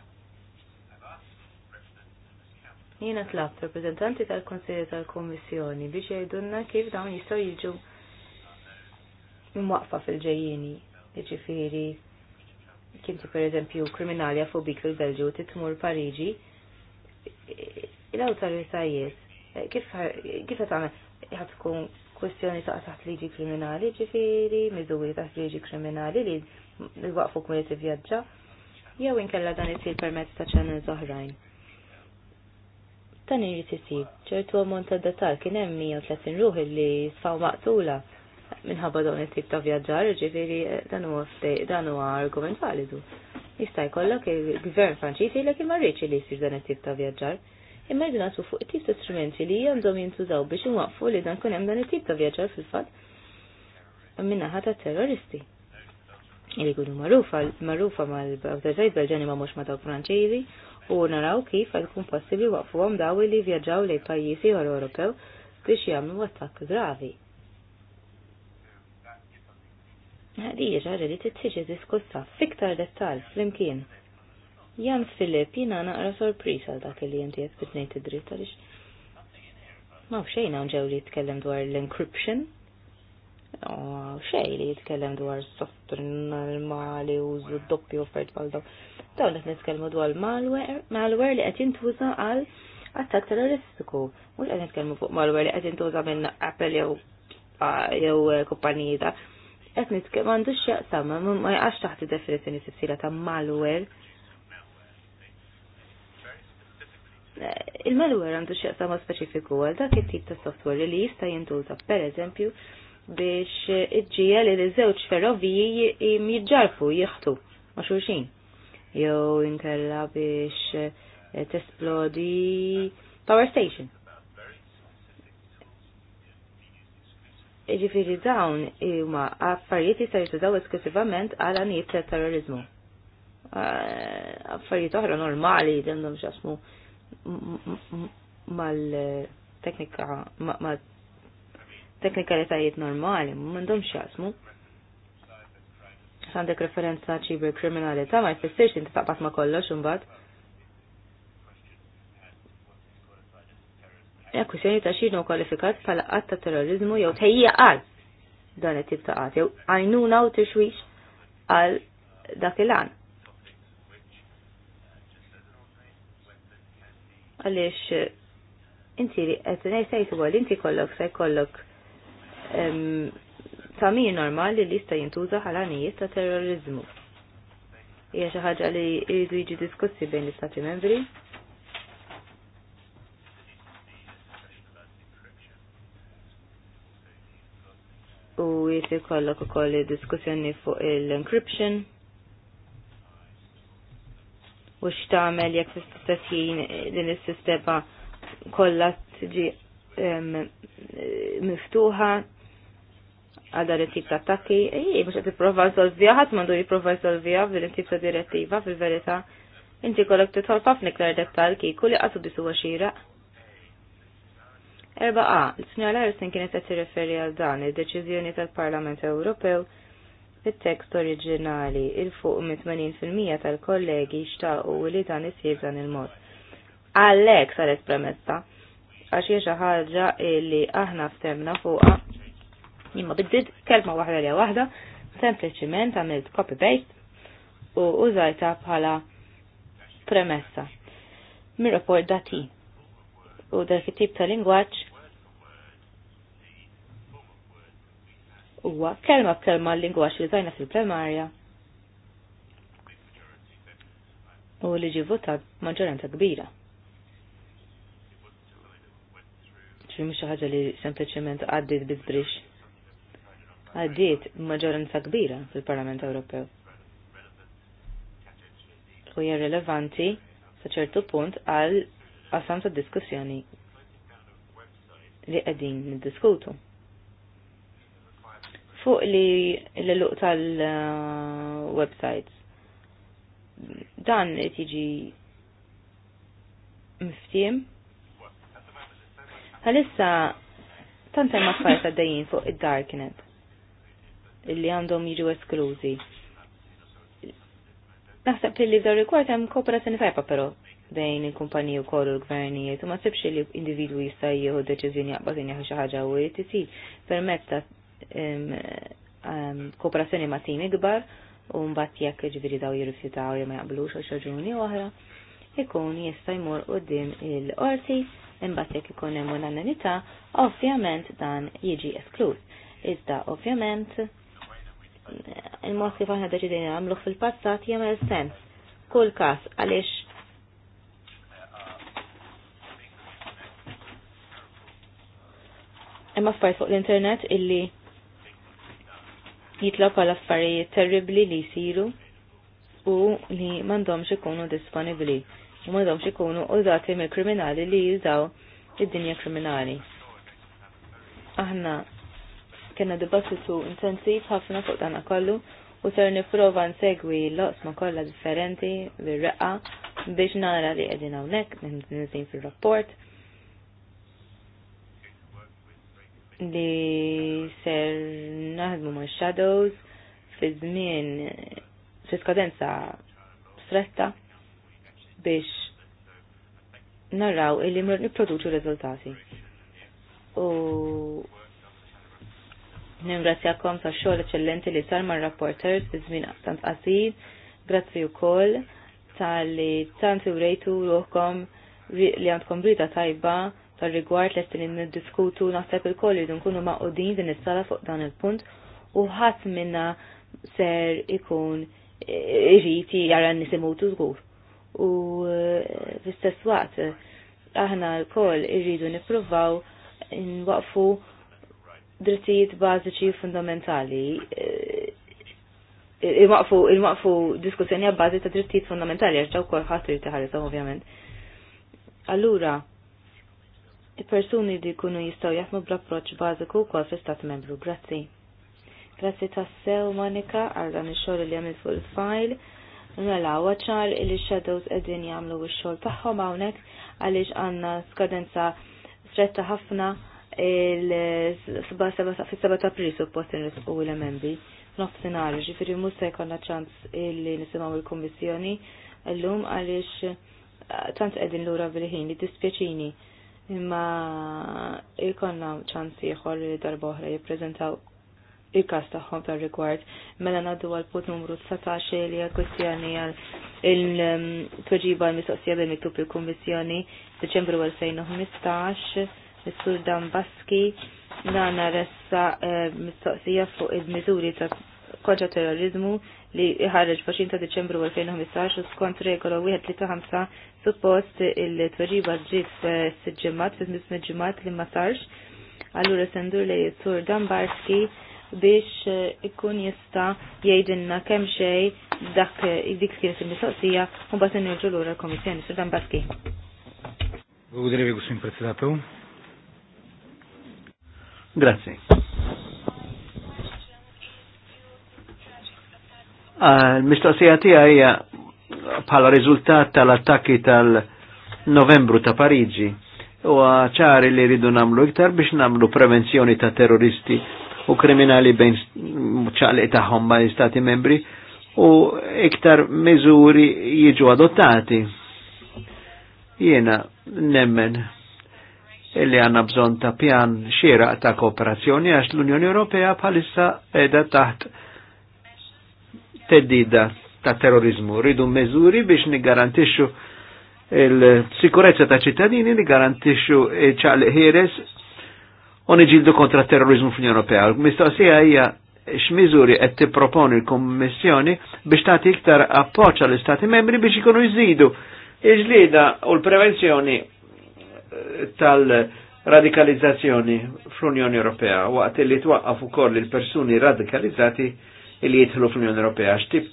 Jiena tlab rappreżentanti tal-Konsilju tal-Kommissjoni biex jgħidulna kif dawn jistgħu jiġu mwaqfa fil-ġejjini, jiġifieri kinti per eżempju kriminali għafu bik fil-Belġu titmur Pariġi, il autoritajiet kif għet għamil, tkun kwestjoni ta' taħt liġi kriminali ġifiri, miżuri taħt liġi kriminali li waqfu kmiet ivvjaġġa, jew inkella dan isir permezz ta' channels oħrajn. Dan jrid isir ċertu ammont ta' datar kien hemm 130 ruħi li sfaw maqtula minħabba dawn it-tip ta' vjaġġar, ġifiri eh, dan huwa dan huwa argument validu. Jista' jkollok il-gvern Franċiż jgħidlek imma marriċi li jsir dan it-tip ta' vjaġġar imma jridu fuq it-tip ta' strumenti li għandhom jintużaw biex inwaqfu li dan kunem hemm dan it-tip ta' vjaġġar fil fat minnaħa ta' terroristi. Ili kunu marufa, marufa mal-awtoritajiet Belġani ma mhux ma dawk Franċiżi u naraw kif qed possibli possibbli waqfuhom daw li vjaġġaw lejn pajjiżi għal Ewropew biex jagħmlu attakk gravi. Għadija ġarri li tittiġi diskussa fiktar dettal flimkien Jan Filip, jina naqra sorpris għal dak li jinti jek bitnejt id-dritt għalix. Ma xejn hawn ġew li jitkellem dwar l-encryption. Xej li jitkellem dwar software mali użu doppju offert bħal daw. Dawn qed nitkellmu dwar malware li qed jintuża għal attak terroristiku. Mux qed nitkellmu fuq malware li qed jintuża minn Apple jew jew eh, kumpaniji da. Qed nitkellmu m'għandux x'jaqsam, ma jgħax taħt id s-sila ta' malware il-malware għandu xieqsa ma specifiku għal dak it-tip ta' software li jista' jintuża per eżempju biex iġġiel li żewġ ferroviji jiġġarfu jieħtu ma' xulxin. Jew inkella biex eh, tesplodi power station. Iġifiri dawn huma affarijiet jista' jintużaw esklusivament għal għanijiet ta' terrorizmu eh, affarijiet oħra normali għandhom xasmu mal-teknika mal teknikalitajiet normali, m'għandhomx jasmu. Għandek referenza ċiber kriminalità, ma jfessirx inti taqbad ma kollox imbagħad. Ja, kwistjoni ta' xinu kwalifikat bħala qatt terrorizmu jew tejja għal dan it-tip ta' qatt jew għajnuna u tixwix għal dakilan. għalix eh, inti qed ngħid ukoll inti kollok se jkollok ehm, tamir normali li jista' jintuża ħalanijiet ta' terrorizmu. Hija xi ħaġa li jridu jiġi diskussi bejn l-Istati Membri. U kollok u ukoll diskussjoni fuq l-encryption u x'tagħmel jekk tista' istess din is-sistema kollha tiġi miftuħa għal dan it-tip ta' attakki, ej, mux għati t-prova solvija, għat mandu jiprofa solvija fil tip ta' direttiva fil-verita. Inti kollok t-tħol ħafna dettal ki kulli għatu bisu għaxira. Erba A, l-Sinjora Harrison kienet qed tirreferi għal dan id-deċiżjoni tal-Parlament Ewropew fit-tekst oriġinali il-fuq minn 80% tal-kollegi xtaqu li dan isir dan il-mod. Għallek saret premessa, għax hija xi ħaġa li aħna ftemna fuqha imma biddit kelma waħda li waħda, sempliciment għamilt copy paste u użajta bħala premessa. mir report dati. U dak it-tip ta' lingwaġġ huwa kelma b'kelma l-lingwaġġ li żajna fil primarja u li ġi votat maġġoranza kbira. ċi mhux ħaġa li sempliċement għaddiet biżbrix. Għaddiet maġġoranza kbira fil-Parlament Ewropew. U hija rilevanti sa ċertu punt għal qasam ta' diskussjoni li qegħdin niddiskutu fuq li l-luq tal-websites. Dan tiġi miftim. Għalissa, tant hemm affarijiet għaddejjin fuq id-darknet illi għandhom jiġu esklużi. Naħseb li f'dan rekord hemm kooperazzjoni tajba però bejn il-kumpaniji u kollu l-gvernijiet u ma sibx li individwi jista' jieħu deċiżjoni jaqbad jieħu xi ħaġa u tisir permezz ta' kooperazzjoni ma' tim ikbar u mbagħad jekk ġifieri daw jirrifjutaw jew ma jaqblux għal raġuni oħra, ikun jista' jmur quddiem il-qorti imbagħad jekk ikun hemm unanimità, ovvjament dan jiġi esklus. Iżda ovvjament il-mod kif aħna deċidejna nagħmluh fil-passat jagħmel sens. Kull każ għaliex imma fajt fuq l-internet illi jitlob għal affarijiet terribli li jisiru u li mandomx ikunu disponibli u mandomx ikunu użati mill kriminali li jużaw id-dinja kriminali. Aħna kena dibattitu intensiv ħafna fuq dan kollu u ser niprofa nsegwi l osma kollha differenti bir-reqqa biex nara li qegħdin hawnhekk nizin fir-rapport li ser naħdmu ma' shadows fi żmien fi skadenza stretta biex narraw illi niproduċu riżultati. U Ningrazzjakom sa' xogħol eċċellenti li sar ma' rapporters fi żmien tant qasir. Grazzi wkoll tal-li tant urejtu ruħkom li għandkom brida tajba fil-rigward lest li niddiskutu naħseb il-koll li nkunu maqodin din is-sala fuq dan il-punt u ħadd minna ser ikun irid jara n mutu imutu żgur. U eh, fl-istess waqt aħna l-koll irridu nippruvaw nwaqfu drittijiet bażiċi fundamentali il-waqfu eh, il-waqfu diskussjoni għabbażi ta' drittijiet fundamentali għax daw kol ħadd irid ovvjament. Allura, il persuni li jkunu jistgħu jaħmu bl-approċċ bażiku wkoll fl-Istat Membru. Grazzi. Grazzi tassew Monika għal dan ix-xogħol li għamil fuq il-file. Mela ċar li shadows qegħdin jagħmlu u xogħol tagħhom hawnhekk għaliex għandna skadenza stretta ħafna fis-7 ta' April suppost u l-emendi nofsinhar, ġifiri mhux se jkollna ċans li nisimgħu il-Kummissjoni llum għaliex tant qegħdin lura bil-ħin li dispjaċini imma il-konna ċansi jħor li darba oħra jippreżentaw il-kas taħħom tal rigward mela naddu għal put numru 19 li għal kwestjoni għal il-tweġiba l-mistoqsija bil miktub il-Kommissjoni Deċembru 2015 Mr. Dan Baski nana ressa eh, mistoqsija fuq il-mizuri ta' kontra terrorizmu li iħarġ faxin ta' Deċembru 2015 skont regola 135 suppost il-tweġiba ġif eh, s-ġimmat, f ġimmat li ma sarx. Allura sendur li jessur Dan Barski biex eh, ikun jista jgħidinna kemm xej dak eh, dik kienet il-mistoqsija u bat nirġu lura l-Komissjoni. Sur Dan Barski. Grazie. Mistoqsija tiegħi hija bħala rizultat tal-attakki tal-Novembru ta' Pariġi u ċari li rridu namlu iktar biex namlu prevenzjoni ta' terroristi u kriminali bejn ċali tagħhom ma' stati membri u iktar miżuri jiġu adottati. Jiena nemmen illi għanna bżon ta' pjan xieraq ta' kooperazzjoni għax l-Unjoni Ewropea bħalissa edha taħt teddida ta' terrorizmu. Ridu meżuri biex nigarantixxu il-sikurezza ta' ċittadini, nigarantixxu ċaqliq ħieres u niġildu kontra terrorizmu fl Ewropea. Mistoqsija hija x'miżuri qed tipproponi l-Kummissjoni biex tagħti iktar appoġġ għall istati membri biex ikunu jżidu iġlida u l-prevenzjoni eh, tal-radikalizzazzjoni fl-Unjoni Ewropea waqt li twaqqaf ukoll il-persuni radikalizzati li jidħlu fl-Unjoni Ewropea. X'tip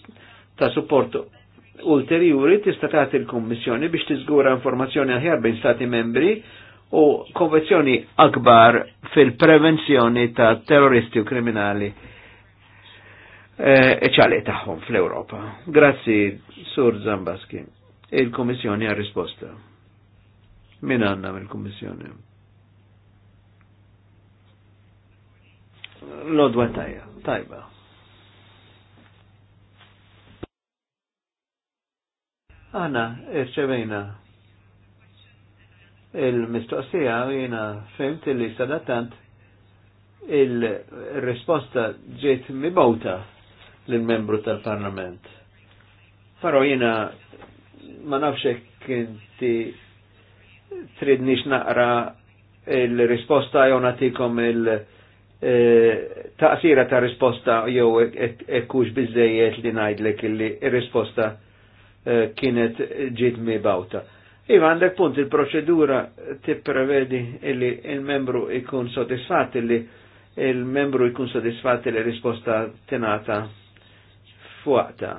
ta' support ulterjuri tista' tagħti l-Kummissjoni biex tiżgura informazzjoni aħjar bejn stati membri u konvenzjoni akbar fil-prevenzjoni ta' terroristi u kriminali eċali e, e tagħhom fl-Ewropa. Grazzi, Sur Zambaski. Il-Kommissjoni ha risposta. Min għanna mill-Kommissjoni? odwa tajja, tajba. Għana, irċevejna il-mistoqsija jena fimt li sadatant il-risposta ġiet mibawta l-membru tal-parlament. Però jina ma nafxek kinti tridnix naqra il-risposta jow natikom il- eh, taqsira ta' risposta jew ekkux bizzejiet li najdlek illi il-risposta Eh, kienet ġiet mi bawta. Iva, għandek punt, il-proċedura tipprevedi illi il-membru ikun sodisfat illi il-membru jkun sodisfat li risposta tenata fuqta.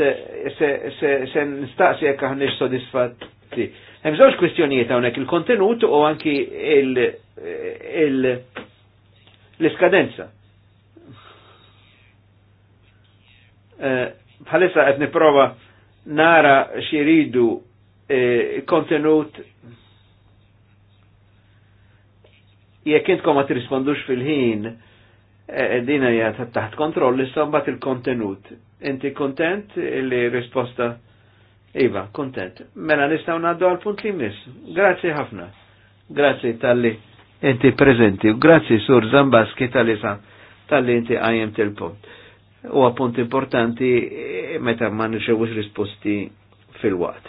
Se nistaqsi jekk aħniex sodisfatti. Hemm żewġ kwistjonijiet hawnhekk il-kontenut u anki l-iskadenza. Eh, bħalissa qed nipprova nara xiridu eh, kontenut jekk intkom ma tirrispondux fil-ħin eh, din hija taħt kontroll issa mbagħad il-kontenut. Inti kontent li risposta Iva, kontent. Mela nistgħu ngħaddu għal punt li miss. Grazzi ħafna. Grazzi tal-li inti prezenti. Grazzi sur Zambaski tal-li tal-li inti għajem til punt u appunt importanti eh, meta ma nixewux risposti fil-waqt.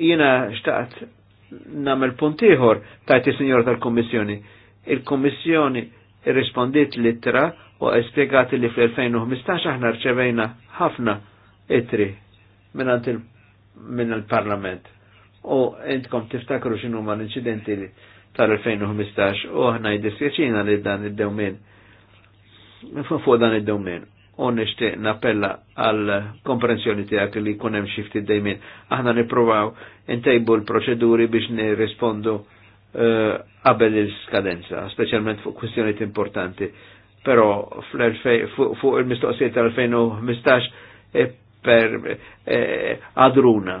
Jina xtaqt namel puntiħor tajt il-Sinjor tal-Kommissjoni. Il-Kommissjoni l littra u spiegati li fl-2015 aħna rċevejna ħafna itri minn il-Parlament. U intkom tiftakru xinu ma l-incidenti li tal-2015 u aħna jiddispjaċina li dan id-dewmin fuq dan id-dewmin u nishtiq nappella għal komprensjoni tijak li kunem xifti d dajmin Aħna niprovaw intejbu l-proċeduri biex nirrispondu eh, qabel il-skadenza, specialment fuq kwestjoni importanti. Pero fuq il-mistoqsijiet tal-2015 eh, per eh, adruna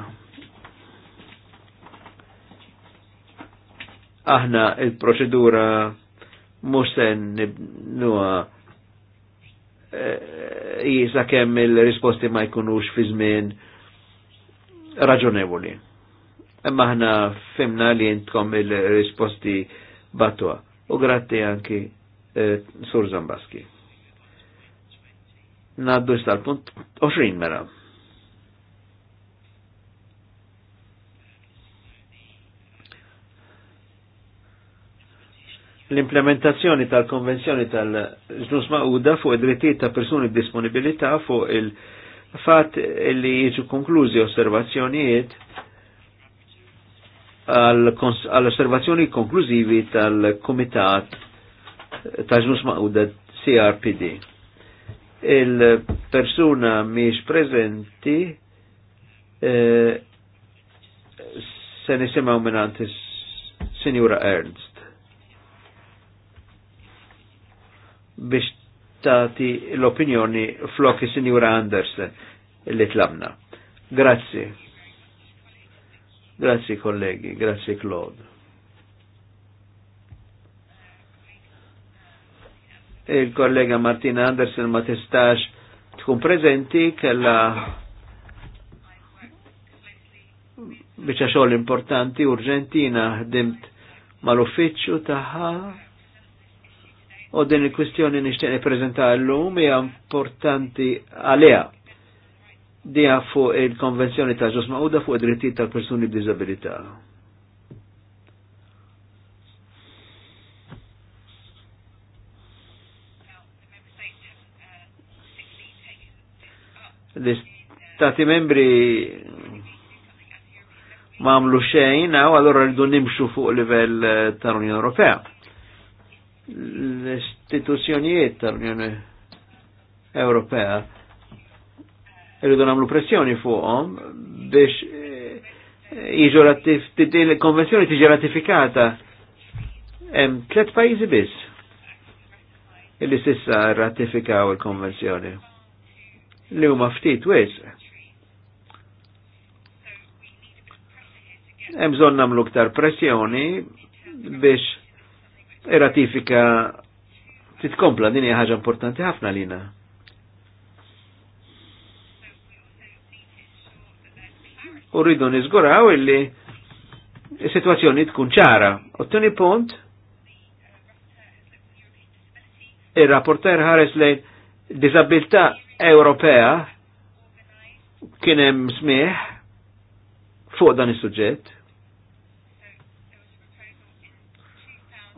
aħna il-proċedura mux sen nibnuha e, jisa kemm il-risposti ma jkunux fi żmien raġonevoli. Imma aħna fimna li jintkom il-risposti batwa. U gratti anki e, Sur Zambaski. Naddu istal punt 20 mera. l-implementazzjoni tal-konvenzjoni tal-ġnus ma'uda fuq id-drittijiet ta' persuni Disponibilità fuq il-fat li jiġu konklużi osservazzjonijiet għall-osservazzjoni konklużivi tal-Komitat ta' ġnus ma'uda CRPD. Il-persuna miex prezenti eh, se nisimaw minnant Signora Ernst. biex tati l-opinjoni flokki sinjura Andersen li tlamna. Grazie. Grazie kollegi, grazie Claude. Il-kollega Martina Andersen ma testax tkun prezenti kella bieċa xogħol importanti urġentina ħdimt mal-uffiċċju taħħa u din il-kwistjoni nishtiq niprezenta l-lum hija importanti għalija dija fuq il-konvenzjoni ta' ġus ma'uda fuq id-drittijiet tal-persuni b'dizabilità. L-istati membri ma' għamlu xejn, għaw għallura rridu nimxu fuq livell tal-Unjoni Ewropea l-istituzzjonijiet tal-Unjoni Ewropea irridu nagħmlu pressjoni fuqhom biex eh, jiġu il-konvenzjoni tiġi ratifikata hemm tliet pajjiżi biss illi sissa ratifikaw il-konvenzjoni li huma ftit wis. Hemm bżonn nagħmlu ktar pressjoni biex E ratifika titkompla din hija ħaġa importanti ħafna lina. U rridu niżguraw illi is-sitwazzjoni tkun ċara. Ottuni punt ir-rapporter ħares lejn disabilità Ewropea kien hemm smih fuq dan is-suġġett.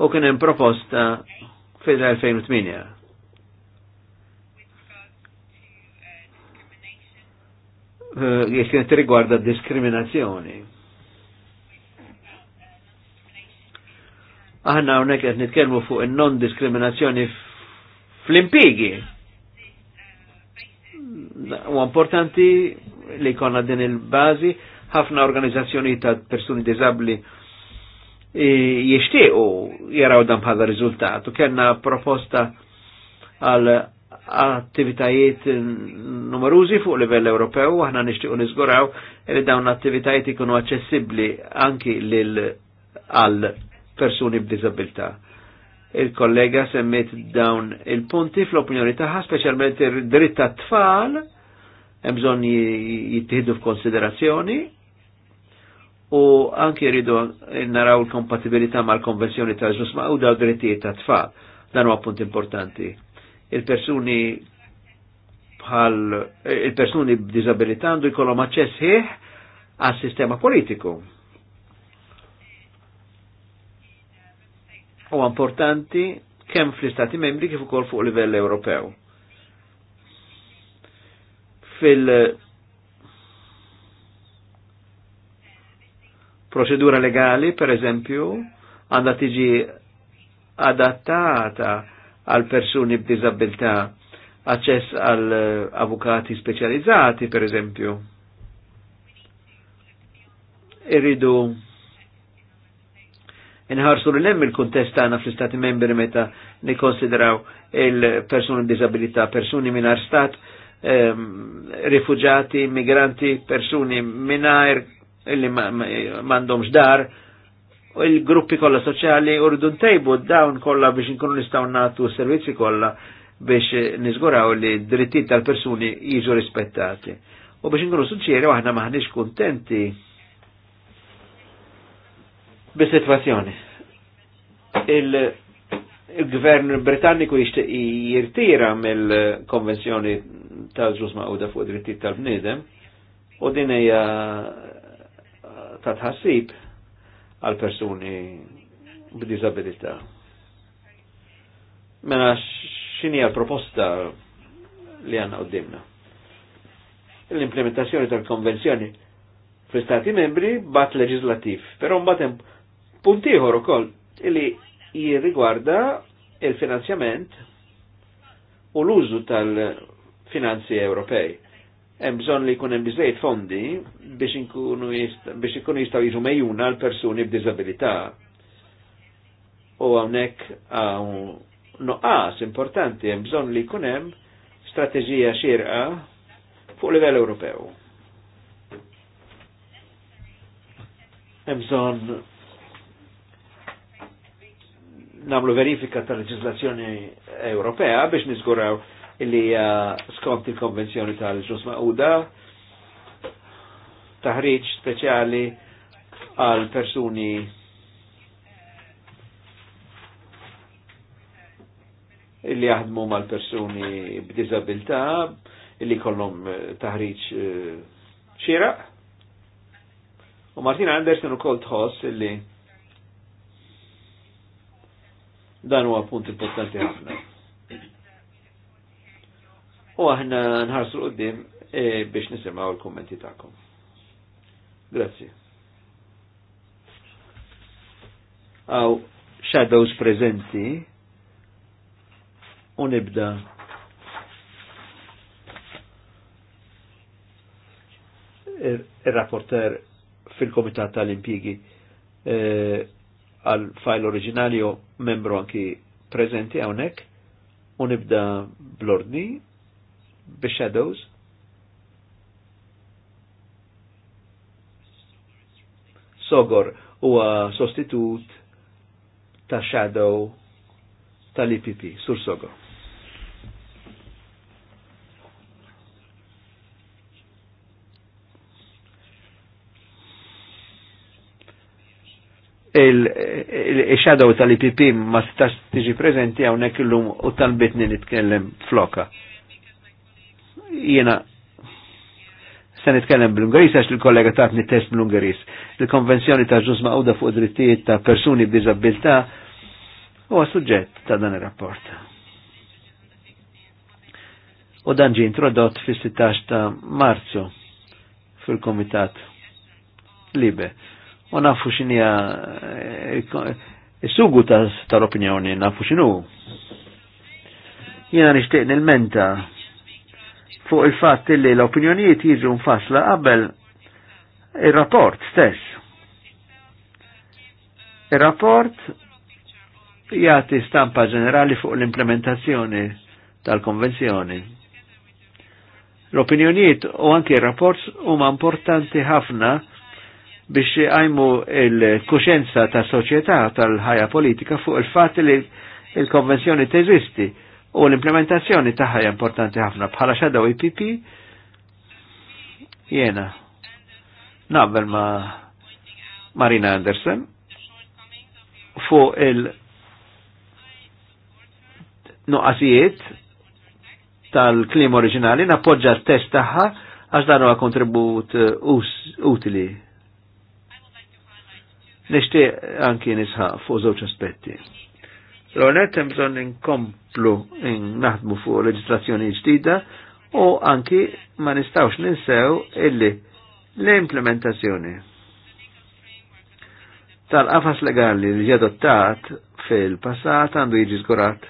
u kien hemm proposta fil-2008. Eh, Jek kienet riguarda diskriminazzjoni. Aħna hawnhekk qed nitkellmu fuq in-non-diskriminazzjoni fl-impigi. U importanti li konna din il-bażi ħafna organizzazzjoni ta' persuni disabli jishtiqu jaraw dan bħala rizultat. u kellna proposta għal attivitajiet numerużi fuq livell Ewropew, aħna nixtiequ niżguraw li dawn l-attivitajiet ikunu aċċessibbli anki lil għal persuni b'diżabilità. Il-kollega semmet dawn il-punti fl-opinjoni tagħha, speċjalment ir-dritt tat-tfal, hemm bżonn jittieħdu f'konsiderazzjoni, u anki rridu naraw l-kompatibilità mal-konvenzjoni ta' ġus ma' u daw drittijiet ta' tfal. Dan huwa punt importanti. Il-persuni bħal il-persuni b'disabilità għandu jkollhom aċċess ħieħ għas sistema politiku. U importanti kemm fl-Istati membri kif ukoll fuq livell Ewropew. Fil- Proċedura legali, per eżempju, għandha tiġi adattata għal persuni b'diżabilità, aċċess għal eh, avukati speċjalizzati, per eżempju. Irridu inħarsu li hemm il-kontest tagħna fl-Istati Membri meta nikkonsidraw il-persuni b'diżabilità, persuni mingħajr stat, ehm, rifugiati, migranti, persuni mingħajr illi mandomx dar, u il-gruppi kolla soċjali urdu ntejbu dawn kolla biex nkunu nistaw natu servizzi kolla biex nizguraw li drittijiet tal-persuni jiġu rispettati. U biex nkunu suċjeri aħna maħniex kontenti bis-situazzjoni. Il-gvern britanniku jixtieq jirtira mill-konvenzjoni tal-ġus maquda fuq drittijiet tal-bniedem u din hija ta' tħassib għal persuni b'disabilità. Mela x'inhi għal proposta li għanna għoddimna. L-implementazzjoni tal-konvenzjoni fl-Stati membri bat leġislativ, però mbatem puntiħor ukoll li jirrigwarda il-finanzjament u l-użu tal-finanzi Ewropej hemm bżonn li jkun hemm biżejjed fondi biex inkunu biex ikunu jistgħu jiġu mejjuna l persuni b'diżabilità. U hawnhekk hawn noqqas importanti hemm bżonn li jkun hemm strateġija xierqa fuq livell Ewropew. Hemm bżonn namlu verifika tal-leġislazzjoni Ewropea biex niżguraw li uh, skont il-konvenzjoni tal-ġus ma'uda, taħriġ speċjali għal persuni illi jaħdmu mal persuni b'dizabilta, illi kollom uh, taħriġ uh, xira. U Martin Anderson u kol tħoss illi dan huwa punt importanti ħafna u aħna nħarsu l-qoddim e, biex nisimaw l-kommenti ta'kom. Grazie. Għaw shadows prezenti u nibda er, il-rapporter fil-Komitat tal-Impjigi e, għal fajl oriġinali u membru anki prezenti għawnek u nibda blordni the shadows Sogor huwa sostitut ta' shadow tal-IPP, sur Sogor. il-shadow il, il, tal-IPP ma stax tiġi prezenti għawnek l-lum u tal-bitni nitkellem floka. Jena se nitkellem bil ungaris għax il-kollega tatni test bil ungaris Il-konvenzjoni ta' ġus ma'għuda fuq drittijiet ta' persuni b'diżabilità huwa suġġett ta' dan ir-rapport. U dan ġi introdott fis-16 ta' Marzu fil-Komitat Libe. U nafu xinija eh, s sugu ta' tal-opinjoni nafu x'inhu. Jiena nixtieq nil-menta fuq il fat li l-opinjonijiet jiġu nfasla qabel il-rapport stess. Il-rapport jagħti stampa ġenerali fuq l-implementazzjoni tal-konvenzjoni. L-opinjonijiet u anke il-rapport huma importanti ħafna biex għajmu il-kuxenza ta' soċjetà tal-ħajja politika fuq il fat li il-konvenzjoni teżisti u l-implementazzjoni taħħa importanti ħafna bħala xadaw IPP e jena naqbel ma Marina Anderson fuq il nuqqasijiet tal-klim oriġinali nappoġġa t-test taħħa għax dan huwa kontribut uh, utili. Nixtieq anki nisħaq fuq żewġ aspetti L-għonet hemm bżonn inkomplu in naħdmu fuq leġislazzjoni ġdida u anki ma nistawx ninsew illi l-implementazzjoni tal-qafas legali li ġadottat adottat fil-passat għandu jiġi zgurat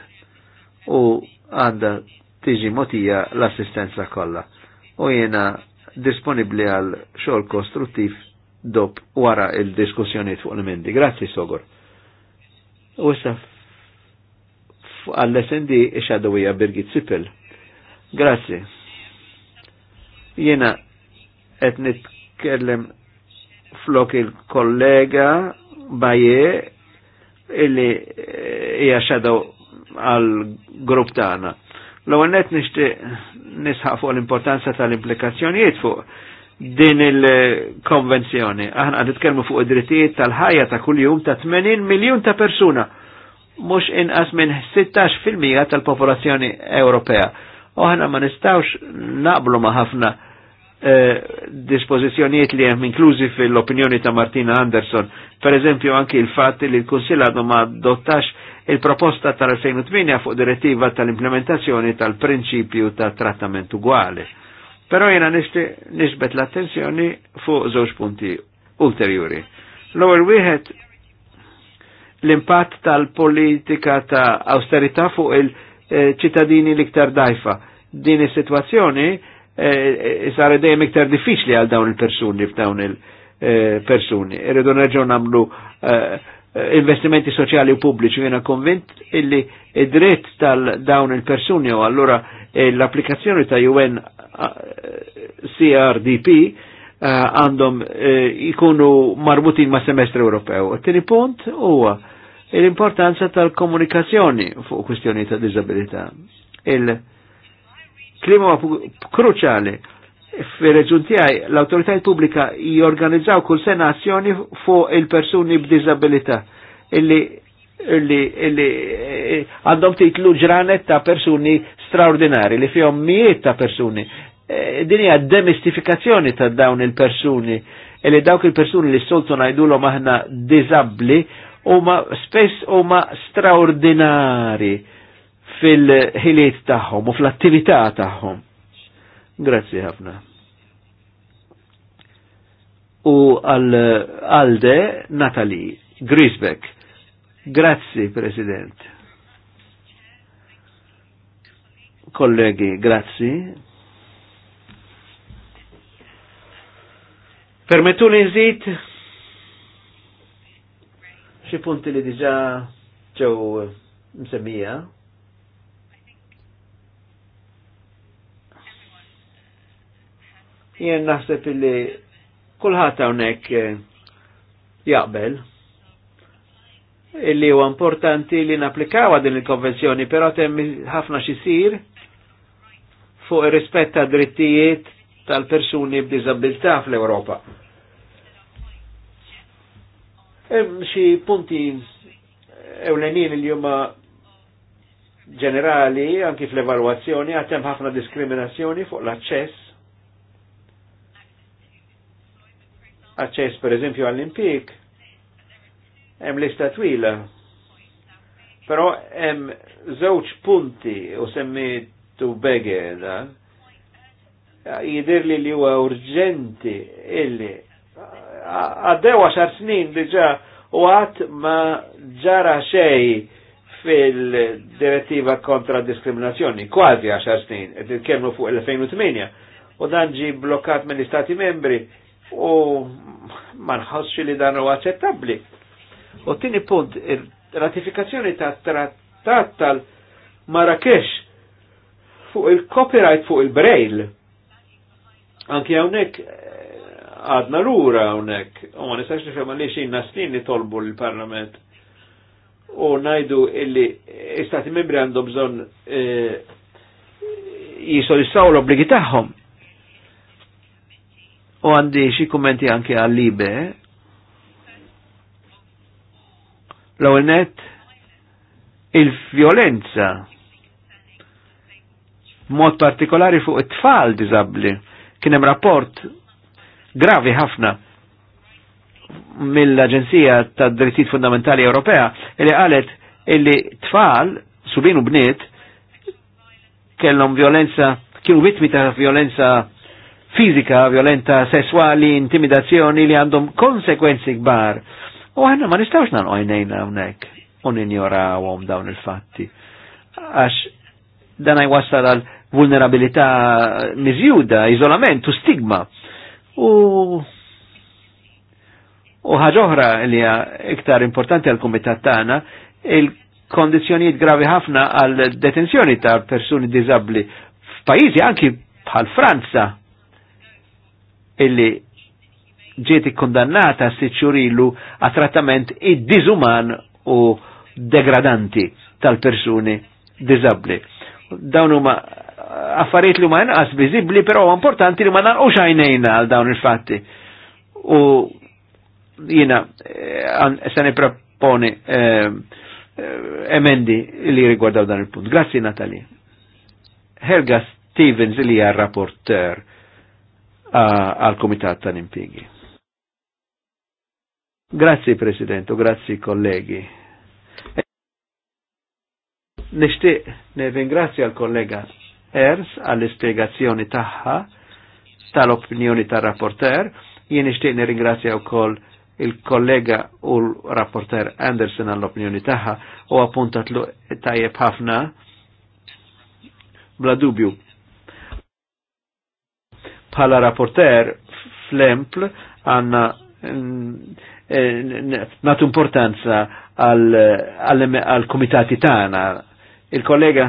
u għanda tiġi motija l-assistenza kollha u jiena disponibli għal xogħol kostruttiv dob wara il-diskussjoniet fuq l-mendi. Grazzi, Sogor. U issa għall-SND xadawija Birgit Sipel. Grazzi. Jena et nitkellem flok il-kollega Baje illi eh, hija għal grupp tagħna. L-ewwel net nixtieq nisħaq fuq l-importanza tal-implikazzjonijiet fuq din il-konvenzjoni. Aħna qed nitkellmu fuq id-drittijiet tal-ħajja ta' kuljum ta' 80 miljun ta' persuna mhux inqas minn 16% tal-popolazzjoni Ewropea. Oħna ma nistawx naqblu ma ħafna eh, dispozizjoniet li hemm inklużi fil-opinjoni ta' Martina Anderson. Per eżempju anki il-fatt li l-Kunsill għadu ma dottax il-proposta tal-2008 fuq direttiva tal-implementazzjoni tal-prinċipju ta' trattament uguali. Però jena nisbet l-attenzjoni fuq żewġ punti ulterjuri. L-ewwel wieħed l-impatt tal-politika ta' austerità fuq il-ċittadini l-iktar dajfa. Din is-sitwazzjoni e, eh, sar dejjem iktar diffiċli għal dawn il-persuni f'dawn il-persuni. Eh, Irridu nerġgħu nagħmlu eh, investimenti soċjali u pubbliċi jiena konvint illi id-dritt tal-dawn il-persuni u allura l-applikazzjoni ta' UN CRDP għandhom ikunu marbutin ma' semestru Ewropew. Tini punt huwa l-importanza tal-komunikazzjoni fuq kwestjoni ta' disabilità. Il-klima kruċali fil-reġun tiegħi l autorità pubblika jorganizzaw kull sena azzjoni fuq il-persuni b'disabilità illi illi illi eh, għandhom titlu ġranet ta' persuni straordinari li fihom mijiet ta' persuni. E, Din hija demistifikazzjoni ta' dawn il-persuni illi dawk il-persuni li s-soltu ngħidulhom aħna diżabbli huma spess huma straordinari fil-ħiliet tagħhom u fl-attività tagħhom. Grazzi ħafna. U għal-Alde Natali Grisbeck. Grazzi, President. Kollegi, grazzi. Permettu li nżid xi punti li diġà ġew msemmija. Jien naħseb illi kulħadd hawnhekk eh, jaqbel illi huwa importanti li napplikawa din il-konvenzjoni, però temm ħafna xisir fuq ir-rispett ta' drittijiet tal-persuni b'diżabilità fl-Ewropa xi punti ewlenin li huma ġenerali anki fl-evalwazzjoni għad hemm ħafna diskriminazzjoni fuq l-aċċess aċċess per eżempju għall-impik, hemm lista twila. Però hemm żewġ punti u semmitu begeda da li li huwa urġenti illi għaddew għaxar snin diġa u għat ma ġara xej fil-direttiva kontra diskriminazzjoni, kważi għaxar snin, kemmu fuq il-2008, u dan ġi blokkat mill istati membri u ma nħossx li dan u għacettabli. U tini punt, ratifikazzjoni ta' trattat tal-Marrakesh fuq il-copyright fuq il-brail. Anki hawnhekk għadna rura unek, u ma nistax nifhem għaliex xinna snin tolbu l-Parlament u najdu illi istati membri għandhom bżonn e, jisolissaw l-obbligi tagħhom. U għandi xi kummenti anke għal-libe. L-ewwel net il violenza mod partikolari fuq it-tfal diżabbli. Kien hemm rapport gravi ħafna mill-Aġenzija tad drittijiet Fundamentali Ewropea li qalet illi tfal subin u bniet kellhom violenza kienu vittmi ta' violenza fizika, violenta, sessuali, intimidazzjoni li għandhom konsekwenzi kbar. U għanna ma nistawx nan ojnejna unnek un għom dawn il-fatti. Għax dan għaj wassal għal vulnerabilità mizjuda, izolament u stigma. U U ħaġoħra li hija iktar importanti għal kumitat tagħna, il-kondizzjonijiet gravi ħafna għal detenzjoni ta' persuni diżabbli f'pajjiżi anki bħal Franza illi ġieti kondannata siċurilu għat trattament id-diżuman u degradanti tal-persuni diżabbli. Dawn huma affarijiet li ma jenqas viżibbli, però importanti li ma nanqux xajnejna għal dawn il-fatti. U jiena eh, se nipproponi eh, emendi li rigwardaw dan il-punt. Grazzi Natali. Helga Stevens li hija rapporter eh, għal Komitat tal-Impjegi. Grazzi President u grazzi kollegi. Nishtiq ne ringrazzja al kollega Ers għall-ispiegazzjoni tagħha tal-opinjoni tar-rapporter. Jien nixtieq nirringrazzja wkoll il-kollega u l-rapporter Anderson għall-opinjoni tagħha u appuntat lu tajjeb ħafna bla dubju. Bħala rapporter fl-empl għanna natu importanza għal-komitati tagħna. Il-kollega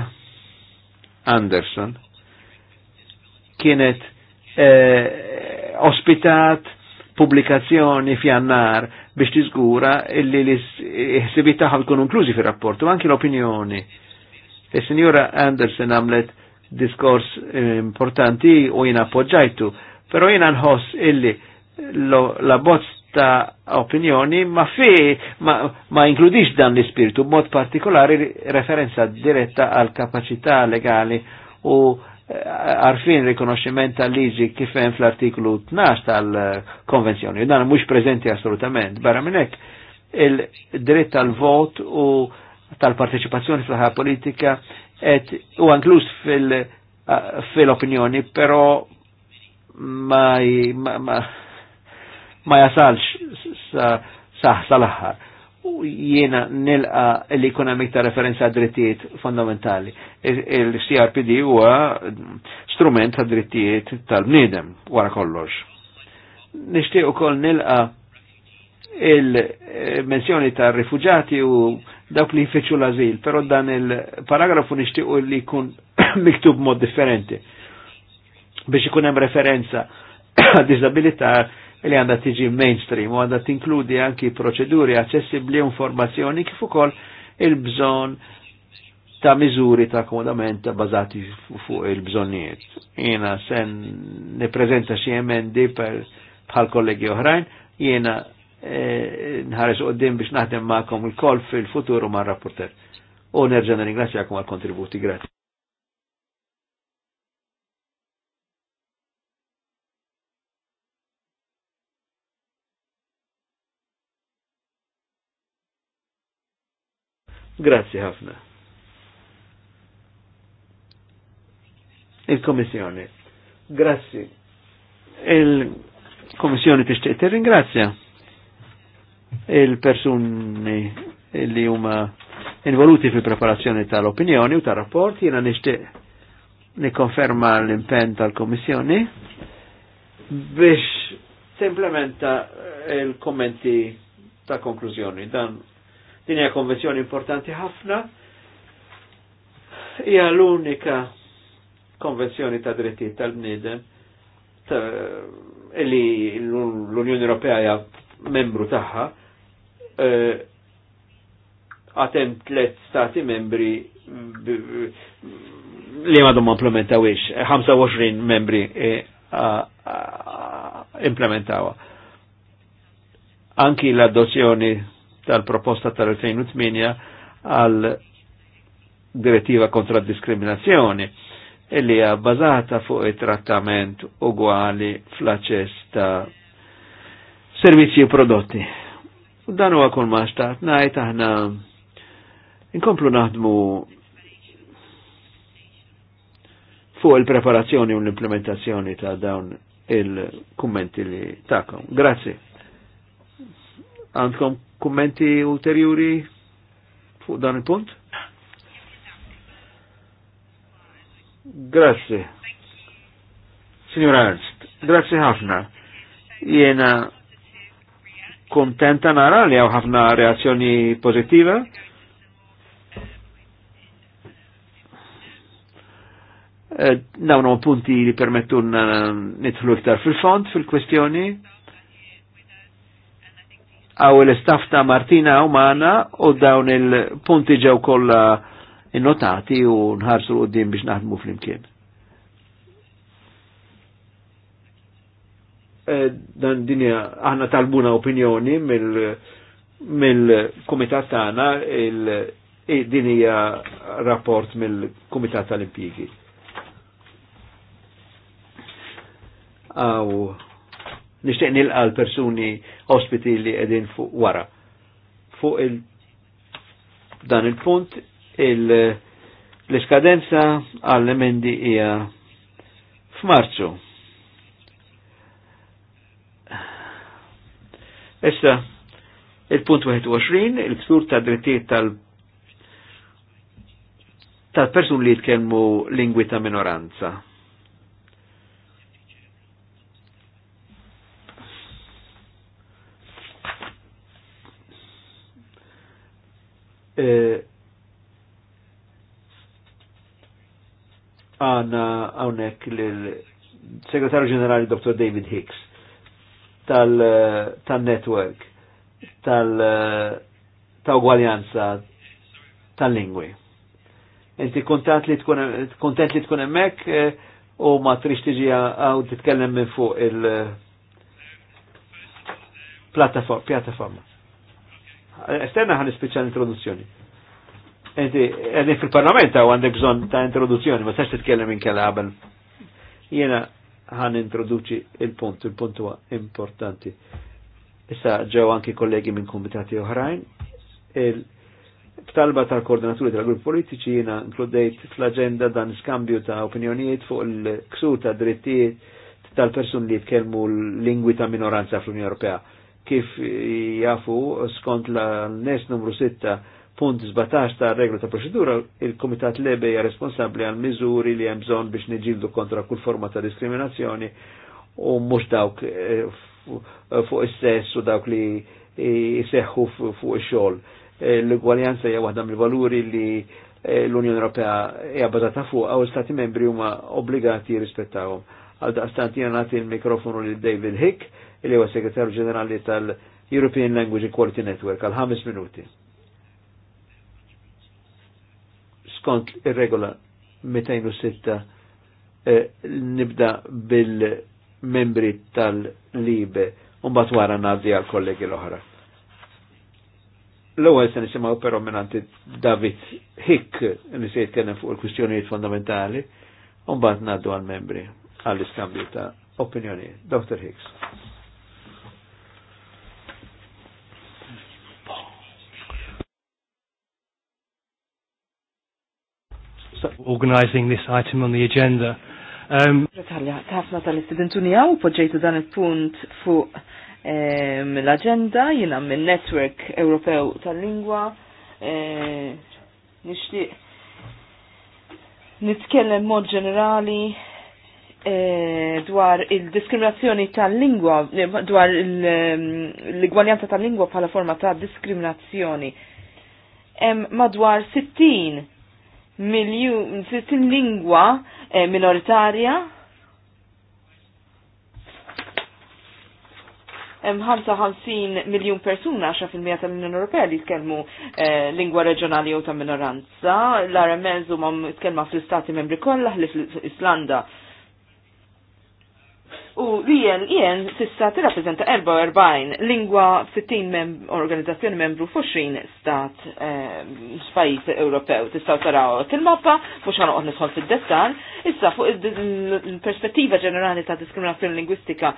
Anderson kienet eh, ospitat pubblikazzjoni fjannar biex tizgura illi l-ħsibiet tagħha tkun inklużi fir-rapport u anki l-opinjoni. Is-Sinjura Anderson għamlet diskors importanti u jina appoġġajtu, pero jina nħoss illi la bozz ta' opinjoni ma fi ma, ma inkludix dan l-ispirtu mod partikolari referenza diretta għal kapacità legali u għarfin eh, rikonoxximent tal-liġi kifem fl-artiklu 12 tal-konvenzjoni. U dan mhux preżenti assolutament. Barra minnek il-dritt tal-vot u tal-parteċipazzjoni fl-ħa politika et u anklus eh, fil-opinjoni, fil però ma, ma, ma ma jasalx saħ sal-aħħar. U jiena nilqa li jkun hemm referenza drittijiet fondamentali. Il-CRPD huwa strument ta' drittijiet tal-bniedem wara kollox. Nixtieq ukoll nilqa il-menzjoni ta' rifugjati u dawk li jfittxu l-azil, però dan il-paragrafu nixtiequ li jkun miktub mod differenti biex ikun hemm referenza għad disabilità li għandha tiġi mainstream u għandha tinkludi anki proċeduri aċċessibbli informazzjoni kif ukoll il-bżonn ta' miżuri ta' akkomodament bażati fuq il-bżonnijiet. Jena sen neprezenta xi emendi bħal kollegi oħrajn, jiena e, nħares għoddim biex naħdem magħkom il kol fil-futur u mar-rapporter. U nerġa' ringrazzjakom għal-kontributi, grazzi. Grazzi ħafna. Il-Komissjoni. Grazzi. Il-Komissjoni tixtieq tirringrazzja il-persuni li huma involuti fil-preparazzjoni tal-opinjoni u tal-rapport jiena nixtieq nikkonferma l-impenn tal-Komissjoni biex timplementa il-kommenti ta' konklużjoni. Dan Din hija konvenzjoni importanti ħafna. Hija l-unika konvenzjoni ta' drittijiet tal-bniedem li l-Unjoni Ewropea hija membru tagħha. E, għatem tlet tliet stati membri li għadhom ma implementawiex, 25 membri e, implementawa. Anki l-adozzjoni tal-proposta tal-2008 għal direttiva kontra diskriminazzjoni illi hija bbażata fuq it-trattament ugwali fl-aċċess ta' servizzi u prodotti. Dan huwa kull ma xtaqt ngħid aħna inkomplu naħdmu fuq il-preparazzjoni u l-implementazzjoni ta' dawn il-kummenti li takom. Grazie. Għandkom Kummenti ulterjuri fuq dan il-punt? Grazie. Signor Ernst, grazie ħafna. Jena kontenta nara li għaw ħafna reazzjoni pozittiva. Eh, dawnu punti li permettunna nitħlu iktar fil font fil-kwestjoni għaw l-istaff ta' Martina Umana u dawn il-punti ġew kollha innotati u nħarsu l-qoddim biex naħdmu fl-imkien. Eh, dan dinja aħna talbuna opinjoni mill-komitat mil tagħna din hija rapport mill-Kumitat tal-Impjigi. Aw nishtiq nilqa l-persuni ospiti li edin fuq wara. Fuq il dan il-punt il l-iskadenza għall-emendi hija f'Marzu. Issa il-punt 21, il-ksur ta' drittijiet tal- tal-persun li jitkellmu lingwi ta' minoranza. Eh, għana għonek l-Segretarju Ġenerali Dr. David Hicks tal-network tal-ugwaljanza tal-lingwi. Inti kontent li tkun hemmhekk eh, u ma trix tiġi għaw titkellem minn fuq il eh, plattaforma Esterna għan ispiċċa l-introduzzjoni. Enti, għedin fil-parlament għaw għandek bżon ta' introduzzjoni, ma tax titkellem minn kella qabel. Jena ħan introduċi il-punt, il-punt huwa importanti. Issa ġew anki kollegi minn komitati oħrajn. B'talba tal-koordinaturi tal-grupp politiċi jena inkludejt fl-agenda dan skambju ta' opinjonijiet fuq il-ksur ta' drittijiet tal-person li jitkelmu l-lingwi ta' minoranza fl-Unjoni Ewropea kif jafu skont la nes numru 6 punt 17 ta' regla ta' proċedura, il-Komitat Lebe hija responsabbli għal miżuri li hemm bżonn biex niġildu kontra kull forma ta' diskriminazzjoni u mhux dawk eh, fuq is-sess u dawk li jseħħu eh, fuq ix-xogħol. Eh, l gwaljanza hija waħda mill-valuri li l-Unjoni Ewropea hija bażata fuq u l-Stati membri huma obbligati jirrispettawhom. Għal daqstant jiena nagħti l-mikrofonu lil David Hick li huwa segretarju ġenerali tal-European Language Equality Network għal ħames minuti. Skont ir-regola 206 eh, nibda bil-membri tal-libe un bat wara naddi għal kollegi l-oħra. L-ewwel se nisimgħu però minanti David Hick li se jitkellem fuq il-kwistjonijiet fondamentali, u mbagħad ngħaddu għall-membri għall-iskambju ta' opinjoni. Dr. Hicks. organizing this item on the agenda. Retalja, um, ħafna tal-istudentuni għaw poġġejtu dan il-punt fuq ehm, l-agenda jina minn Network Ewropew tal-Lingwa. Ehm, Nishtiq nitkellem mod ġenerali ehm, dwar il-diskriminazzjoni tal-lingwa, dwar l-igwaljanza tal-lingwa bħala forma ta' diskriminazzjoni. Madwar 60 miljun, 60 lingwa eh, minoritarja. Hemm 55 miljun persuna xa fil-mija tal-Unjoni Ewropea li jitkellmu eh, lingwa reġjonali jew ta' minoranza. L-Aramez huma jitkellma fl-istati membri kollha ħlif l-Islanda U l jien sissa tirrappreżenta 44 lingwa 60 mem organizzazzjoni membru f'20 stat ehm, pajjiż Ewropew. Tistgħu taraw il mappa mhux ħanoqgħod nisħol fid-dettal, issa fuq il-perspettiva ġenerali ta' diskriminazzjoni lingwistika,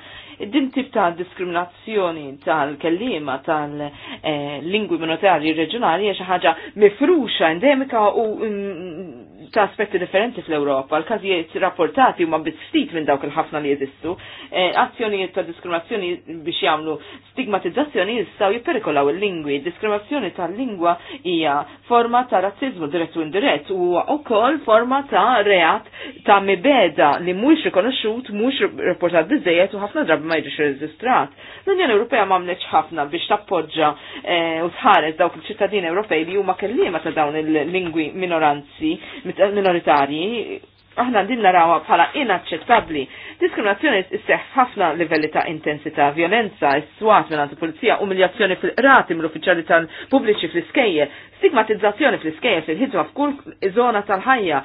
din tip ta' diskriminazzjoni tal-kellima tal-lingwi eh, minoritarji reġjonali hija xi ħaġa mifruxa endemika u mm, ta' aspetti differenti fl-Ewropa. L-każijiet rapportati huma stit minn dawk il-ħafna li jeżistu. Eh, azzjonijiet ta' diskriminazzjoni biex jagħmlu stigmatizzazzjoni jistgħu jipperikolaw il-lingwi. Diskriminazzjoni tal-lingwa hija forma ta' razzizmu dirett u indirett u wkoll forma ta' reat ta' mibeda li mhux rikonoxxut, mhux rapportat biżejjed u ħafna drabi ma jiġix reġistrat. L-Unjoni Ewropea m'għamlex ħafna biex tappoġġa eh, u tħares dawk il-ċittadini Ewropej li huma kelliema ta' dawn il-lingwi minoranzi minoritarji aħna din narawha bħala inaċċettabbli. Diskriminazzjoni isseħħ ħafna livelli ta' intensità, violenza, is-swat minn pulizija umiljazzjoni fil-qrati mill-uffiċjali tal-pubbliċi fl-iskejje, stigmatizzazzjoni fl-iskejje fil-ħidma f'kull żona tal-ħajja,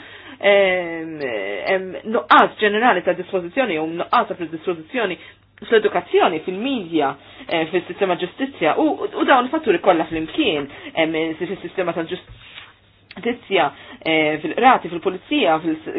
nuqqas ġenerali ta' dispożizzjoni u nuqqas fil-dispożizzjoni fl-edukazzjoni, fil-medja, eh, fil-sistema ġustizja u dawn fatturi kollha fl-imkien fil-sistema tal-ġustizja tissja eh, fil-qrati, fil-pulizija,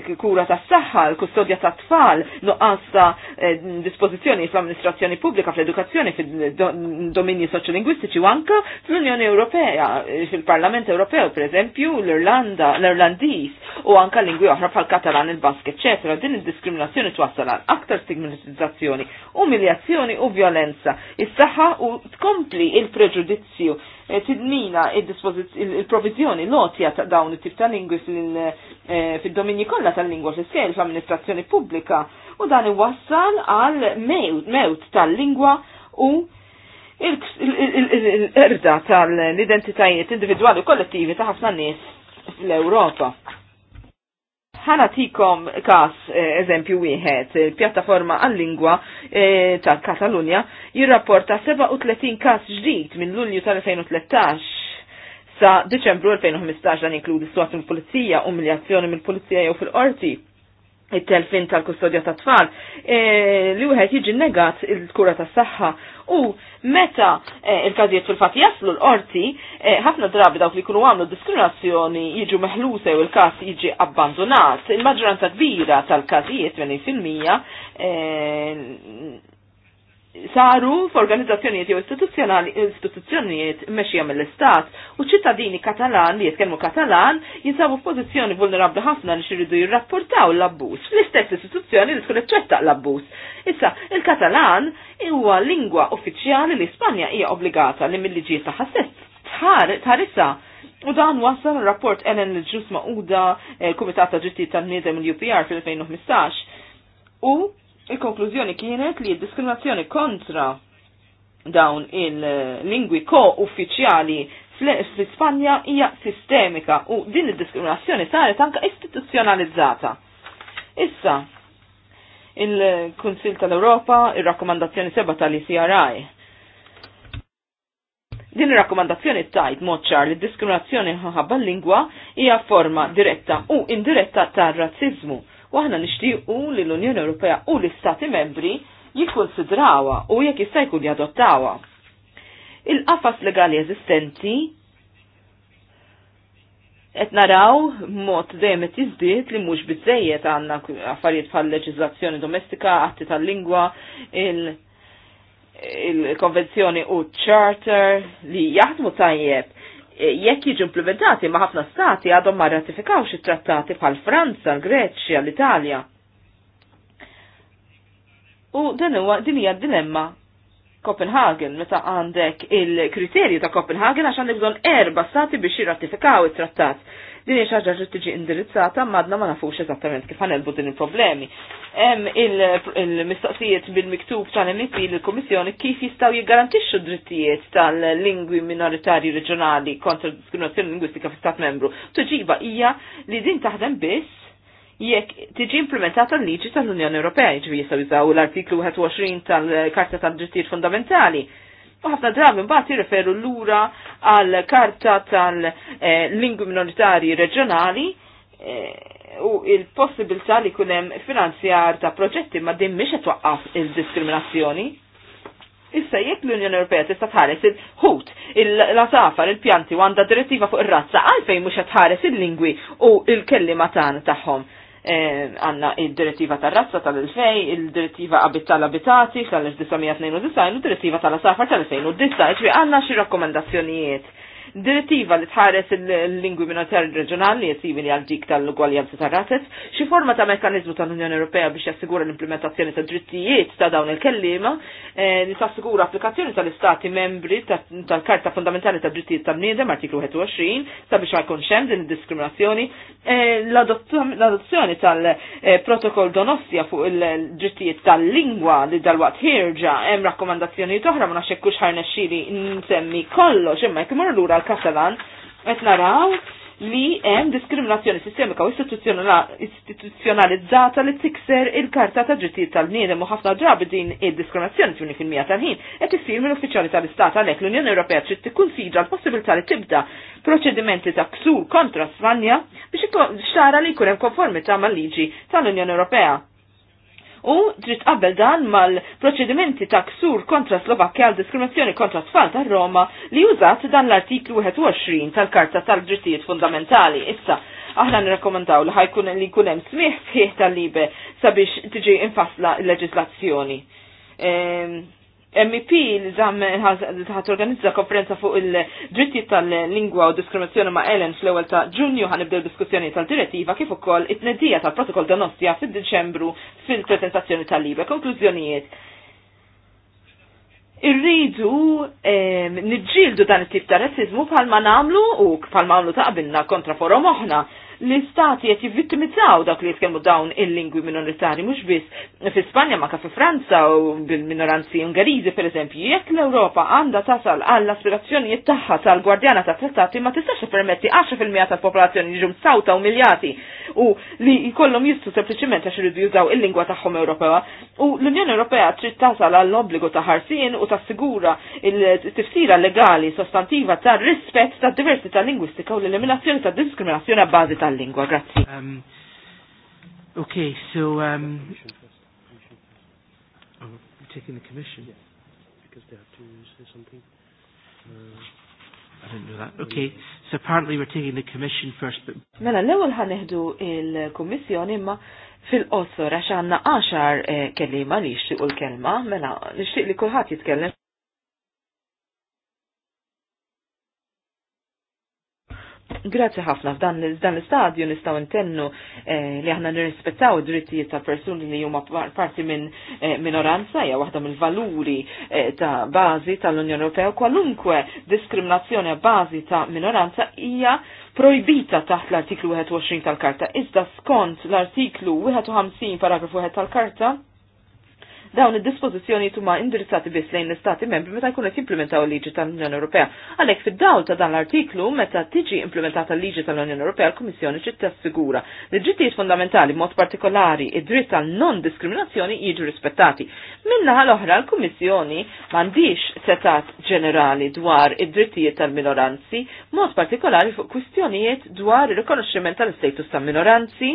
fil-kura tas saħħa l-kustodja ta' tfal, nuqqas ta' eh, dispozizjoni fl-amministrazzjoni pubblika, fl-edukazzjoni, fil-dominji soċjolingwistiċi u anka fl-Unjoni Ewropea, eh, fil-Parlament Ewropew, per eżempju, l-Irlanda, l-Irlandiż u anka lingwi oħra bħal katalan il-Bask, ecc. Din id-diskriminazzjoni twassal għal aktar stigmatizzazzjoni, umiljazzjoni u violenza. Is-saħħa u tkompli il-preġudizzju Eh, tidnina il-provizjoni lotja ta' dawn it-tip ta' lingwi eh, fil-dominji kollha tal-lingwa fis-sejl fl-amministrazzjoni pubblika u dan iwassal għal mewt tal-lingwa u l-erda tal-identitajiet individwali u kollettivi ta' ħafna nies fl-Ewropa ħana tikom kas eh, eżempju wieħed, il-pjattaforma eh, għal-lingwa eh, ta' Katalunja jirrapporta 37 kas ġdid minn Lulju tal-2013 sa' Deċembru 2015 dan inkludi situazzjoni mill-Pulizija, umiljazzjoni mill-Pulizija jew fil-qorti it-telfin tal-kustodja ta' tfal, e, li wieħed jiġi negat il-kura ta' saħħa u meta e, il-każijiet fil-fatt jaslu l-qorti, e, ħafna drabi dawk li jkunu għamlu diskriminazzjoni jiġu meħluse u l-każ jiġi abbandonat. Il-maġġoranza kbira tal-każijiet 20% fil-mija saru f'organizzazzjonijiet jew istituzzjonijiet mexija mill-istat u ċittadini katalan li jitkellmu katalan jinsabu f'pożizzjoni vulnerabbli ħafna li xiridu jirrapportaw l-abbuż fl-istess istituzzjoni li tkun iċċettaq l-abbuż. Issa, il-Katalan huwa lingwa uffiċjali li Spanja hija obbligata li mill-liġijiet tagħha stess tħarissa U dan wasal rapport Ellen l-ġus ma'uda, eh, Kumitat ta' ġittijiet tan-Nidem l-UPR fil-2015. U il-konklużjoni kienet li diskriminazzjoni kontra dawn il-lingwi ko-uffiċjali fl-Ispanja hija sistemika u din id-diskriminazzjoni saret anka istituzzjonalizzata. Issa, il-Kunsil tal-Europa, il-rakkomandazzjoni seba tal-ICRI. Din il-rakkomandazzjoni tajt moċċar li diskriminazzjoni ħabba lingwa hija forma diretta u indiretta tar razzizmu u aħna nixtiequ li l-Unjoni Ewropea u l-Istati membri jikkonsidrawha u jekk jista' jkun jadottawha. Il-qafas legali eżistenti qed naraw mod dejjem qed jiżdied li mhux biżejjed għandna affarijiet bħal leġiżlazzjoni domestika, atti tal-lingwa, il-konvenzjoni il u charter li jaħdmu tajjeb jekk jiġu implementati ma' ħafna stati għadhom ma' ratifikawx it-trattati bħal Franza, l-Greċja, l-Italja. U dan huwa din hija dilemma Copenhagen, meta għandek il-kriterju ta' Copenhagen għax għandek bżon erba stati biex jirratifikaw it-trattat. Din hija xaġa li tiġi indirizzata madna ma nafux eżattament kif ħanelbu din il-problemi. Hemm il-mistoqsijiet bil-miktub tal-MP e lill-Kummissjoni kif jistgħu jiggarantixxu drittijiet tal-lingwi minoritarji reġjonali kontra diskriminazzjoni lingwistika fi stat membru. Tuġiba hija li din taħdem biss jekk tiġi implementata l-liġi tal-Unjoni Ewropea, jiġri jistgħu jużaw l-artiklu 21 tal-Karta tad-Drittijiet Fundamentali. U ħafna drabi mbagħad jirreferu lura għal karta tal-lingwi minoritarji reġjonali eh, u il-possibilità li kunem finanzjar ta' proġetti ma din mhix qed twaqqaf id diskriminazzjoni Issa jekk l-Unjoni Ewropea tista' tħares il-ħut, il-lasafar, il-pjanti u għandha direttiva fuq ir-razza għalfejn mhux qed tħares il-lingwi u il-kellima tagħna tagħhom. Eh, għanna id-direttiva tal-razza tal-2000, il-direttiva tal-abitati tal-1992 u direttiva tal-asafar tal-2009, ġvi għanna xi rakkomandazzjonijiet direttiva li tħares il-lingwi minoritarji reġjonali simili għal dik tal-ugwaljanza ta' rases, xi forma ta' mekkaniżmu tal-Unjoni Ewropea biex jassigura l-implementazzjoni ta' drittijiet ta' dawn il-kellima eh, li tassigura applikazzjoni tal-istati membri tal-Karta Fundamentali ta' Drittijiet tal-Niedem artiklu 21 sabiex ma jkunx hemm din id-diskriminazzjoni eh, l-adozzjoni tal-protokoll eh, donossja fuq il-drittijiet tal-lingwa li dal-waqt ħirġa hemm rakkomandazzjoni oħra ma nafx hekk ħarnexxili nsemmi kollox imma jekk lura tal-Katalan, qed naraw li hemm diskriminazzjoni sistemika u istituzzjonalizzata li tikser il-karta ta' drittijiet tal-bniedem u ħafna drabi din id-diskriminazzjoni tuni fil-mija tal-ħin qed issir minn uffiċjali tal-Istat għalhekk l-Unjoni Ewropea trid tikkunsidra l-possibilità li tibda proċedimenti ta' ksur kontra Spanja biex xara li jkun hemm konformità mal-liġi tal-Unjoni Ewropea u trid qabel dan mal-proċedimenti ta' ksur kontra Slovakkja għal diskriminazzjoni kontra tfal ta' Roma li użat dan l-artiklu 21 tal-Karta tal-Drittijiet Fundamentali. Issa, aħna nirrakkomandaw li ħajkun li jkun hemm smih sħiħ tal-libe sabiex tiġi infasla l-leġislazzjoni. Ehm, MEP li zam ħat organizza konferenza fuq il-dritti tal-lingwa u diskriminazzjoni ma' Ellen fl-ewwel ta' Ġunju ħanibdew diskussjoni tal-direttiva kif ukoll it-tnedija tal-protokoll ta' Nostja fid-Diċembru fil preżentazzjoni tal-libra. Konklużjonijiet. Irridu niġġieldu dan it-tip ta' rassizmu bħalma namlu u bħalma għamlu ta' qabilna kontra forom oħna l-istati qed jivvittimizzaw dak li jitkellmu dawn il-lingwi minoritari mhux biss fi Spanja ma fi Franza u bil-minoranzi Ungariżi pereżempju jekk l-Ewropa għandha tasal għall aspirazzjonijiet tagħha tal-gwardjana ta' trattati ma tistax permetti 10% tal-popolazzjoni jiġu msawta umiljati u li jkollhom jistu sempliċement għax iridu jużaw il-lingwa tagħhom Ewropea u l-Unjoni Ewropea trid tasal għall-obbligu ta' ħarsien u tassigura il-tifsira legali sostantiva tar rispett tad diversità lingwistika u l-eliminazzjoni tad diskriminazzjoni għabbażi ta' tal-lingwa. Grazzi. Um, okay, so um, oh, taking the commission. Yeah, because they have to say something. Uh, I didn't know that. Okay, so apparently we're taking the commission first. Mela, l-ewel ħaneħdu il-kommissjoni imma fil-qosor għax għanna 10 eh, kellima li jixtiqu l-kelma, mela, nixtiq li kullħat jitkellem. Grazzi ħafna f'dan l-istadju nistaw intennu eh, li aħna nirrispettaw id-drittijiet ta' persuni li huma parti minn eh, minoranza hija waħda mill-valuri eh, ta' bażi tal-Unjoni Ewropea kwalunkwe diskriminazzjoni bażi ta' minoranza hija projbita taħt l-artiklu 21 tal-Karta. Iżda skont l-artiklu 51 paragrafu 1 tal-Karta, dawn id-dispożizzjoni huma indirizzati biss lejn l-istati membri meta jkunu qed jimplementaw il-liġi tal-Unjoni Ewropea. Għalhekk fid-dawl ta' dan l-artiklu meta tiġi implementata l-liġi tal-Unjoni Ewropea l-Kummissjoni ġiet tassigura li ġittijiet fundamentali mod partikolari id-dritt tal non diskriminazzjoni jiġu rispettati. Mill-naħa l-oħra l-Kummissjoni m'għandix setat ġenerali dwar id-drittijiet tal-minoranzi, mod partikolari fuq kwistjonijiet dwar ir-rikonoxximent tal-istatus ta' minoranzi,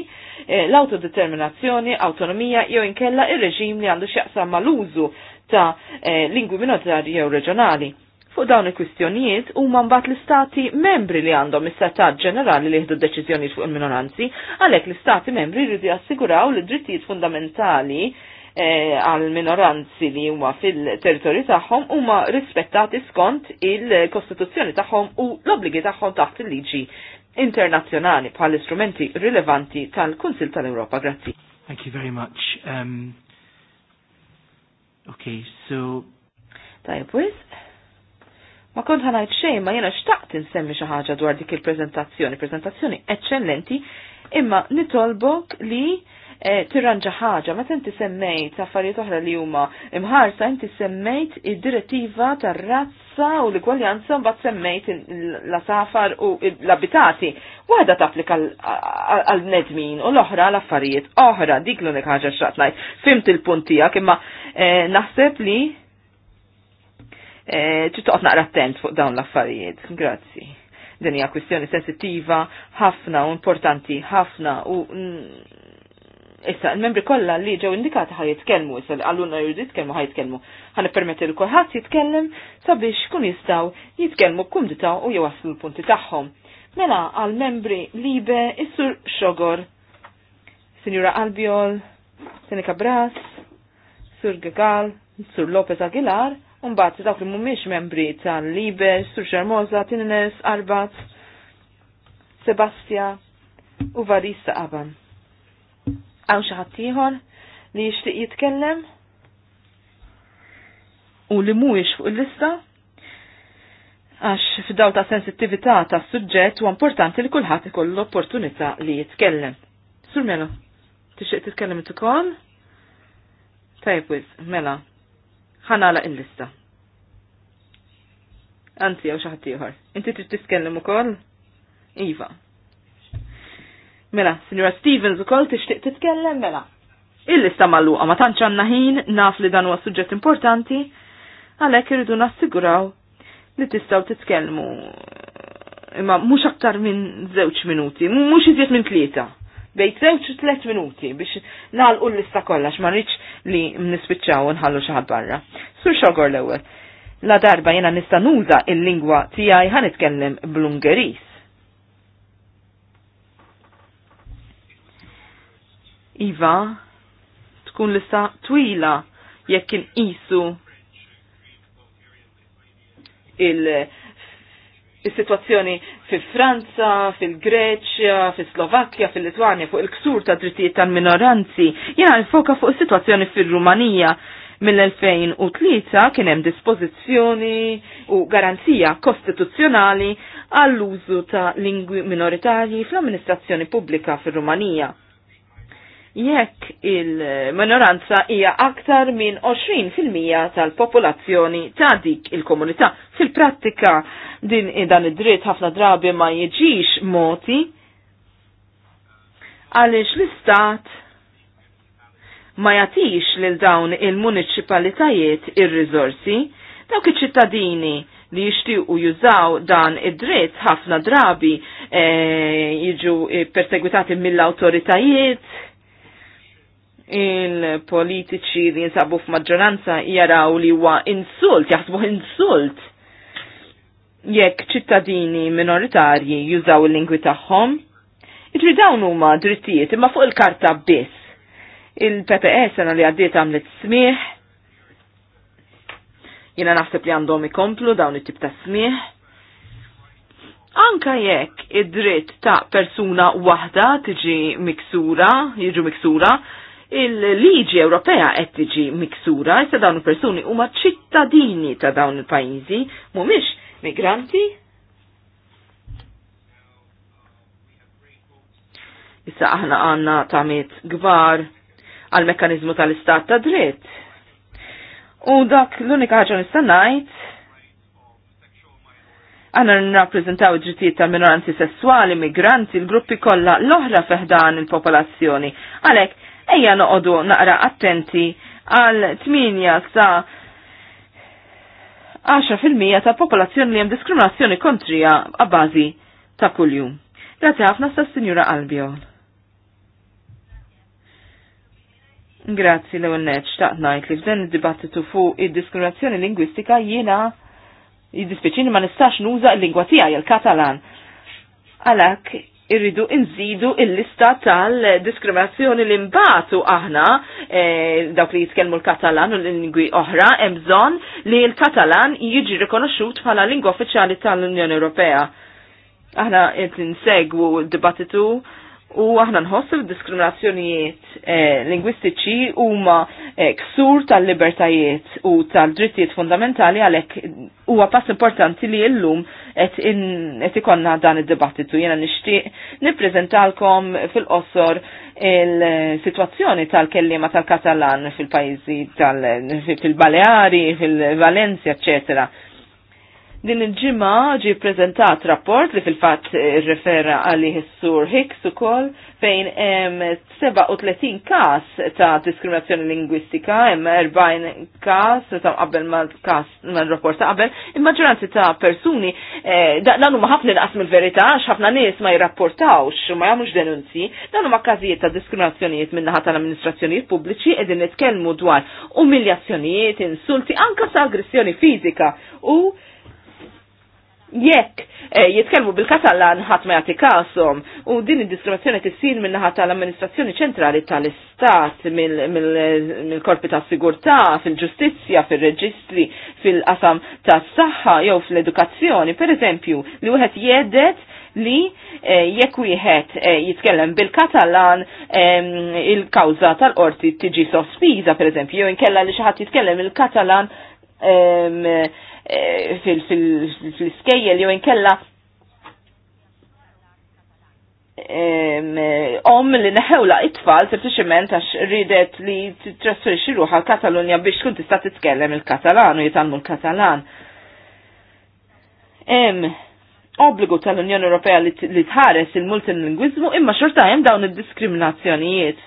eh, l-autodeterminazzjoni, autonomija jew inkella ir-reġim li għandu xi ma l użu ta' eh, lingwi minoritarji jew reġjonali. Fuq dawn il-kwistjonijiet huma mbagħad l-istati membri li għandhom is-setat ġenerali li jieħdu deċiżjonijiet fuq il-minoranzi, għalhekk l-istati membri jridu jassiguraw li drittijiet fundamentali eh, għal minoranzi li huma fil-territorju tagħhom huma rispettati skont il-Kostituzzjoni tagħhom u l-obbligi tagħhom taħt il-liġi internazzjonali bħal istrumenti rilevanti tal-Kunsil tal-Ewropa. Grazzi. Thank you very much. Um... Okay, so... Tajb, wiz? Ma kont ħanajt xejn, ma jena xtaqt insemmi xi ħaġa dwar dik il-prezentazzjoni, prezentazzjoni eċċellenti, imma nitolbok li Eh, tirranġa ħaġa, ma inti semmejt affarijiet oħra li huma imħarsa inti semmejt id-direttiva tar-razza u l-igwaljanza mbagħad semmejt l-asafar u l-abitati. Waħda tapplika għal-nedmin u l-oħra l-affarijiet oħra dik l-unika ħaġa x'qed ngħid. Fimt il-punt tiegħek imma eh, naħseb li ċitoqt eh, naqra attent fuq dawn l-affarijiet. Grazzi din hija kwistjoni sensittiva ħafna u importanti ħafna u mm, Issa, il-membri kollha li ġew indikati ħaj jitkellmu, issa għalluna jridu jitkellmu ħaj jitkellmu. Ħan permetti li kulħadd jitkellem sabiex kun jistgħu jitkellmu b'kumdita u jewaslu l-punti tagħhom. Mela għal-membri Libe is-Sur Xogor, Sinjura Albiol, Seneca Bras, Sur Gagal, Sur Lopez Aguilar, Umbat, dawk li mumiex membri tal-Libe, Sur Xarmoza, Tinnes, Arbat, Sebastia u Varissa Aban. Għaw xaħat ieħor li jixtieq jitkellem u li mhuwiex fuq il-lista għax f'daw ta' sensittività ta' suġġett u importanti li kulħadd ikoll l-opportunità li jitkellem. Sur Melo, tixtieq titkellem ukoll? Tajb wiz, mela, ħanala il-lista. Anzi, jew xi ħadd ieħor. Inti trid titkellem ukoll? Iva, Mela, Signora Stevens ukoll tixtieq titkellem mela. Il-lista malluqa ma tantx għandna ħin naf li dan huwa suġġett importanti għalhekk irridu nassiguraw li tistgħu titkellmu imma mhux aktar minn żewġ minuti, mhux iżjed minn tlieta. Bej żewġ u tliet minuti biex nagħlqu l-lista kollha x'ma rridx li nispiċċaw nħallu xi ħadd barra. Sur xogor l-ewwel. La darba jena nista' nuża il-lingwa tiegħi ħanitkellem bl bl'ungeris. Iva, tkun lista twila jekk inqisu il- is-sitwazzjoni Franza, fil-Greċja, fil slovakkja fil-Litwanja fuq il-ksur ta' drittijiet tal-minoranzi. Jena nfoka fuq is-sitwazzjoni fil-Rumanija mill-2003 kien hemm dispożizzjoni u garanzija kostituzzjonali għall-użu ta' lingwi minoritarji fl-amministrazzjoni pubblika fir-Rumanija jekk il-minoranza hija aktar minn 20% tal-popolazzjoni ta' dik il-komunità. Fil-prattika din dan id-dritt ħafna drabi ma jiġix moti għaliex l-istat ma jatix lil dawn il-municipalitajiet ir-riżorsi il dawk iċ-ċittadini li u jużaw dan id-dritt ħafna drabi e, jiġu perseguitati mill-autoritajiet il-politiċi li jinsabu f'maġġoranza jaraw li huwa insult, jaħsbu insult. Jekk ċittadini minoritarji jużaw il-lingwi tagħhom, Iġri dawn huma drittijiet imma fuq il-karta biss. Il-PPS e sena li għaddiet għamlet smieħ. Jiena naħseb li għandhom ikomplu dawn it-tip ta' smieħ. Anka jekk id-dritt ta' persuna waħda tiġi miksura, jiġu miksura, il-liġi Ewropea qed tiġi miksura, issa dawn il-persuni huma ċittadini ta' dawn il-pajjiżi, mhumiex migranti. Issa aħna għandna tamit gvar għal mekkaniżmu tal-istat ta' dritt. U dak l-unika ħaġa nista' ngħid għanna n-rapprezentaw ġitiet tal minoranzi sessuali, migranti, l-gruppi kolla l-oħra feħdan il-popolazzjoni. Għalek, ejja noqodu naqra attenti għal 8 sa 10% ta' popolazzjoni li hemm diskriminazzjoni kontrija għabbażi ta' kuljum. Grazzi ħafna sa' Sinjura Albio. Grazzi l-ewwel neċ ta' ngħid li f'dan id-dibattitu fuq id-diskriminazzjoni lingwistika jiena jiddispjaċini ma nistax nuża l-lingwa tiegħi il-Katalan. Għalhekk irridu inżidu il-lista tal-diskriminazzjoni li mbatu aħna e, dawk li jitkellmu l-Katalan u l-lingwi oħra hemm bżonn li l-Katalan jiġi rikonoxxut bħala lingwa uffiċjali tal-Unjoni Ewropea. Aħna qed insegwu d-dibattitu u aħna nħossu diskriminazzjonijiet eh, lingwistiċi huma eh, ksur tal-libertajiet u tal-drittijiet fundamentali għalhekk huwa pass importanti li llum qed ikonna dan id-dibattitu. Jiena nixtieq nippreżentalkom fil-qosor il-sitwazzjoni tal-kellima tal-Katalan fil-pajjiżi tal-Baleari, fil-Valencia, eccetera Din il-ġimma ġi prezentat rapport li fil-fat refera għalli hissur Hicks u koll fejn 37 kas ta' diskriminazzjoni lingwistika, hemm 40 kas ta' qabel mal-kas mal-rapport ta' qabel, il-maġġoranza ta' persuni eh, dan huma ħafna inqas mill-verità għax ħafna nies ma jirrapportawx u ma jagħmlux denunzi, dan huma każijiet ta' diskriminazzjonijiet min-naħa tal-amministrazzjonijiet pubbliċi qegħdin nitkellmu dwar umiljazzjonijiet, insulti, anka sa' aggressjoni fizika u jekk e, jitkellmu bil-Katalan ħadd ma jagħti kasom u din id-diskriminazzjoni tissir min-naħa tal-amministrazzjoni ċentrali tal-Istat mill-korpi tas sigurtà, fil-ġustizzja, fil-reġistri, fil-qasam tas-saħħa jew fl-edukazzjoni, pereżempju, li wieħed jedet li e, jekk wieħed e, jitkellem bil-Katalan il-kawża tal-qorti tiġi sospiża pereżempju jew inkella li xi ħadd jitkellem il-Katalan Eh, fil-skejjel jew inkella om li neħewla it-tfal sempliciment għax ridet li trasferixi ruħa l-Katalunja biex tkun tista' titkellem il-Katalan u jitalmu l-Katalan. obbligu tal-Unjoni Ewropea li tħares il multilingwizmu imma xorta hemm dawn id-diskriminazzjonijiet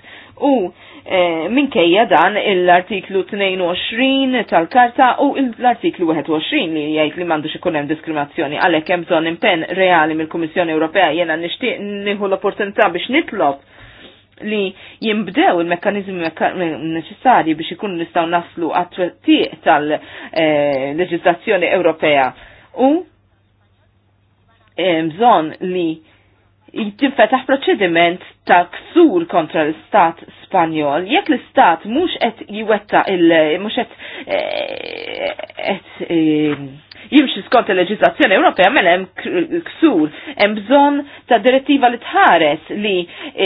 u Eh, minkejja dan l-artiklu 22 tal-karta u l-artiklu 21 li jgħid li m'għandux ikun hemm diskriminazzjoni għalhekk hemm bżonn impenn reali mill-Kummissjoni Ewropea jiena nixtieq nieħu l-opportunità biex nitlob li jimbdew il-mekkanizmi neċessarji biex ikun nistgħu naslu għat-twettiq tal-leġiżlazzjoni eh, Ewropea u eh, bżonn li jintinfetaħ proċediment ta' ksur kontra l-Istat Spanjol, jekk l-Istat mhux qed jiwetta il- mhux qed eh, eh, jimxi skont il-leġiżlazzjoni Ewropea mela hemm ksur, hemm bżonn ta' direttiva li tħares li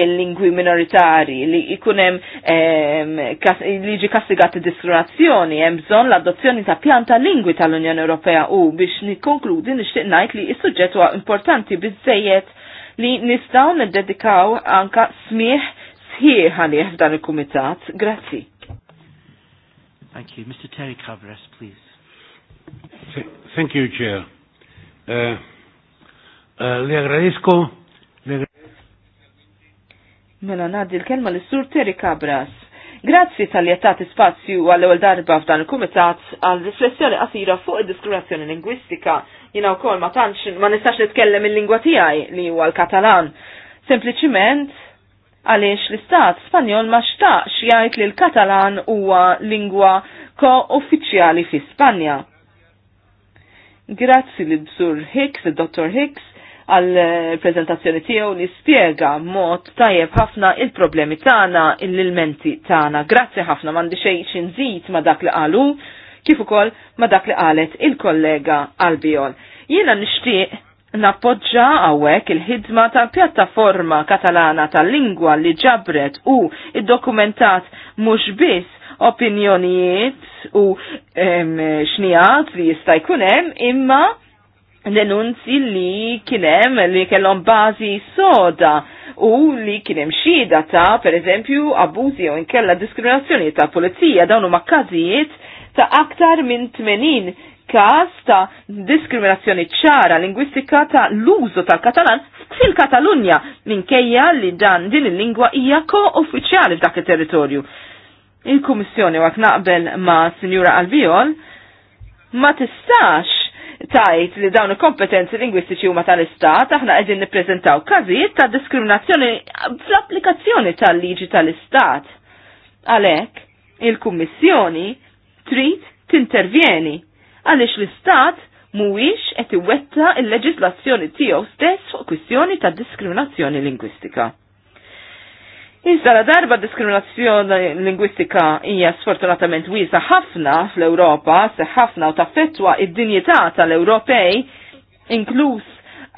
l-lingwi minoritari li jkun hemm eh, liġi kastigat diskriminazzjoni, hemm bżonn l-adozzjoni ta' pjan ta' lingwi tal-Unjoni Ewropea u biex nikkonkludi nixtieq ngħid li s-suġġett huwa importanti biżejjed li nistaw neddedikaw anka smieħ sħiħ għalih f'dan il-kumitat. Grazzi. Thank you. Mr. Terry Cabras, please. Th thank you, Chair. Uh, uh, li agradezco. Mela nadi l-kelma li sur Terry Cabras. Grazzi tal jattat spazju għall ewel darba f'dan il-Kumitat għal riflessjoni qasira fuq id-diskriminazzjoni lingwistika Jina u kol ma tantx ma nistax nitkellem il-lingwa tiegħi li huwa l-Katalan. Sempliċiment għaliex l-Istat Spanjol ma xtaqx jgħid li l-Katalan huwa lingwa ko uffiċjali fi Spanja. Grazzi li bżur Hicks, il-Dr. Hicks, għal-prezentazzjoni tiegħu li spiega mod tajjeb ħafna il-problemi tagħna, il-ilmenti tagħna. Grazzi ħafna m'għandi xejn xi nżid ma' dak li qalu kif ukoll ma dak li qalet il-kollega Albiol. Jiena nixtieq nappoġġa hawnhekk il-ħidma tal-pjattaforma katalana tal-lingwa li ġabret u id-dokumentat mhux biss opinjonijiet u xnijat li jista' jkun hemm imma denunzi li kienem li kellhom bażi soda u li kienem xida ta' per eżempju abużi u inkella diskriminazzjoni ta' pulizija dawn huma każijiet ta' aktar minn 80 każ ta' diskriminazzjoni ċara lingwistika ta' l-użu tal-Katalan fil-Katalunja minkejja li dan din il-lingwa hija ko-uffiċjali f'dak it-territorju. Il-Kummissjoni waqt naqbel ma' Sinjura Albiol ma tistax tajt li dawn il-kompetenzi lingwistiċi huma tal-istat, aħna qegħdin nippreżentaw każijiet ta' diskriminazzjoni fl-applikazzjoni tal-liġi tal-istat. Għalhekk, il-Kummissjoni trid tintervjeni għaliex l-Istat mhuwiex qed iwetta l-leġislazzjoni tiegħu stess fuq kwistjoni ta' diskriminazzjoni lingwistika. Iżda la darba diskriminazzjoni lingwistika hija sfortunatament wiesa ħafna fl-Ewropa, se ħafna u taffettwa id-dinjità tal-Ewropej, inkluż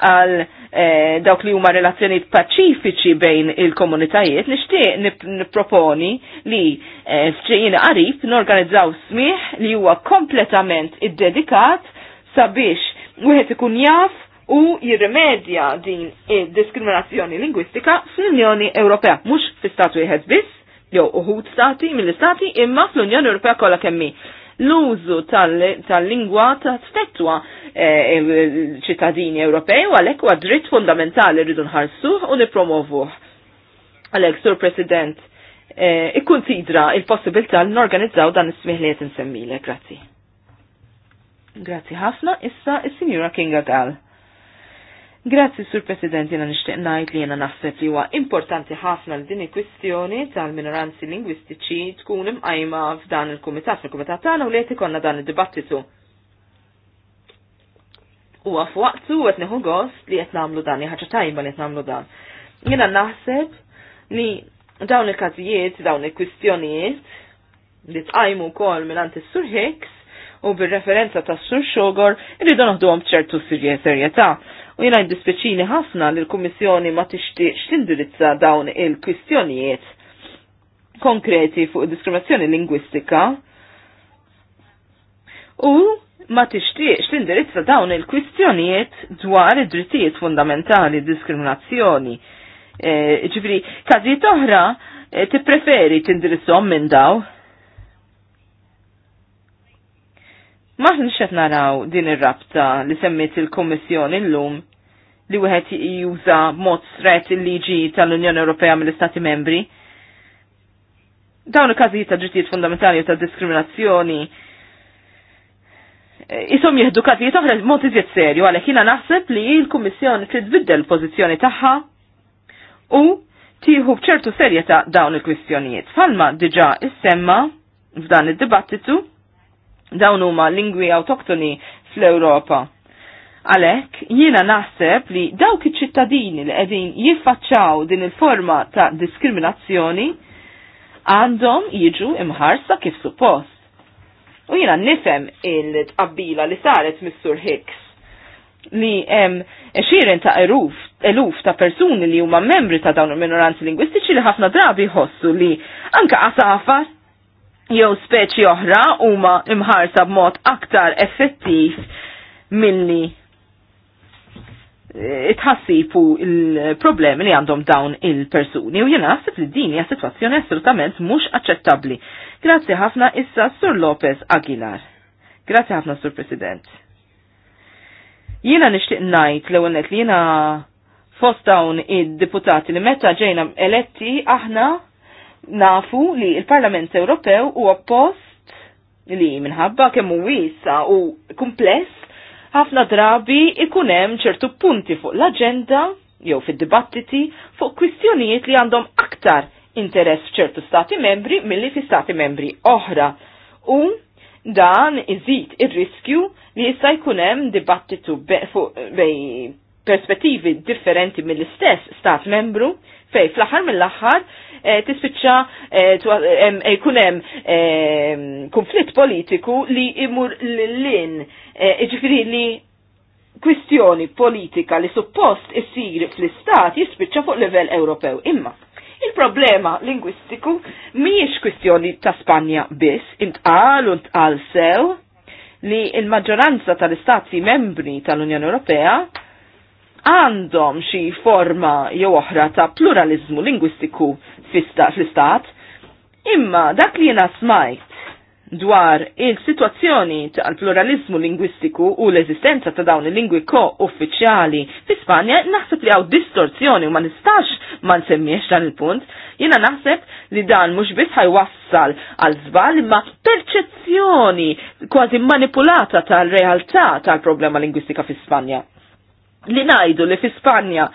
għal Eh, dawk li huma relazzjonijiet paċifiċi bejn il-komunitajiet, nixtieq nipproponi li eh, f'ġejjin qarib norganizzaw smih li huwa kompletament iddedikat sabiex wieħed ikun jaf u jirrimedja din id-diskriminazzjoni lingwistika fl-Unjoni Ewropea, mhux fi statu wieħed biss, jew uħud stati mill-istati imma fl-Unjoni Ewropea kollha kemmi l-użu tal-lingwa ta' stetwa eh, ċittadini Ewropej u għalhekk huwa dritt fundamentali rridu nħarsuh u nippromovuh. Għalhekk, Sur President, eh, ikkunsidra il-possibilità li norganizzaw dan is-smih insemmilek. Grazzi. Grazzi ħafna, issa is-Sinjura Kinga Gall. Grazzi, Sur President, jena nishtiq najt li jena naħseb li huwa importanti ħafna l din il-kwistjoni tal-minoranzi lingwistiċi tkun imqajma f'dan il-kumitat, fil-kumitat tagħna u li qed ikollna dan id-dibattitu. Huwa f'waqtu qed neħu gost li qed nagħmlu dan, ħaġa tajba li qed nagħmlu dan. Jena naħseb li dawn il-każijiet, dawn il-kwistjonijiet li tqajmu wkoll mingħand is-Sur Hicks u bir-referenza tas-Sur Xogor irridu noħduhom b'ċertu serjetà u jena jiddispieċini ħafna li l-Kummissjoni ma tixtieqx tindirizza dawn il-kwistjonijiet konkreti fuq diskriminazzjoni lingwistika u ma tixtieqx tindirizza dawn il-kwistjonijiet dwar id-drittijiet fundamentali diskriminazzjoni. E, eh, ġifri, kazijiet oħra ti eh, tippreferi tindirizzom minn daw Maħnix qed naraw din ir-rabta li semmiet il-Kummissjoni llum li wieħed juża mod stret il-liġi tal-Unjoni Ewropea mill-Istati Membri. Dawn il-każijiet ta' ġittijiet fundamentali u ta' diskriminazzjoni jisom eh, jihdu każijiet oħra mod iżjed serju għalhekk jiena naħseb li l-Kummissjoni trid tbiddel pożizzjoni tagħha u tieħu b'ċertu serjetà dawn il-kwistjonijiet. Falma diġà issemma f'dan id-dibattitu Dawn huma lingwi autoktoni fl-Ewropa. Għalek, jiena naħseb li dawk iċ-ċittadini li qegħdin jiffaċċaw din il-forma ta' diskriminazzjoni għandhom jiġu imħarsa kif suppost. U jiena nifhem il-tqabbila li saret mis-Sur Hicks li hemm xiren ta' eruf, eluf ta' persuni li huma membri ta' dawn il-minoranzi lingwistiċi li ħafna drabi jħossu li anka qasafat jew speċi oħra huma imħarsa b'mod aktar effettiv milli eh, tħassibu il-problemi li għandhom dawn il-persuni u jena naħseb li din hija sitwazzjoni assolutament mhux aċċettabbli. Grazzi ħafna issa Sur Lopez Aguilar. Grazzi ħafna Sur President. Jiena nixtieq ngħid l-ewwel li jiena fost dawn id-deputati li meta ġejna eletti aħna nafu li il-Parlament Ewropew huwa post li minħabba kemm hu wiesa u kumpless ħafna drabi ikun hemm ċertu punti fuq l-aġenda jew fid-dibattiti fuq kwistjonijiet li għandhom aktar interess f'ċertu stati membri milli fi stati membri oħra. U dan iżid ir-riskju li jista' jkun hemm dibattitu bej perspettivi differenti mill-istess stat membru fej fl-aħħar mill-aħħar Eh, tispiċċa eh, eh, jkun hemm konflitt politiku li imur lil-lin, ġifieri li kwistjoni politika li suppost issir fl-istat jispiċċa fuq livell Ewropew. Imma, il-problema lingwistiku miex kwistjoni ta' Spanja biss, intqal u ntqal sew li il-maġġoranza tal-istati membri tal-Unjoni Ewropea għandhom xi forma jew oħra ta' pluralizmu lingwistiku fl-istat, imma dak li jena smajt dwar il-situazzjoni tal-pluralizmu lingwistiku u l-eżistenza ta' dawn il-lingwi ko-uffiċjali fi Spanja, naħseb li għaw distorzjoni u ma nistax ma nsemmiex dan il-punt, jena naħseb li dan mux biss ħajwassal għal zbal imma perċezzjoni kważi manipulata tal-realtà tal-problema lingwistika fi Spanja. Li najdu li fi Spanja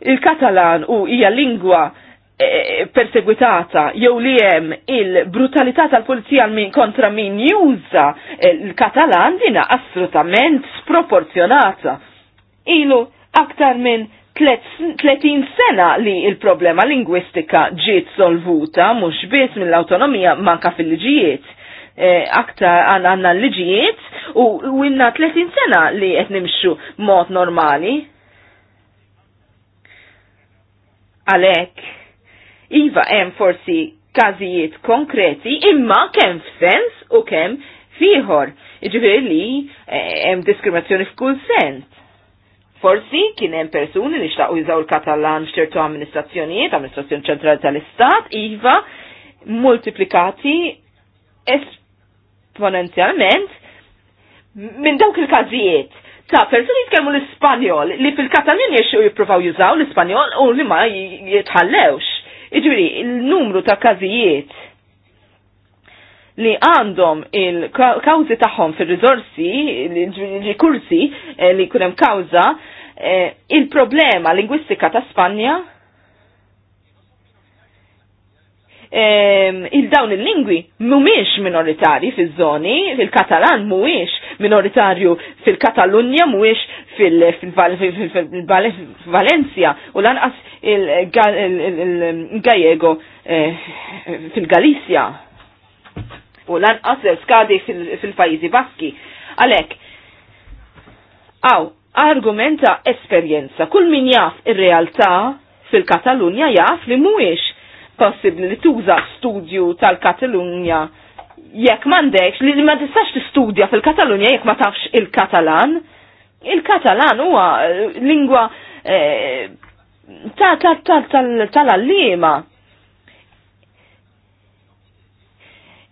il-Katalan u hija lingwa Eh, eh, persegwitata jew li hemm il-brutalità tal-pulizija min kontra min juża eh, l-Katalan dina assolutament sproporzjonata. Ilu aktar minn 30 sena li il-problema lingwistika ġiet solvuta mhux biss mill-awtonomija manka fil-liġijiet. E, aktar għanna l-liġijiet u għinna 30 sena li qed nimxu mod normali. Għalek, Iva hemm forsi każijiet konkreti imma kemm f'sens u kemm fieħor. Jiġifieri li eh, hemm diskriminazzjoni f'kull sens. Forsi kien hemm persuni li xtaqgħu jużaw il-Katalan f'ċertu amministrazzjonijiet, amministrazzjoni ċentrali tal-Istat, iva, multiplikati esponenzjalment minn dawk il-każijiet ta' persuni jitkellmu l-Ispanjol li fil-Katalin jiexu jippruvaw jużaw l-Ispanjol u li ma jitħallewx. Iġviri, il-numru ta' kazijiet li għandhom il-kawzi tagħhom fil-rizorsi, il-kursi eh, li kunem kawza, eh, il-problema lingwistika ta' Spanja Ehm, il-dawn il-lingwi mumiex minoritari fil-żoni, fil-Katalan mumiex minoritarju fil-Katalunja mumiex fil-Valencia u lanqas il-Gallego eh, fil-Galizja u lanqas skadi fil-Pajizi Baski. Għalek, għaw, argumenta esperienza, kull min jaf ir-realtà fil-Katalunja jaf li mumiex possibli li tuża studju tal-Katalunja jekk m'għandekx li ma tistax tistudja fil-Katalunja jekk ma tafx il-Katalan. Il-Katalan huwa eh, lingwa eh, tal-allima.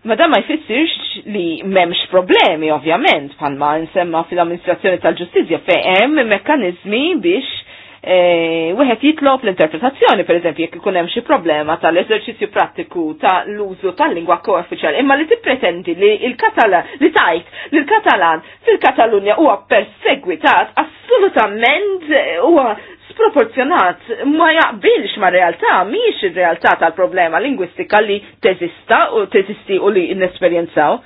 Ma dan ma jfissirx li memx problemi, ovvjament, bħalma nsemma fil-amministrazzjoni tal-ġustizja fejn hemm mekkanizmi biex E, wieħed jitlob l-interpretazzjoni, per eżempju, jekk ikun hemm xi problema tal-eżerċizzju prattiku ta' l-użu tal-lingwa koofiċjal, imma li tippretendi li il-Katalan li tajt li l-Katalan fil-Katalunja huwa persegwitat assolutament e, huwa sproporzjonat ma jaqbilx ma' realtà, miex ir-realtà tal-problema lingwistika li teżista u teżisti u li nesperjenzaw.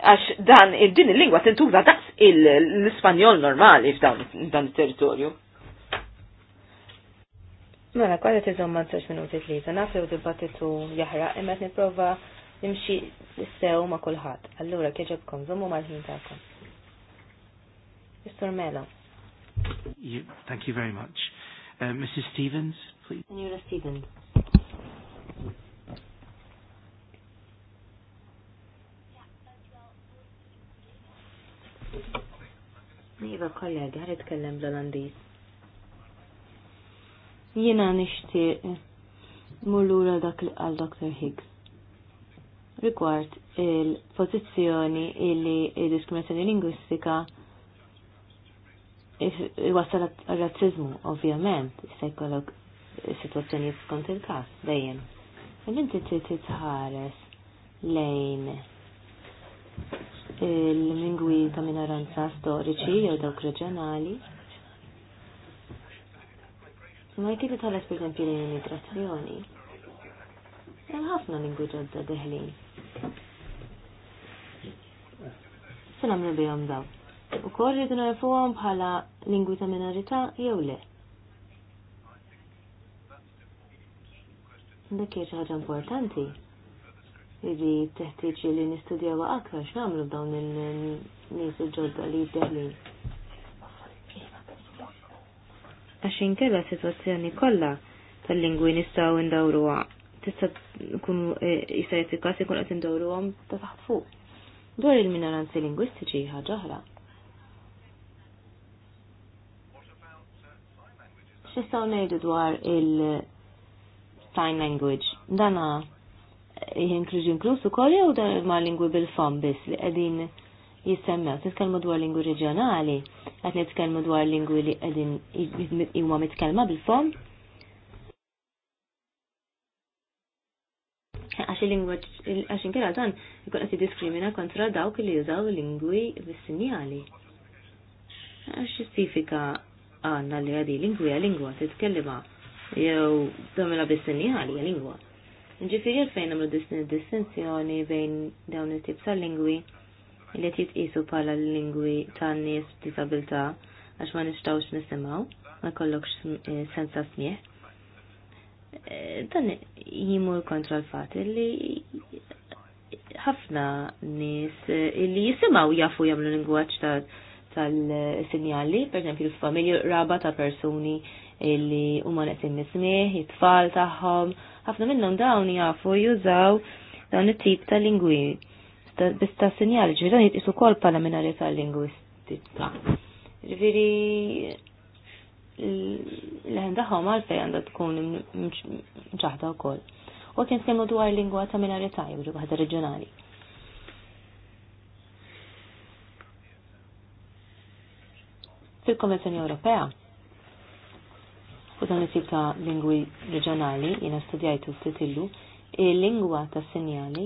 għax dan din il-lingwa tintuża daqs l-Ispanjol normali f'dan it-territorju. Mela, kwallet iżom ma' nsax minuti tlieta, naf li dibattitu jaħraq, imma qed nipprova nimxi sew ma' kulħadd. Allura kieġobkom, żommu mal-ħin tagħkom. Mr. Mela. Thank you very much. Uh, Mrs. Stevens, please. Senora Stevens. Iva kollega, ħar itkellem bl olandis Jiena nixtieq mullura dak li Dr. Higgs. Rigward il-pożizzjoni illi il diskriminazzjoni lingwistika wasal razzizmu, ovvjament, se jkollok situazzjoni skont il-każ dejjem. Inti titħares lejn il-lingwi ta' minoranza storiċi jew dawk reġjonali. Ma jkidu tal-es per esempio l-immigrazzjoni. Hemm ħafna lingwi ġodda deħlin. Se nagħmlu bihom daw. Ukoll rridu narfuhom bħala lingwi ta' minorità jew le. Dak hija xi ħaġa importanti. Iri teħtieġ li wa aktar x'nagħmlu dawn il-nies il-ġodda li jiddeħlin. Għax inkella sitwazzjoni kollha tal-lingwi nistgħu ndawruha tista' tkun e, jista' jiffikas ikun qed indawruhom ta' taħt fuq. Dwar il-minoranzi lingwistiċi ħaġa oħra. X'istgħu ngħidu dwar il- sign language. Dana jinkluż inkluż ukoll jew dan ma' lingwi bil-fom biss li qegħdin jissemmew. Tiskelmu dwar lingwi reġjonali, qed nitkellmu dwar lingwi li qegħdin huma mitkellma bil-fom. Għax il-lingwaġġ għax inkera dan ikun qed jiddiskrimina kontra dawk li jużaw lingwi bis-sinjali. Għax jistifika għanna li għadi lingwi għal lingwa titkellima jew domela bis-sinjali għal lingwa. Ġifiri fejn għamlu distinzjoni bejn dawn it-tip ta' lingwi li qed jitqisu bħala lingwi ta' nies b'disabilità għax ma nistgħux nisimgħu, ma jkollokx eh, sens ta' smieħ. Eh, dan jimur kontra l-fatt li ħafna nies eh, li jisimgħu jafu jagħmlu lingwaġġ ta' tal-sinjali, per esempio, familji raba ta' persuni li huma neqsin mismieħ, it-tfal tagħhom, ħafna minnhom dawn jafu jużaw dawn it-tip ta' lingwi biss ta' sinjali, ġifieri dan jitqisu wkoll bħala minari ta' lingwistika. Ġifieri l-ħin tagħhom għalfejn għandha tkun mġaħda wkoll. U kien tkellmu dwar lingwa ta' minorità jew waħda reġjonali. Fil-Konvenzjoni Ewropea U dan it-tip ta' lingwi reġjonali, jiena studjajtu ftit illu, il-lingwa ta' sinjali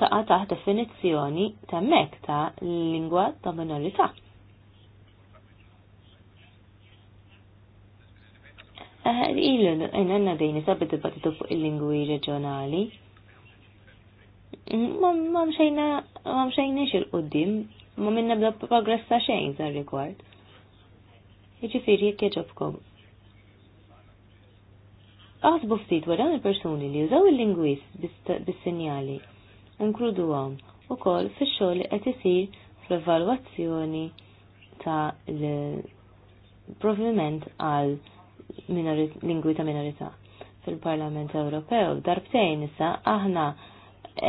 taqa' taħt definizzjoni ta' mek ta' lingwa ta' minorità. Eh, Ilu, għanna dejni sabi dibattitu fuq il-lingwi reġjonali. Mm, ma mxejna il-qoddim, ma minna bla progress ta' xejn za' rigward. Iġifiri jek Għasbu ftit wara il-persuni li jużaw il-lingwis bis-sinjali inkludu għom u kol fi xogħol qed isir fl-evalwazzjoni ta' l-proviment għal lingwi ta' minorità. Fil-Parlament Ewropew darbtejn issa aħna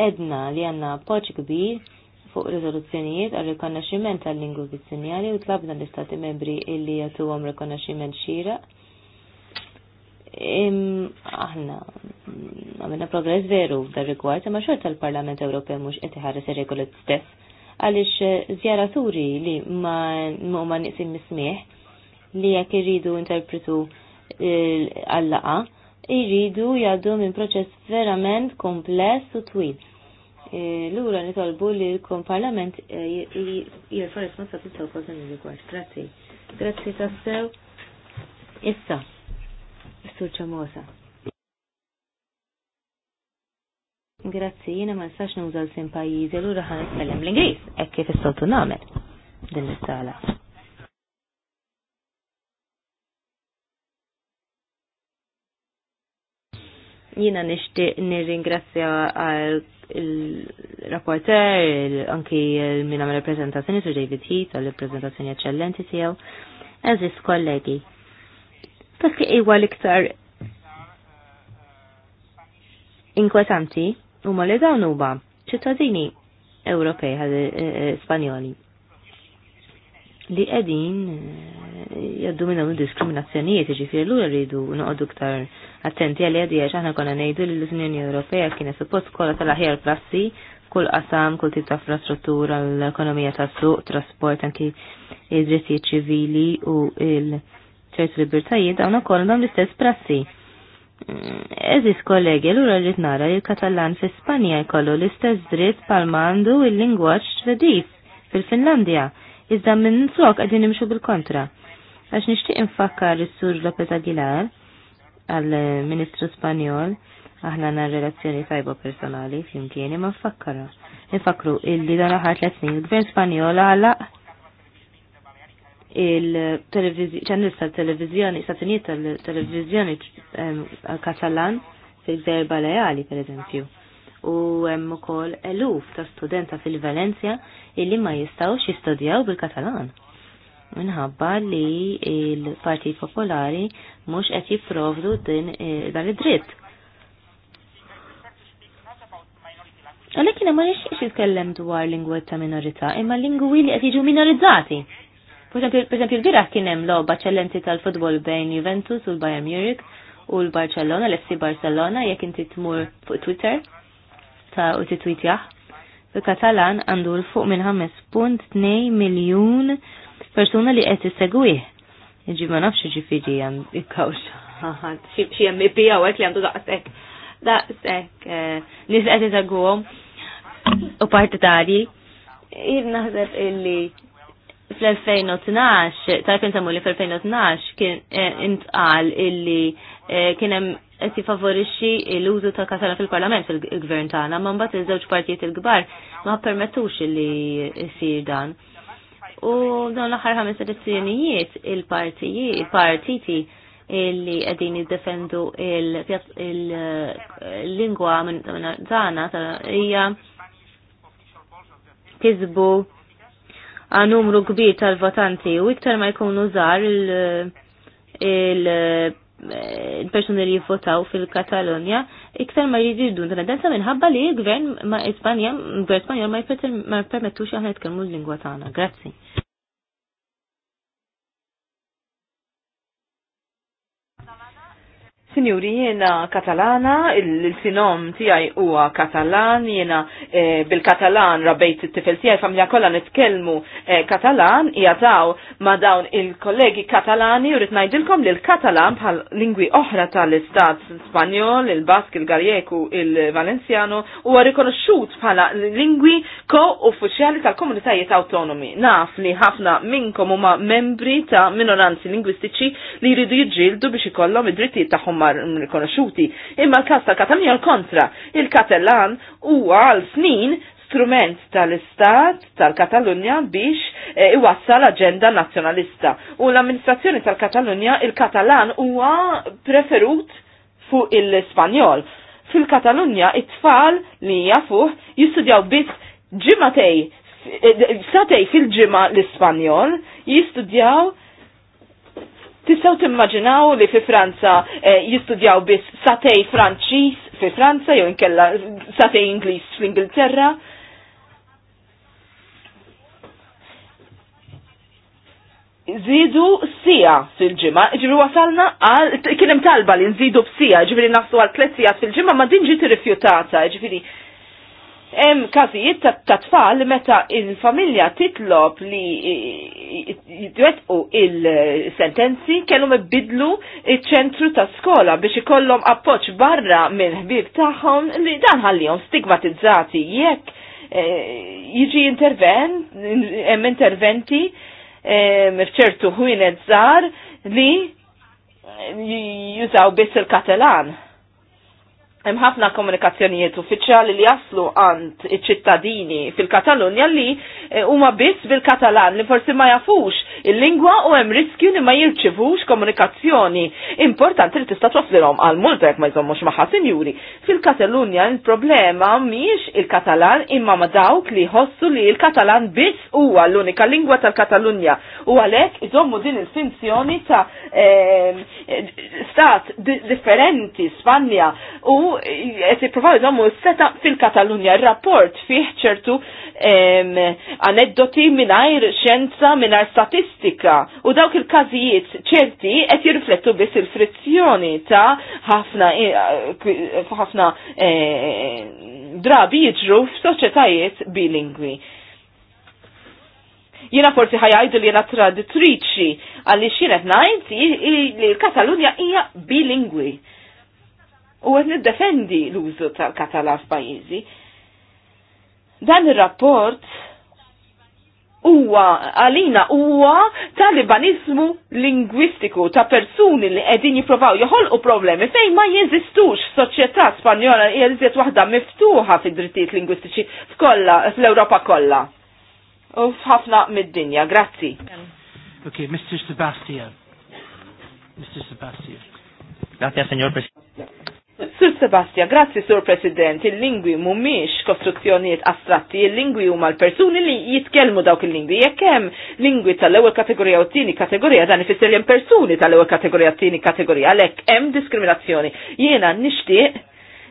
edna li għanna poċ kbir fuq riżoluzzjonijiet għal rikonoxximent tal-lingwi bis-sinjali u tlabna l-Istati membri illi jagħtuhom rikonoxximent xieraq aħna għamilna progress veru f'dar rigward, imma xorta tal parlament Ewropew mhux qed iħares ir-regoli stess għaliex żjaraturi eh, li ma ma nisim mismieħ li jekk irridu interpretu eh, għallaqa iridu jgħaddu minn proċess verament kompless u twil. Eh, lura nitolbu li l-Parlament jirfa responsabilta u kol dan il-rigward. Grazzi. Grazzi tassew. Issa. Sur Ċamosa. Grazzi, jina ma nistax nuża sin sim pajjiżi l ura ħan nitkellem l-Ingliż, hekk kif is-soltu nagħmel din l-istala. Jina nixtieq nirringrazzja għal il-rapporter, anki il-minam il su David Heath, għal-prezentazzjoni eccellenti tiegħu, eżis kollegi dak li liktar l-iktar ma huma li dawn huma ċittadini Ewropej eh, eh, Spanjoli li qegħdin eh, jaddu minnhom diskriminazzjonijiet jiġifieri lura rridu noqogħdu ktar attenti għalli għadi għax aħna konna ngħidu li l-Unjoni Ewropea kienet suppost kollha tal-aħjar prassi kull qasam, kull tip ta' infrastruttura, l-ekonomija tas-suq, trasport, anki id-drittijiet ċivili u il- ċertu libertajiet dawn ukoll l-istess prassi. Eżis kollegi, l-ura rrit nara li katalan fi Spanja jkollu l-istess dritt palmandu il-lingwaċ ċvedis fil-Finlandja, iżda minn flok għadin imxu bil-kontra. Għax nishtiq infakkar il-sur Lopez Aguilar, għal-Ministru Spanjol, aħna na relazzjoni tajba personali, flimkieni ma nfakkara. il li dan ħat l snin, il-Gvern Spanjol għalla il-ċannil tal-televizjoni, satinijiet tal-televizjoni katalan fil derba Baleali, per eżempju. U hemm ukoll eluf ta' studenta fil-Valencia illi ma jistgħux jistudjaw bil-Katalan. Minħabba li il-Partit Popolari mhux qed jipprovdu din e, dan id-dritt. Għalek jina ma nixtieqx jitkellem dwar lingwet ta' minorità, imma lingwi li qed jiġu minorizzati Pereżempju l-biraħ kien hemm logħba ċellenti tal-futbol bejn Juventus u l-Bayern Munich u l-Barcellona, l-FC Barcelona, jekk inti tmur fuq Twitter ta' u titwitjaħ. Fil-Katalan għandu l-fuq minn 5.2 miljun persuna li qed isegwih. Iġi ma nafx ġifiri għan ikkawx. Xie MP għawek li għandu daqsek. Daqsek. Eh, nis qed isegwhom u partitari. Ir naħseb illi fl-2012, ta' kien li fl-2012 kien eh, intqal illi eh, kien hemm qed jifavorixxi l-użu ta' kasana fil-Parlament fil-Gvern tagħna, ma mbagħad iż-żewġ partijiet il-kbar ma permettux illi jsir dan. U dawn l-aħħar ħames elezzjonijiet il-partijiet, partiti illi qegħdin jiddefendu il-lingwa eh, minn tagħna hija kisbu għan numru kbir tal-votanti u iktar ma jkunu żgħar il eh, personi li jivvotaw fil-Katalonja, iktar ma jridu jiddu indipendenza minħabba li gvern ma Ispanja, gvern Spanjol ma jpermettu aħna jitkelmu l-lingwa tagħna. Grazzi. Sinjuri, jiena katalana, il-sinom tijaj huwa katalan, jiena eh, bil-katalan rabejt it-tifel tijaj, familja kolla nitkelmu eh, katalan, jataw ma dawn il-kollegi katalani, urrit najdilkom li l-katalan bħal lingwi oħra tal-istat spanjol, il-bask, il-garjeku, il-valenzjano, u rikonosciut bħala lingwi ko-uffiċjali tal-komunitajiet autonomi. Naf li ħafna minnkom huma membri ta' minoranzi lingwistiċi li jridu jġildu biex ikollhom id-drittijiet tagħhom iktar rikonoxuti. Imma l-kas tal-Katalunja l-kontra, il-Katalan huwa għal snin strument tal-Istat tal-Katalunja biex e, iwassal agenda nazjonalista. U l-amministrazzjoni tal-Katalunja il-Katalan huwa preferut fuq il-Spanjol. Fil-Katalunja it-tfal li jafuħ jistudjaw biss ġimatej, eh, satej fil-ġima l-Ispanjol, jistudjaw Tistaw timmaġinaw li fi Franza eh, jistudjaw biss satej Franċiż fi Franza jew inkella satej Ingliż fl-Ingilterra. Zidu sija fil-ġimma, ġivri wasalna għal, kienem talba li nżidu b'sija, ġivri naħsu għal tlet sija fil-ġimma, ma din ġiet irrifjutata, ġivri Em każijiet ta' tfal meta il-familja titlob li jitwetqu il-sentenzi kellhom ibidlu iċ-ċentru ta' skola biex ikollhom appoġġ barra minn ħbieb tagħhom li dan ħallihom stigmatizzati jekk eh, jiġi intervent, hemm interventi eh, f'ċertu ħwienet żgħar li jużaw biss il-Katalan hemm ħafna komunikazzjonijiet uffiċjali li jaslu għand iċ-ċittadini fil-Katalunja li eh, huma biss bil-Katalan li forsi ma jafux il-lingwa u hemm riskju li ma jirċivux komunikazzjoni importanti li tista' toflilhom għal multa jekk ma jżommux magħha sinjuri. Fil-Katalunja il-problema mhijiex il-Katalan imma ma dawk li jħossu li il-Katalan biss huwa l-unika lingwa tal-Katalunja u għalhekk iżommu din il-finzjoni ta' eh, stat differenti Spanja u qed jippruvaw jżommu seta fil-Katalunja rapport fih ċertu aneddoti mingħajr xjenza mingħajr statistika u dawk il-każijiet ċerti qed jirriflettu biss il-frizzjoni ta' ħafna e, eh, eh, drabi jiġru f'soċetajiet bilingwi. Jiena forsi ħajajdu li jena traditriċi għalli xienet najnti li l-Katalunja hija bilingwi u għed niddefendi l-użu tal-Katala f'pajizi. Dan il-rapport huwa għalina huwa talibanizmu lingwistiku ta' persuni li qegħdin jipprovaw joħolqu problemi fejn ma jeżistux soċjetà Spanjola jeżiet waħda miftuħa fid-drittijiet lingwistiċi f'kollha fl-Ewropa kollha. U f'ħafna mid-dinja, grazzi. Okay, Mr. Sebastian. Mr. Sebastian. Grazie, signor Presidente. Sur Sebastia, grazzi Sur President, il-lingwi mumiex kostruzzjonijiet astratti, il-lingwi huma l-persuni li jitkellmu dawk il-lingwi. Jekk hemm lingwi tal-ewwel kategorija u tieni kategorija dan ifisser persuni tal-ewwel kategorija u tieni kategorija, għalhekk hemm diskriminazzjoni. Jiena nixtieq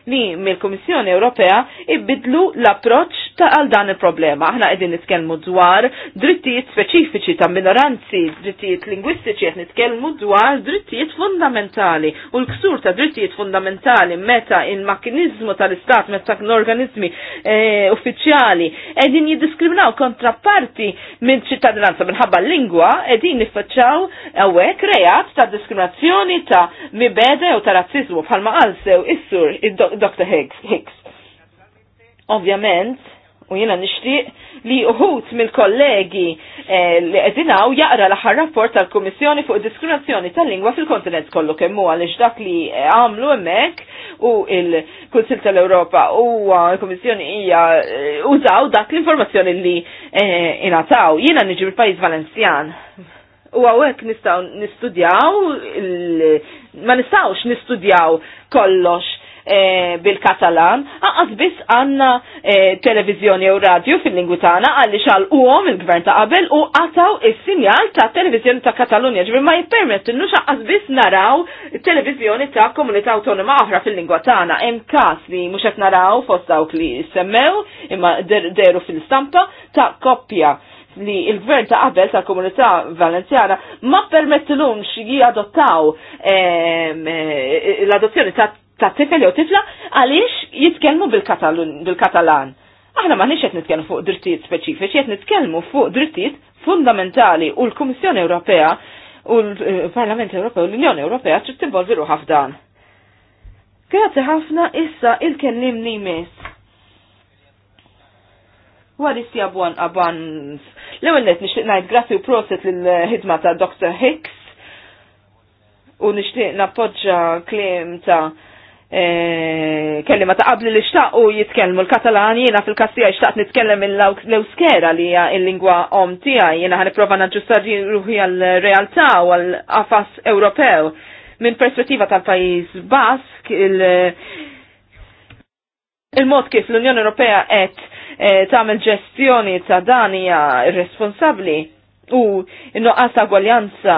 li mill-Kummissjoni Ewropea ibidlu l-approċċ ta' għal dan il-problema. Aħna qegħdin nitkellmu dwar drittijiet speċifiċi ta' minoranzi, drittijiet lingwistiċi qed nitkellmu dwar drittijiet fundamentali u l-ksur ta' drittijiet fundamentali meta il-makinizmu tal-istat meta l-organizmi eh, uffiċjali qegħdin jiddiskriminaw kontra parti minn ċittadinanza minħabba lingwa qegħdin nifacċaw għawek reat ta' diskriminazzjoni ta' mibede u ta' razzizmu bħalma qal sew is-sur id-Dr. Higgs. Ovvjament, u jena nishtiq li uħut mill-kollegi eh, li edinaw jaqra l-aħħar rapport tal-Komissjoni fuq diskriminazzjoni tal-lingwa fil-kontinent kollu kemmu għalix dak li għamlu emmek u il-Kunsil tal-Europa u l-Komissjoni hija eh, użaw dak l-informazzjoni li eh, inataw. Jena nġi mill-Pajis Valenzjan. U għawek nistaw nistudjaw, ma nistawx nistudjaw kollox Eh, bil-Katalan, għaqqas biss għanna eh, televizjoni u radju fil lingu tagħna għalli xal għom il-gvern ta' qabel u għataw il-sinjal ta' televizjoni ta' Katalunja, ġbir ma jippermettinnu xaqqas biss naraw televizjoni ta' Komunita' autonoma oħra fil-lingwa tagħna. Hemm każ li mhux qed naraw fost dawk li semmew imma deru fil-stampa ta' koppja li il-gvern ta' qabel ta' komunità valenzjana ma permettilhomx jadottaw ehm, eh, l-adozzjoni ta' tifel jew tifla għaliex jitkellmu bil-Katalan. Aħna ma nix qed nitkellmu fuq drittijiet speċifiċi, qed nitkellmu fuq drittijiet fundamentali u l-Kummissjoni Ewropea u l-Parlament Ewropew u l-Unjoni Ewropea trid tinvolvi ruħha f'dan. Grazzi ħafna issa il-kellim li mis. Waris jabwan abans L-ewwel net nixtieq ngħid grazzi u proset lill-ħidma ta' Dr. Hicks u nixtieq nappoġġa Klim ta' e, kellima ta' qabli li xtaq u jitkellmu l-Katalan jiena fil-Kastija xtaqt nitkellem l-Euskera li hija l-lingwa om tiegħi jiena ħaniprofa naġġustar ruħi għal-realtà u għal-qafas Ewropew minn perspettiva tal-pajis Bask, il- Il-mod kif l-Unjoni Ewropea qed Eh, tagħmel ġestjoni ta' dan hija responsabbli u n-noqqas ta' gwaljanza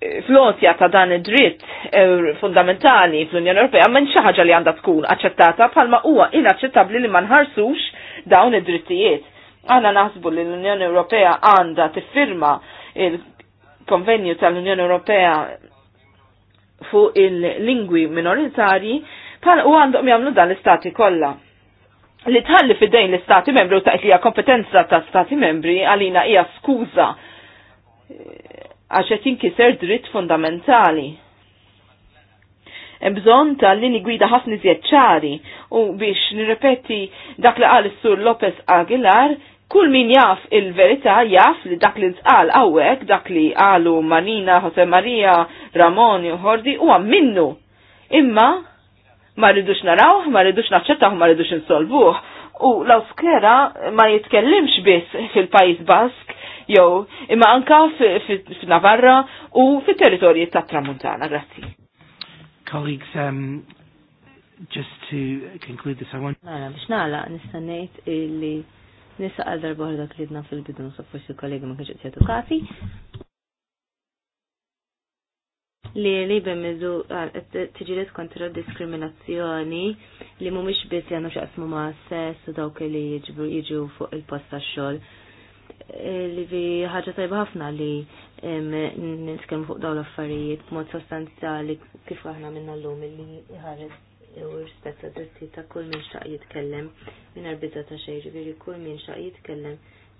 eh, flotja ta' dan id-dritt eh, fundamentali fl-Unjoni Ewropea minn xi ħaġa li għandha tkun aċċettata bħalma huwa inaċċettabbli li ma nħarsux dawn id-drittijiet. Għana naħsbu li l-Unjoni Ewropea għandha tiffirma il-konvenju tal-Unjoni Ewropea fuq il-lingwi minoritarji u għandhom jagħmlu dan l-istati kollha li tħalli fidejn l-Stati membri u taqt li kompetenza ta' Stati membri għalina hija skuża għax qed jinkiser dritt fundamentali. Hemm bżonn tal-lini gwida ħafna iżjed ċari u biex nirrepeti dak li qal is-Sur Lopez Aguilar, kull min jaf il-verità jaf li dak li nsqal hawnhekk dak li qalu Marina, Jose Maria, Ramon u Hordi huwa minnu. Imma ma rridux naraw, ma rridux naċċettaw, ma rridux insolvuh. U l-awskera ma jitkellimx biss fil-Pajis Bask, jew imma anka navarra u fit-territorji tat-Tramuntana. Grazzi. Colleagues, um, just to conclude this, I want... Nara, biex nala, nistanejt illi nisa għal darba dak li fil-bidu nusaf fuq il-kollegi ma t jadukati li li bemmizu tiġilet kontra diskriminazzjoni li mumiex biss jgħanu xaqsmu ma' sess u dawk li jiġu fuq il-posta xol. E, li vi ħagġa tajba ħafna li nitkellmu fuq dawn l-affarijiet b'mod sostanzjali kif aħna minna l-lum li ħares u rispetta dritti ta' kull min xaq jitkellem minn arbita ta' xejn ġifieri kull min xaq jitkellem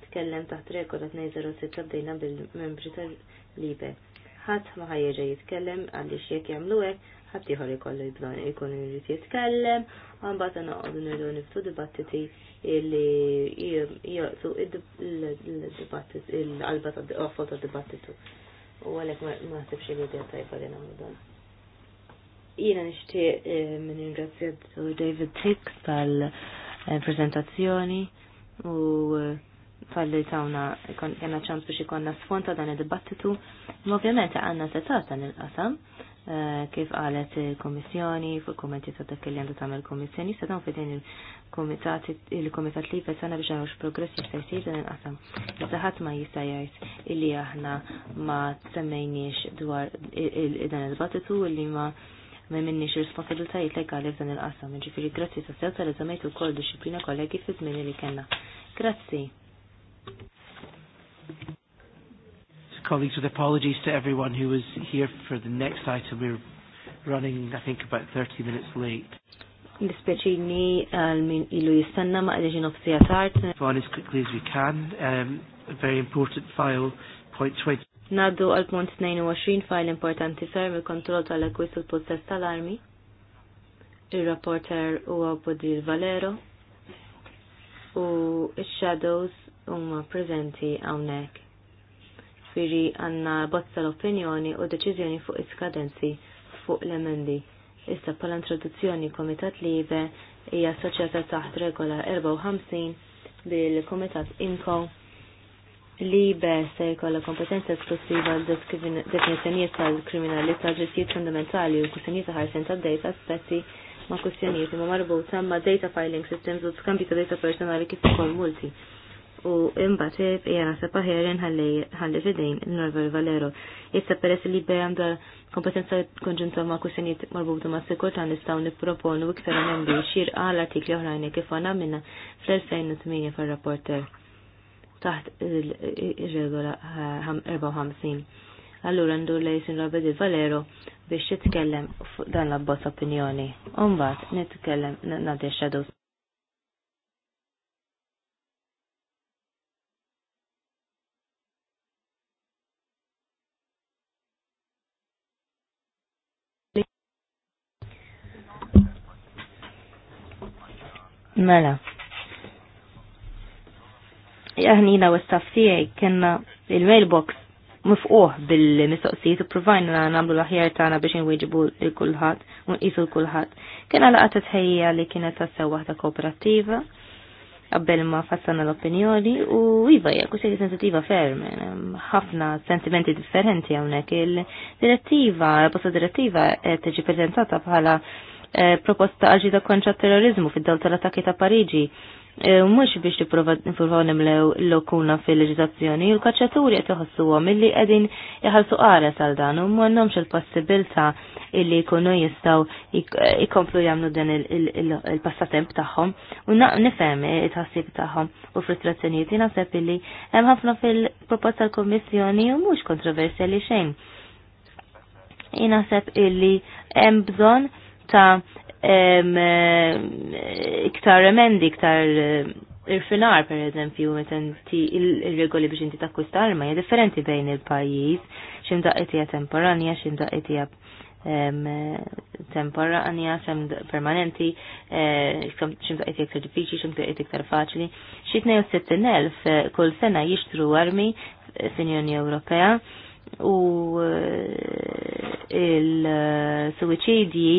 tkellem taħt rekola 206 bdejna bil-membri tal-libe ħadd ma ħajja jitkellem għaliex jekk jagħmlu hekk ħadd ieħor ikollu jibdan ikun irid jitkellem, u mbagħad noqogħdu nirdu niftu dibattiti li jaqsu il-dibattit il-qalba ta' dibattitu. U għalhekk ma naħsibx li idea tajba li nagħmlu dan. Jiena nixtieq eh, minn ingrazzja David Tick tal-prezentazzjoni eh, u eh, tal tawna jenna ċans biex ikonna sfonta dan id-dibattitu. Ma ovvjament għanna setata nil-qasam eh, kif għalet il-komissjoni, fuq kommenti ta' dak li għandu tagħmel il-komissjoni, se dan fidejn il-komitat il li fessana biex għamux progress jista' jsir dan il-qasam. Iżda ħadd ma jista' jgħid illi aħna ma semmejniex dwar dan il-dibattitu illi ma ma minnix responsabiltajiet legali f'dan il-qasam, ġifiri grazzi sa' sewta li zamejtu kol disciplina kollegi fi żmien li kellna. Grazzi. Colleagues, with apologies to everyone who was here for the next item, we're running, I think, about 30 minutes late. Dispieċini għal-min ilu jistanna ma' għadġin ofsija tart. Go as quickly as we can. Um, a very important file, point 20. Naddu għal-punt 22 file importanti ferm il-kontrol tal akwis il possess tal-armi. Il-rapporter u għabudil Valero. U il-shadows huma prezenti hawnhekk. Firi għandna bozza l-opinjoni u deċiżjoni fuq iskadenzi fuq l-emendi. Issa pala introduzzjoni Komitat Libe hija soċjata taħt regola 54 bil-Komitat Inko Libe se jkollha kompetenza esklusiva l definizzjonijiet tal-kriminalità, ġrittijiet fundamentali u kwistjonijiet ta' ħarsin tad-dejta aspetti ma' Kustjonijiet ma' marbuta ma' data filing systems u skambi ta' data personali kif ukoll multi u imbatib hija naħseb aħjar ħalli fidejn il-Norver Valero. Issa peress li bej għandha kompetenza konġunta ma' kusenit marbuta ma' sikurtà nistgħu nipproponu iktar emendi xirqa għal artikli oħrajn kif għana minna fl-2008 fir-rapporter taħt il-regola 54. Allura ndur li jisin Robert Di Valero biex jitkellem dan l-abbozz opinjoni. Umbat, nitkellem nadi shadows. Mela. Jahnina u staffijaj kena il-mailbox mifquħ bil-mistoqsijiet u provajna namlu l-aħjar tagħna biex inwieġbu l-kulħadd u nqisu l-kulħadd. Kien laqgħa tħejja li kienet tassew waħda kooperattiva qabel ma fassana l-opinjoni u iva hija kwistjoni sensitiva ferm, ħafna sentimenti differenti hawnhekk. Il-direttiva, posta direttiva qed tiġi preżentata bħala Eh, proposta għal ġida kontra terrorizmu fid-dawl tal attaki ta' Pariġi. Eh, Mux biex provaw nimlew l-okuna fil-leġizazzjoni, u l-kacċaturi qed uħassu għom illi qegħdin jħallsu qares għal dan u m'għandhomx il-possibilità illi jkunu jistgħu eh, jkomplu jagħmlu dan il-passatemp tagħhom u nifhem il ħassib tagħhom u frustrazzjonijiet naħseb illi hemm ħafna fil-proposta tal-Kummissjoni u mhux kontroversjali xejn. sepp illi hemm bżonn ta' eh, iktar emendi, iktar eh, irfinar per eżempju, meta ti il-regoli biex inti kust arma hija differenti bejn il-pajjiż, da' etija temporanja, x'imdaqqet hija temporanja, da' permanenti, eh, etija iktar diffiċi, etija iktar faċli. Xi 62.000 kull sena jixtru armi f'Injoni Ewropea u il-suwiċidji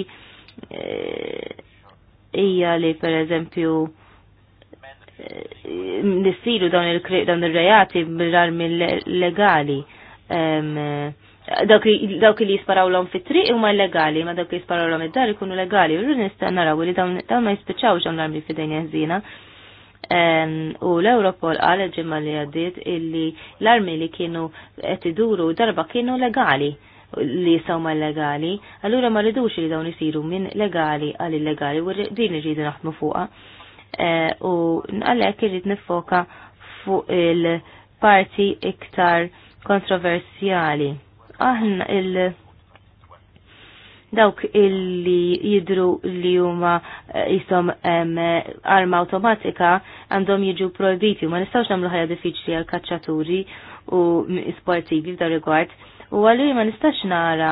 hija eh, li per eżempju eh, nissilu dawn il-rejati mill-armi legali. Eh, dawk li jisparaw l-om fit-triq huma legali, ma dawk li jisparaw l-om id-dar ikunu legali. Rru nista' naraw li dawn ma jispiċċawx dawn l-armi fidejn jeżina. U l-Europol għal ġimma li għaddiet illi l-armi li kienu qed iduru darba kienu legali li sawma legali, allura ma ridux li dawn isiru minn legali għall illegali u din irridu naħdmu fuqa. Eh, u għalhekk irrid nifoka fuq il-parti iktar kontroversjali. Aħna il- dawk illi jidru li huma eh, jisom arma automatika għandhom jiġu proibiti ma nistawx nagħmlu ħajja diffiċli għal kaċċaturi u sportivi f'dan rigward U għalli ma nistax nara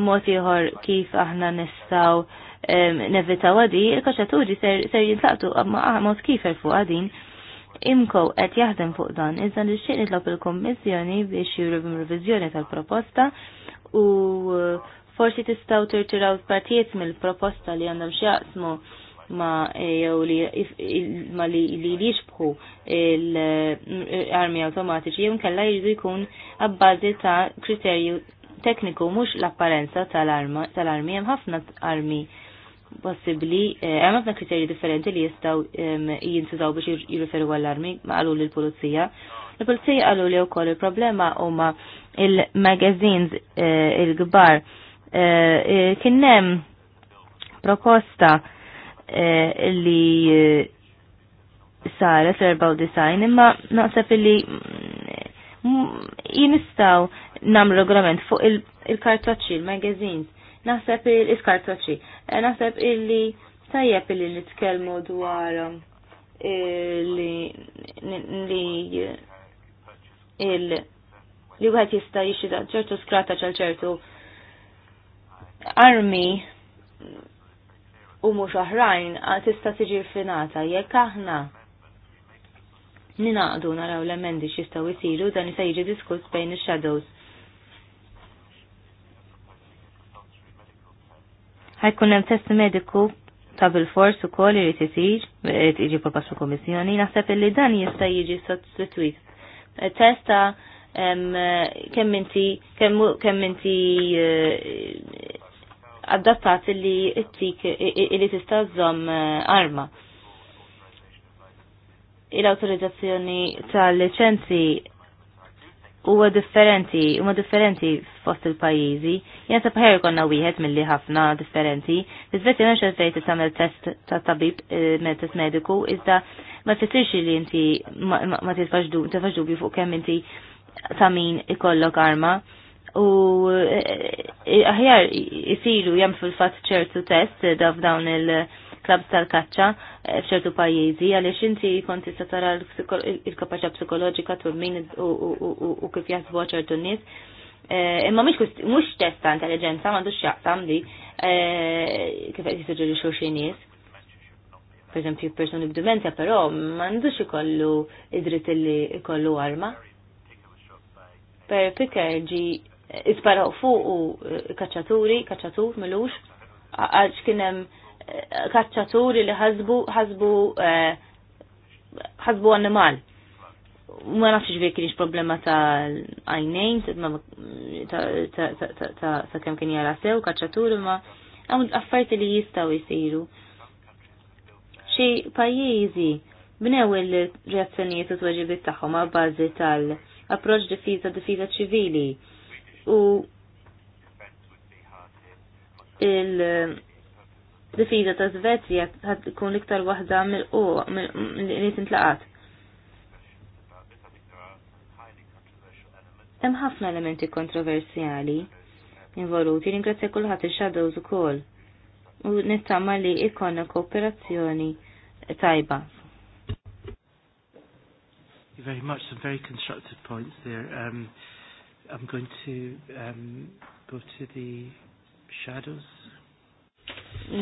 mod ieħor kif aħna nistaw nevita għadi, il-kaċaturi ser jintlaqtu ma' ah, mod kif fuq għadin. Imko qed jaħdem fuq dan, iżda xieq nitlob il-Kommissjoni biex jirrivim revizjoni tal-proposta u forsi tistgħu tirtiraw partijiet mill-proposta li għandhom x'jaqsmu ma eh, jew li ma li li jixbħu l-armi automatiċi jew nkella jridu jkun abbażi ta' kriterju tekniku mhux l-apparenza tal-arma tal-armi hemm ħafna armi possibbli eh, hemm ħafna kriterji differenti li jistgħu jintużaw biex jirriferu għall-armi ma qalu lill-pulizija. Il-pulizija qalu li wkoll il-problema huma il-magazines eh, il-kbar kien hemm proposta Eh, li eh, saret l design imma naqseb li mm, mm, jinistaw nam regolament fuq il-kartoċi, il-magazines, naħseb il-kartoċi, eh, naħseb illi tajjeb illi nitkelmu dwar li il li għed jista jixida ċertu skrata ċal ċertu armi u mhux oħrajn tista' tiġi finata jekk aħna ninaqdu naraw l-emendi x'jistgħu jsiru dan se jiġi diskuss bejn ix-shadows. ħajkun hemm test mediku ta' bil-fors u koll isir jisir, jiġi iġi proposta kommissjoni naħseb li dan jista jiġi sostitwit. Testa kemm inti kemm inti eh, adattat li t-tik li tista' żomm eh, arma. Il-autorizzazzjoni tal-licenzi huwa differenti, huma differenti fost il-pajjiżi. Jien sa bħer konna wieħed milli ħafna differenti. Iżvet jien xed fejn tagħmel test ta' tabib eh, test mediku iżda ma tfissirx li inti ma tifax dubju fuq kemm inti ta' min ikollok arma u eh, eh, aħjar isiru jem fil-fat ċertu test daf f'dawn il klab tal-kaċċa eh, f'ċertu pajjiżi għaliex inti konti se tara il-kapaċa psikoloġika tu min u kif jasbu ċertu nies. Imma mhux test ta' intelligenza m'għandux jaqtam li kif qed jisuġġeri xulxin nies. Per eżempju, persuni b'dimenzja, però m'għandux ikollu id-dritt li ikollu arma. Per Picker ġi isparaw fuq u eh, kacċaturi, kacċatur milux, għax kienem eh, kacċaturi li ħazbu ħazbu eh, ħazbu animal. Ma nafx ġviri kienx problema ta' għajnejn, ta' kem kien jara sew, kacċaturi ma' għamu affarijiet li jistaw jisiru. Xi pajjiżi bnew il-reazzjonijiet u t-weġibiet tagħhom għal bażi tal-approċ difiza, difiża ċivili u il- eh, difiża ta' Svezja ħad tkun iktar waħda mill-qu li tintlaqat. Hemm ħafna elementi kontroversjali involuti, ringrazzja kulħadd ix-shadows ukoll u nittama li ikonna kooperazzjoni tajba. you Very much some very constructive points there. Um, I'm going to um, go to the shadows.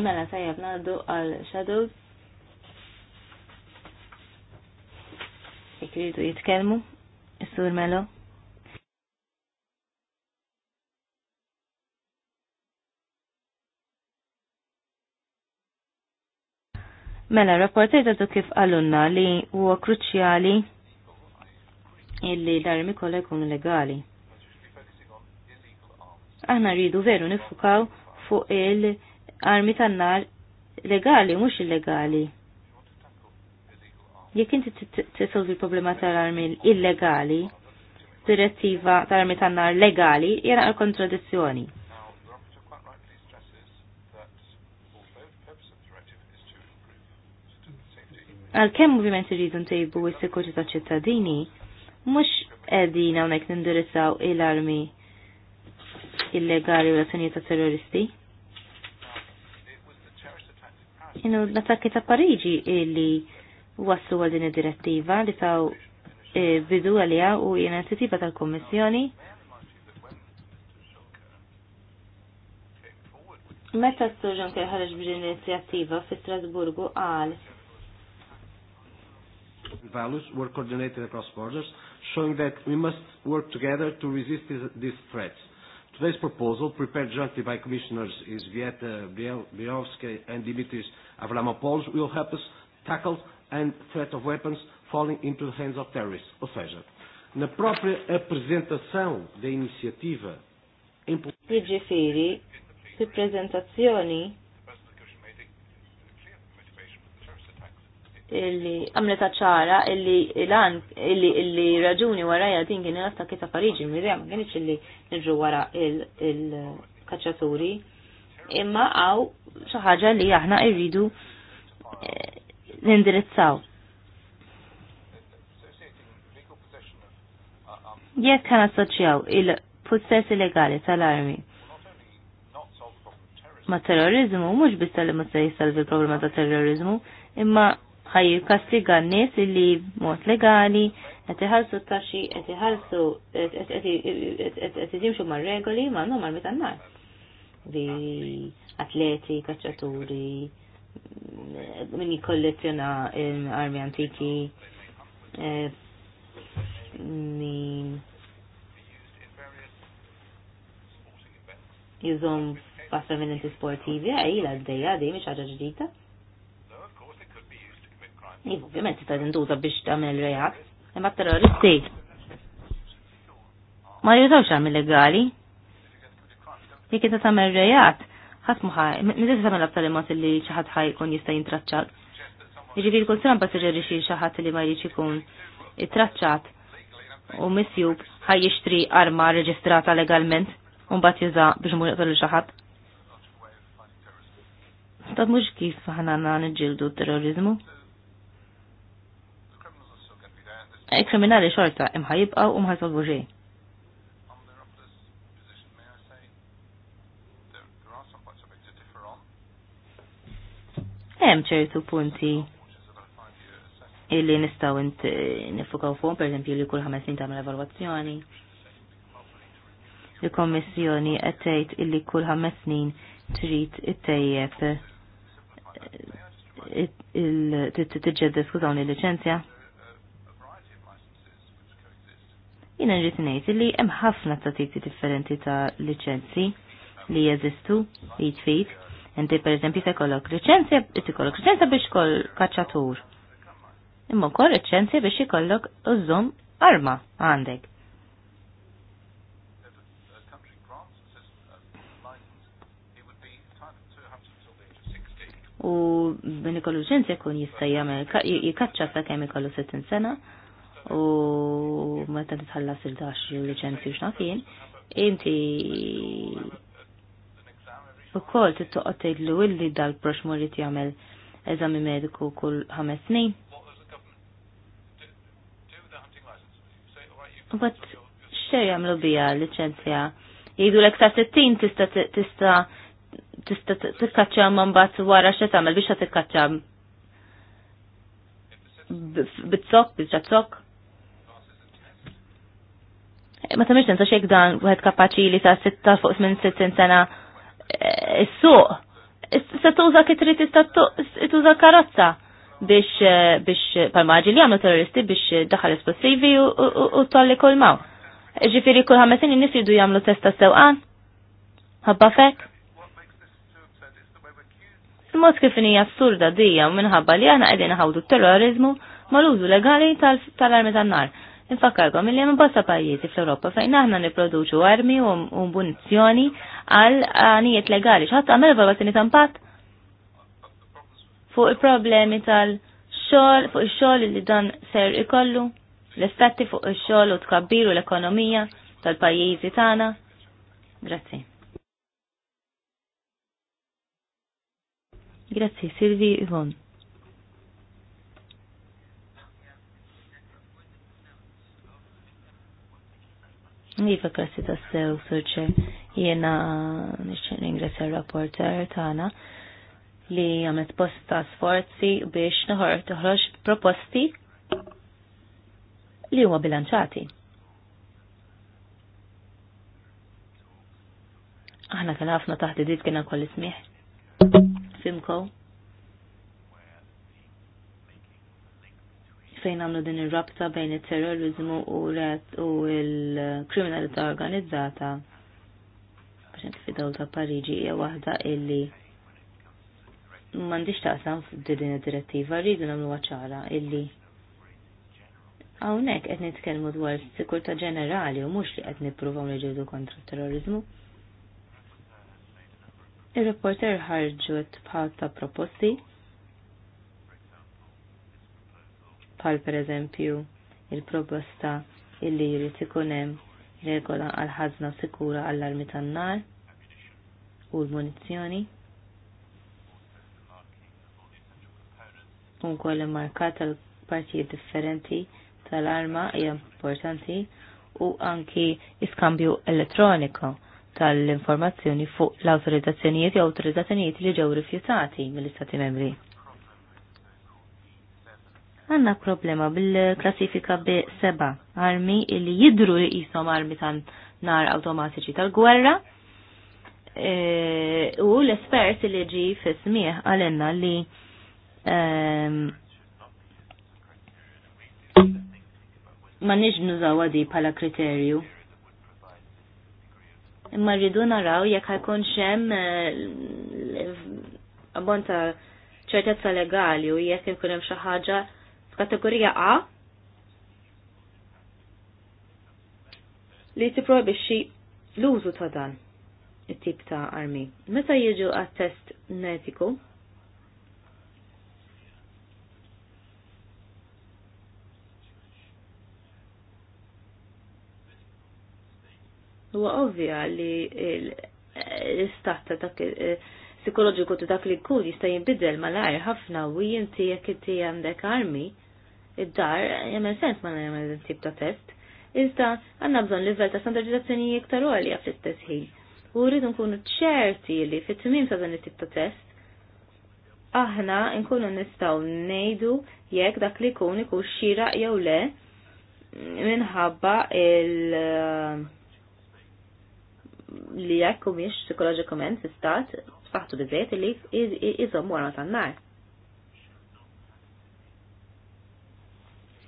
Mela tajab naddu għal shadows. Ikridu jitkelmu, s-sur melo. Mela, rapportajta tu kif għallunna li huwa kruċjali illi darmi kollha jkunu legali aħna rridu veru nifukaw fuq il-armi tan-nar legali, mhux illegali. Jekk inti tisolvi il-problema tal-armi illegali, direttiva tal-armi tan-nar legali, jena kontradizzjoni. għal kemm ovvjament irridu ntejbu s-sikurti ta' ċittadini, mhux qegħdin hawnhekk nindirizzaw il-armi illegali u l azzjonijiet ta' terroristi. Inu l-attakki ta' Parigi illi waslu għal din id-direttiva li taw e, bidu għalija u jenensitiva tal-Kommissjoni. Meta s-soġan kaj ħarġ b'din l-inizjattiva fi Strasburgu għal values were coordinated across borders, showing that we must work together to resist these threats. Today's proposal, prepared jointly by Commissioners Izvieta Bielowska and Dimitris Avramopoulos, will help us tackle and threat of weapons falling into the hands of terrorists. Ou seja, na própria apresentação da iniciativa... Jiġifieri, fil illi għamlet ċara illi l-an illi illi raġuni waraja din kien l-attakki ta' Pariġi mirja ma kienx illi nirġu wara il-kaċċaturi imma għaw xi ħaġa li aħna rridu eh, nindirizzaw. Jekk kan assoċjaw il-possess illegali tal-armi ma' terrorizmu, mhux biss li ma se jissalvi il-problema ta' terrorizmu, imma ħaj jikastiga n-nies illi mod legali qed iħallsu t taxi qed iħallsu qed iżimxu ma' regoli ma' nhom armi tan-nar. Li atleti, kaċċaturi, min jikkollezzjona armi antiki, eh, min jużom bastimenti sportivi, għajla d-dejja, di miex ħagġa ġdita. Iva, ovvjament jista' tintuża biex tagħmel reat, imma terroristi ma jużawx għam illegali. Jekk inta tagħmel reat, ħadd ma m'intix tagħmel aktar imot li xi ħadd ħajkun jista' jintraċċat. Jiġifieri kull sena passiġġieri xi ħadd li ma jridx ikun ittraċċat u misjub ħaj jixtri arma reġistrata legalment u mbagħad juża biex mu jaqtlu xi ħadd. Tad mhux kif ħana nġildu terrorizmu. kriminali xorta imħa jibqaw u mħasolvu ġej. Hemm ċertu punti illi nistaw nifukaw fuq, per esempio, li kull ħames snin tagħmel evalwazzjoni. Il-Kommissjoni qed tgħid illi kull ħames snin trid ittejjeb eh, il tiġġed diskużawni liċenzja. jina irrid ngħid li hemm ħafna ta' tipi differenti ta' licenzi li jeżistu li jitfid. Inti eżempju se kollok licenzi, liċenzja, kollok licenzi biex koll kacċatur. Imma koll licenzi biex ikollok użżomm arma għandek. U minn ikollu ġenzi kun jistajja jagħmel jikaċċa sa kemm ikollu 60 sena u meta titħallas il-10 liċenzju x'nafin, inti ukoll tittoqgħod tgħidlu illi dal morri t jagħmel eżami mediku kull ħames snin. Bat xe jamlu bija liċenzja? Jgħidu l-ektar 60 tista tista t tikkaċċa man bat wara xe tagħmel biex tikkaċċa bit-zok, bit-ġazzok ma tamiex tinsa xek dan wieħed kapaċi li ta' sitta fuq minn sittin sena eh, s suq Se tuża kitri tista' tuża karozza biex eh, biex palmaġi li għamlu terroristi biex daħal esplosivi u tolli kolmaw. Ġifiri kull ħamesin nis jidu jagħmlu testa sewqan? Ħabba fek? Il-mod kif hija assurda dija u minħabba li aħna qegħdin ħawdu terrorizmu mal-użu legali tal-armi tan-nar il li hemm bosta pajjiżi fl-Ewropa fejn aħna nipproduċu armi u munizzjoni għal għanijiet legali. X'ħadd għamel evalwazzjoni ta' tampat? fuq il-problemi tal-xogħol, fuq ix-xogħol li dan ser ikollu, l-effetti fuq ix-xogħol u tkabbir u l-ekonomija tal-pajjiżi tagħna. Grazzi. Grazzi, Silvi Ivon. Niva kassi ta' sew, surċe, jena nixċen ingressa rapporter tana li għamet posta sforzi biex naħor toħroġ proposti li huwa bilanċati. Aħna kien ħafna taħt id kien kolli smieħ. Fimkow? fejn għamlu din ir-rabta bejn it-terrorizmu u l-kriminalità organizzata. Bħaxem fi dawl ta' Pariġi hija waħda illi m'għandix taqsam f'din id-direttiva, rridu nagħmlu ċara illi hawnhekk qed nitkellmu dwar sikurtà ġenerali u mhux li qed nippruvaw niġġieldu kontra terrorizmu. Ir-reporter ħarġu bħal ta' proposti bħal pereżempju il-proposta illi jrid ikun hemm regola għal ħazna sikura għall armi tan-nar u l-munizzjoni. U wkoll markata tal-partijiet differenti tal-arma hija importanti u anki iskambju elettroniku tal-informazzjoni fuq l-autorizzazzjonijiet jew autorizzazzjonijiet li ġew rifjutati mill-Istati Membri għanna problema bil-klassifika B7 armi illi jidru li jisom armi tan nar automatiċi tal-gwerra e, u l-espert li ġi fismieħ għalenna li um, ma nġnu zawadi pala kriterju. Imma rridu naraw jekk ħajkun xem e, abbonta ċertezza legali u jekk ikun hemm xi ħaġa kategorija A li tipprobixxi l-użu ta' dan it-tip ta' armi. Meta jiġu għat-test netiku, huwa ovvja li l-istat ta' dak eh, psikoloġiku ta' dak li kull jista' jinbidel mal-għajr ħafna u jinti jekk inti għandek armi id-dar, jemmen sens ma jemmen tip ta' test, iżda għanna bżon livell ta' standardizzazzjoni iktar għalija fl-istess ħin. U rridu nkunu ċerti li fit-tmim ta' dan it-tip ta' test, aħna nkunu nistaw nejdu jekk dak li kun ikun xira jew le minħabba il- li jekk u miex psikologikament fi stat saħtu bizzejt li iżom wara tan-nar.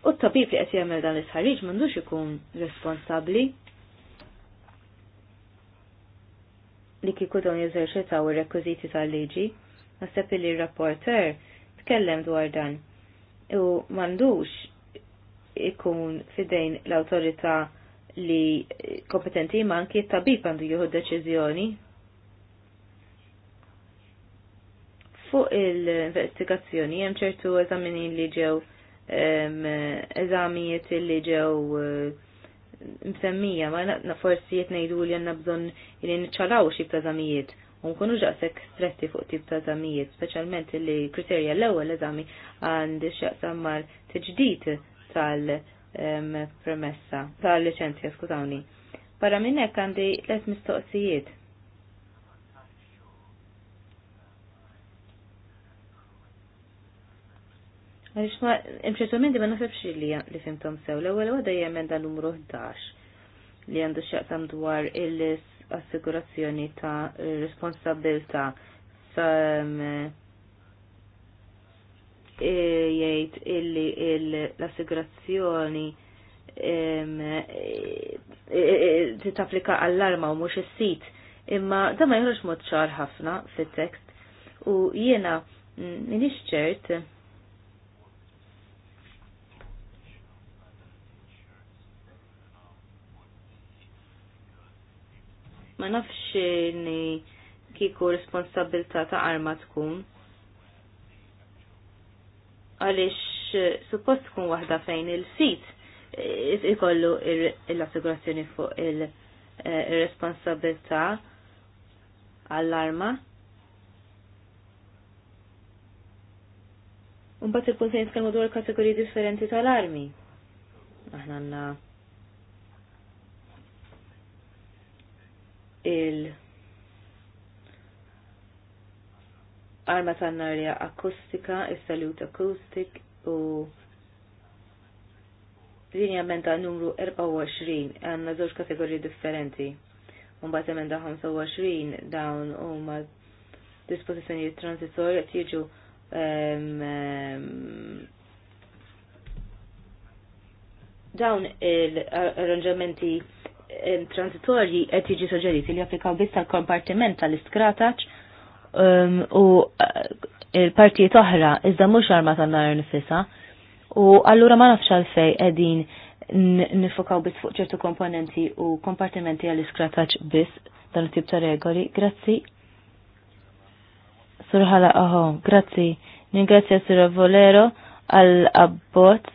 U t-tabib li qed jgħamil dan is-ħarriġ m'għandux ikun responsabbli li kieku dawn jeżerċitaw ir-rekwiżiti tal-liġi. Naħseb li r-rapporter tkellem dwar dan. U m'għandux ikun fidejn l-awtorità li kompetenti ma anki t-tabib għandu jieħu deċiżjoni fuq il-investigazzjoni hemm ċertu eżamini li ġew eżamijiet li ġew eh, msemmija, ma na forsi jitnejdu li għanna bżon li nċaraw xie b'tazamijiet. Unkunu ġaqsek stretti fuq tip ta' tamijiet, specialment li kriterja l-ewel eżami għand xaqsam mal t-ġdijt tal-premessa, tal-licenzja, skużawni. Para minnek għandi let mistoqsijiet. Għalix ma, imċetu mendi ma naħsebx li li fimtom sew, l-ewel għada jemenda numru 11 li għandu xaqsam dwar il-assigurazzjoni ta' responsabilta sa' e, jgħid illi l-assigurazzjoni e, e, titapplika għall-arma u mhux is-sit. Imma da ma jħroġ mod ċar ħafna fit-tekst u jiena mm, nixċert ċert ma nafx ni kiku responsabilta ta' arma tkun. Għalix suppost tkun wahda fejn il-sit ikollu l-assigurazzjoni fuq eh, il-responsabilta għall-arma. Unbat il-punt se nitkellmu dwar kategoriji differenti tal-armi. Aħna għanna il- arma tan-narja akustika, is-salut akustik u din ta' numru 24 għanna żewġ kategoriji differenti. Mbagħad emenda 25 dawn huma dispożizzjonijiet transitorji qed jiġu ehm, ehm, dawn il arranġamenti Eh, transitorji qed jiġi suġġeriti li japplikaw biss tal-kompartiment tal-iskrataċ um, u eh, il-partijiet oħra iżda mhux arma tan-nar nifisa U allura ma nafx għalfej qegħdin nifokaw biss fuq ċertu komponenti u kompartimenti għall-iskrataċ biss dan it-tip ta' regoli. Grazzi. Surħala aħo, grazzi. Ningrazzja Sura Volero għal abbot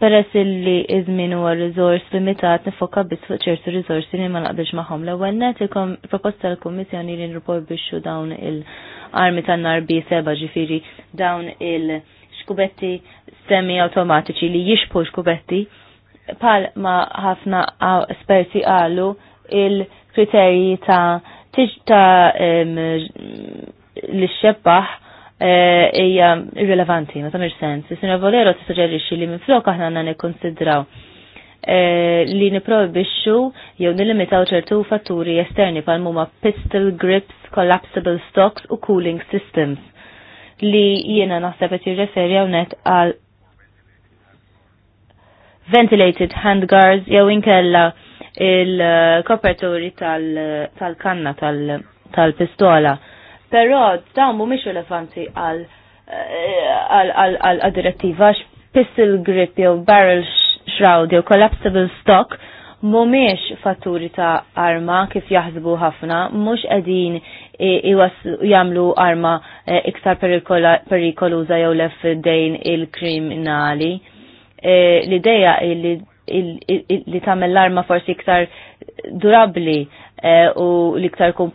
peress illi iżmin huwa rizors limitat nifoka biss fuq ċertu rizors li ma naqbilx magħhom. L-ewwel net proposta l-Kummissjoni li biexu dawn il-armi tan narbi seba' ġifiri dawn il-xkubetti semi automatiċi li jixpu xkubetti pal ma ħafna esperti għalu il-kriterji ta' ta' l xebbaħ Eh, hija irrelevanti, ma tamir sens. Is-Sinjor Volero tissuġġerixxi li minflok aħna għandna nikkonsidraw eh, li niprobixxu jew nilimitaw ċertu fatturi esterni pal huma pistol grips, collapsible stocks u cooling systems li jiena naħseb qed jirreferi hawnhekk għal ventilated handguards jew inkella il-koperturi tal-kanna tal-pistola. Tal Però dawn mhumiex rilevanti għal eh, għal-direttiva pistol grip jew barrel shroud jew collapsible stock mhumiex fatturi ta' arma kif jaħsbu ħafna, mhux qegħdin jagħmlu arma eh, iktar perikoluża jew lef dejn il-kriminali. Eh, l-ideja li tagħmel l-arma forsi iktar durabli u l-iktar kun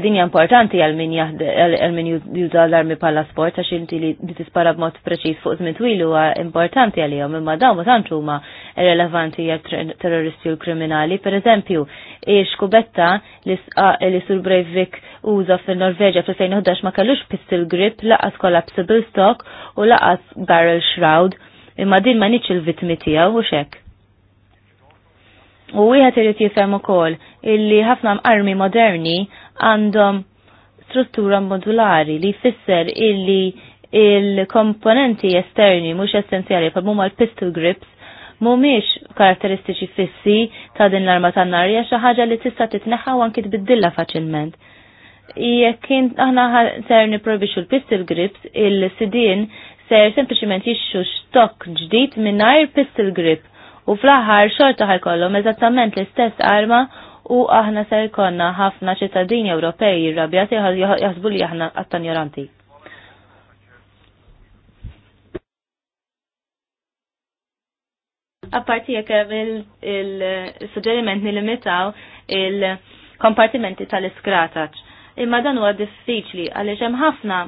dinja importanti għal min għal min juża l-armi pala sport għax inti li tispara b'mod preċiż fuq zmin twilu huwa importanti għalihom imma dawn ma tantx huma relevanti għal terroristi u kriminali. Pereżempju, xkubetta li Sur Breivik uża fil-Norveġa fil-2011 ma kellux pistol grip laqas collapsible stock u laqas barrel shroud imma din ma nix il-vitmi tijaw u xek. U wieħed irid jifhem ukoll illi ħafna armi moderni għandhom struttura modulari li fisser illi il-komponenti esterni mhux essenzjali pa' mumma l-pistol grips mumiex karatteristiċi fissi ta' din l-arma tan narja xi ħaġa li tista' titneħħa u anki tbiddilla faċilment. Jekk aħna ser niprobixxu l-pistol grips, il-sidien ser sempliciment jixxu stock ġdid mingħajr pistol grip u fl-aħħar xorta ħajkollhom eżattament l-istess arma u aħna ser konna ħafna ċittadini Ewropej rabjati jaħsbu li aħna attanjoranti. Apparti jekk il-suġġeriment limitaw il-kompartimenti tal-iskrataċ. Imma dan huwa diffiċli għaliex hemm ħafna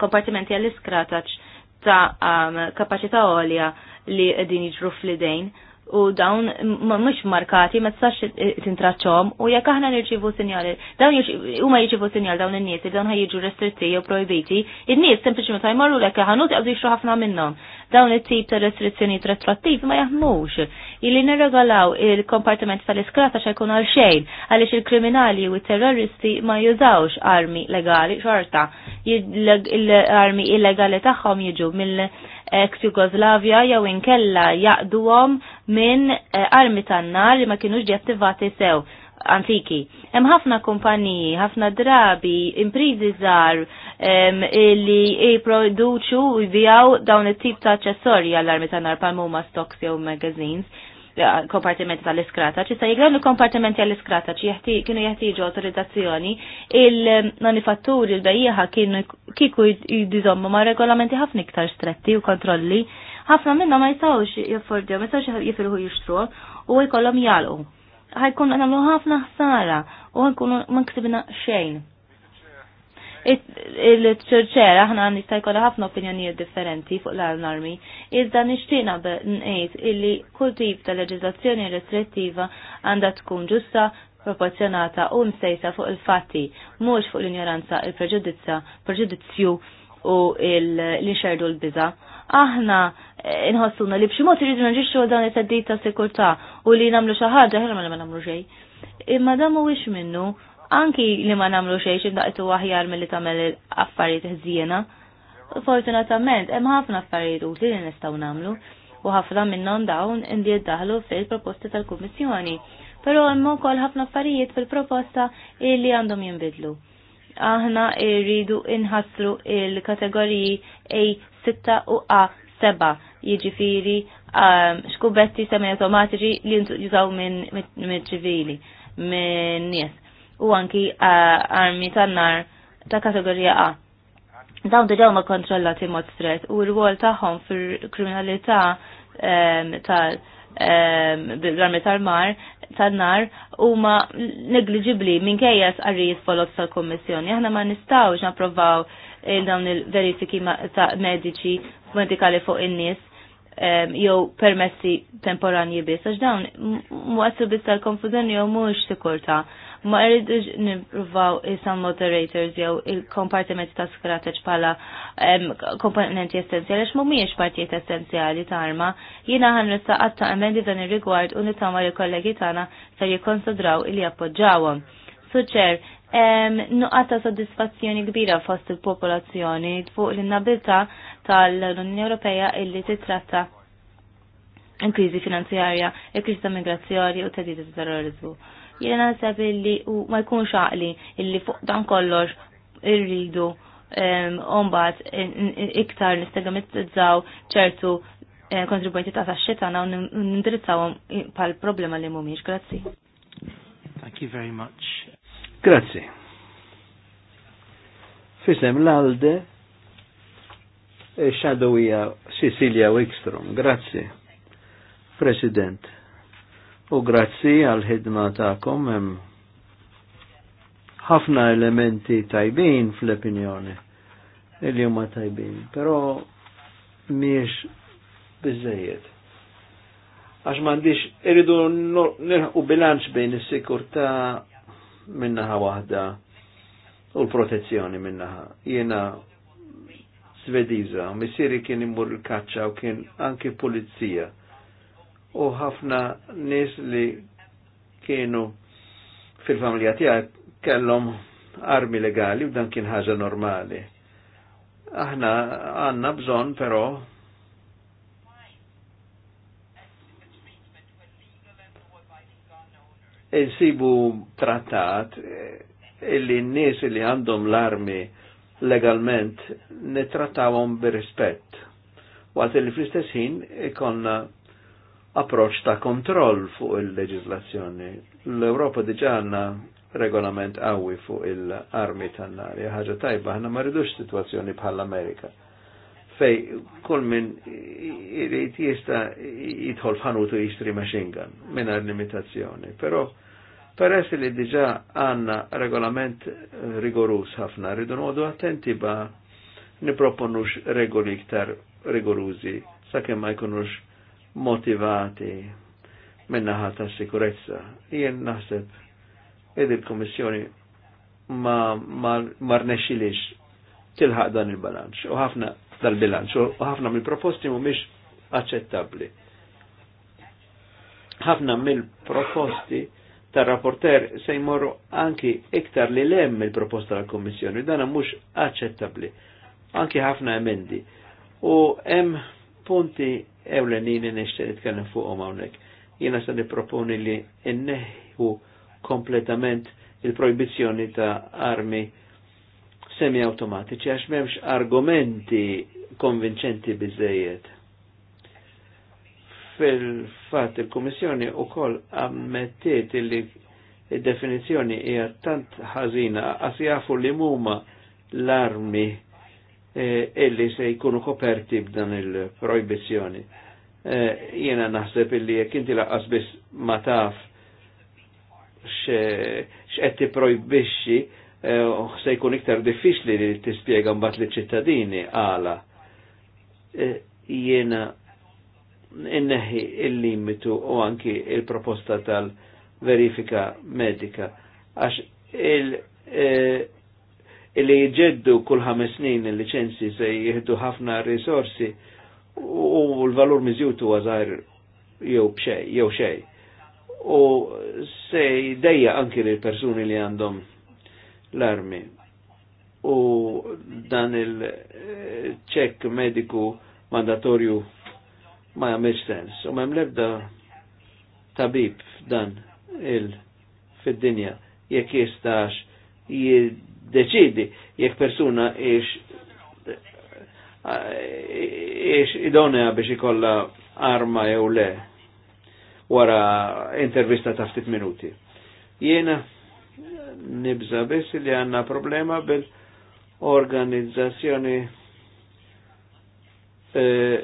kompartimenti għall-iskrataċ ta' um, kapaċità għolja li qegħdin jiġru fl-idejn u dawn mhux markati ma tistax tintraċċhom u jekk aħna nirċivu sinjali dawn huma jirċivu sinjal dawn in-nies li dawn jiġu restritti jew projbiti, in-nies sempliċement ħajmorru lek ħanut jaqbdu jixru ħafna minnhom. Dawn it-tip ta' restrizzjoni retroattivi ma jaħmux. Illi nirregolaw il-kompartiment tal-iskrata xa jkun għal xejn għaliex il-kriminali u terroristi ma jużawx armi legali xorta. Il-armi illegali tagħhom jiġu mill ex Jugoslavia jew inkella jaqduhom minn eh, armi tan-nar li ma kienux deattivati sew antiki. Hemm ħafna kumpaniji, ħafna drabi, imprizi żgħar li jipproduċu u jbijaw dawn it-tip ta' aċessorji għall-armi tan-nar pal huma stocks jew magazines eh, kompartimenti tal-iskrata, ċista jgħamlu kompartimenti għall-iskrata, ċi kienu jħtiġu autorizzazzjoni, il-manifatturi, il-bejjeħa kienu kiku jidizommu ma' regolamenti ħafna iktar stretti u kontrolli ħafna minna ma jistawx jaffordja, ma jistawx jifirħu jishtru u jkollhom jalqu. Ħajkun nagħmlu ħafna ħsara u ħajkun ma nksibna xejn. Il-ċerċera ħna nista' jkollha ħafna opinjonijiet differenti fuq l-armi, iżda nixtieqna ngħid illi kull tip ta' leġiżlazzjoni restrittiva għandha tkun ġusta, proporzjonata u msejsa fuq il-fatti, mhux fuq l-ignoranza, il-preġudizza, preġudizzju u l-inxerdu l-biża' aħna inħossuna li b'xi mod iridu naġixxu dan it taddit ta' sikurtà u li nagħmlu xi ħaġa ħra ma nagħmlu xejn. Imma u mhuwiex minnu anki li ma nagħmlu xejn xindaqtu aħjar milli tagħmel affarijiet ħżiena. Fortunatament hemm ħafna affarijiet utli li nistgħu nagħmlu u ħafna minnhom dawn indi jiddaħlu fil-proposti tal-Kummissjoni. Però hemm ukoll ħafna affarijiet fil-proposta li għandhom jinbidlu aħna irridu inħasslu il-kategoriji A6 u A7 jiġifiri um, xkubetti semi automatiċi li jużaw minn ċivili minn nies u anki uh, armi tan-nar ta' kategorija A. Dawn diġa ma kontrollati mod stret u r-rwol tagħhom fil-kriminalità um, tal-armi um, tal-mar tan-nar huma negliġibbli minkejja sqarrijiet follows tal-Kummissjoni. Aħna ma nistgħux napprovaw eh, dawn il-verifiki ta' mediċi medikali fuq in-nies eh, jew permessi temporanji biss għax dawn mwassu biss tal-konfużjoni jew mhux sikurta ma rridux nipruvaw isa moderators jew il-kompartiment ta' skrateġ pala komponenti essenzjali għax mumiex partijiet essenzjali ta' arma. Jina ħan nista' għatta emendi dan ir-rigward u nitama li kollegi tagħna ser jikkonsidraw il jappoġġawhom. Suċer, ta' soddisfazzjoni kbira fost il-popolazzjoni fuq l-innabilta tal-Unjoni Ewropea illi titratta il-krizi finanzjarja, il-krizi ta' migrazzjoni u tedid ta' terrorizmu. Jiena naħseb illi u ma jkunx għaqli illi fuq dan kollox irridu umbat iktar nistegamitizzaw ċertu eh, kontribuenti ta' taxxi u nindirizzawhom bħal problema li mhumiex. Grazzi. Thank you very much. Grazzi. Fisem l-alde xadowija eh, Cecilia Wikstrom. Grazzi. President u grazzi għal-ħidma ta'kom hemm ħafna elementi tajbin fl-opinjoni li huma tajbin, però miex biżejjed. Għax m'għandix iridu nirħu bilanċ bejn is-sikurtà minnaħa waħda u l-protezzjoni minnaħa. Jiena Svediża, missieri kien imur il-kaċċa u kien anki pulizija u ħafna nis li kienu fil-familja tiegħek kellom armi legali u dan kien ħaġa normali. Aħna għanna bżon pero insibu trattat illi n-nies illi għandhom l-armi legalment nitrattawhom bir-rispett. Waqt li fl-istess ħin ikonna e approċ ta' kontroll fuq il-leġislazzjoni. L-Europa diġanna regolament qawwi fuq il-armi tan-nari, ħaġa tajba, ħna ma situazzjoni bħall-Amerika. Fej, kull min irrit jista jidħol f'ħanutu jistri maċingan gun, minna limitazzjoni. Pero, peress li diġa għanna regolament rigorus ħafna, rridu nodu attenti ba niproponux regoli iktar rigorużi, sakemm ma jkunux motivati minnaħa ta' sikurezza. Jien naħseb id il-Komissjoni ma, ma, ma tilħaq dan il-bilanċ u ħafna dal-bilanċ u ħafna mill-proposti mhumiex aċċettabbli. Ħafna mill-proposti tar rapporter se jmorru anki iktar li lem il-proposta tal-Kommissjoni, dan mhux aċċettabbli. Anki ħafna emendi. U hemm punti ewlenini nishtiq nitkellem fuqhom hawnhekk. Jiena se nipproponi li inneħu kompletament il-projbizzjoni ta' armi semi-automatiċi għax memx argumenti konvinċenti bizzejiet. Fil-fat il-Komissjoni u koll ammettiet li il-definizjoni hija tant ħażina għas jafu li muma l-armi E, illi se jkunu koperti b'dan il projbizzjoni e, Jena naħseb illi jek inti laqqas biss ma taf x'qed tipprojbixxi e, se jkun iktar diffiċli li tispjega mbagħad liċ ċittadini għala. Jena inneħi il-limitu u anki il-proposta tal-verifika medika għax li jġeddu kull ħames snin il-licenzi se jihdu ħafna risorsi u l-valur miżjutu għazar jew bxej, jew xej. U se jdejja anki li persuni li għandhom l-armi. U dan il-ċek eh, mediku mandatorju ma jamilx sens. U mem lebda tabib dan il-fid-dinja jekk jistax deċidi jekk persuna ix ix idonea biex ikolla arma jew le wara intervista ta' ftit minuti. Jiena nibza biss li għanna problema bil-organizzazzjoni eh,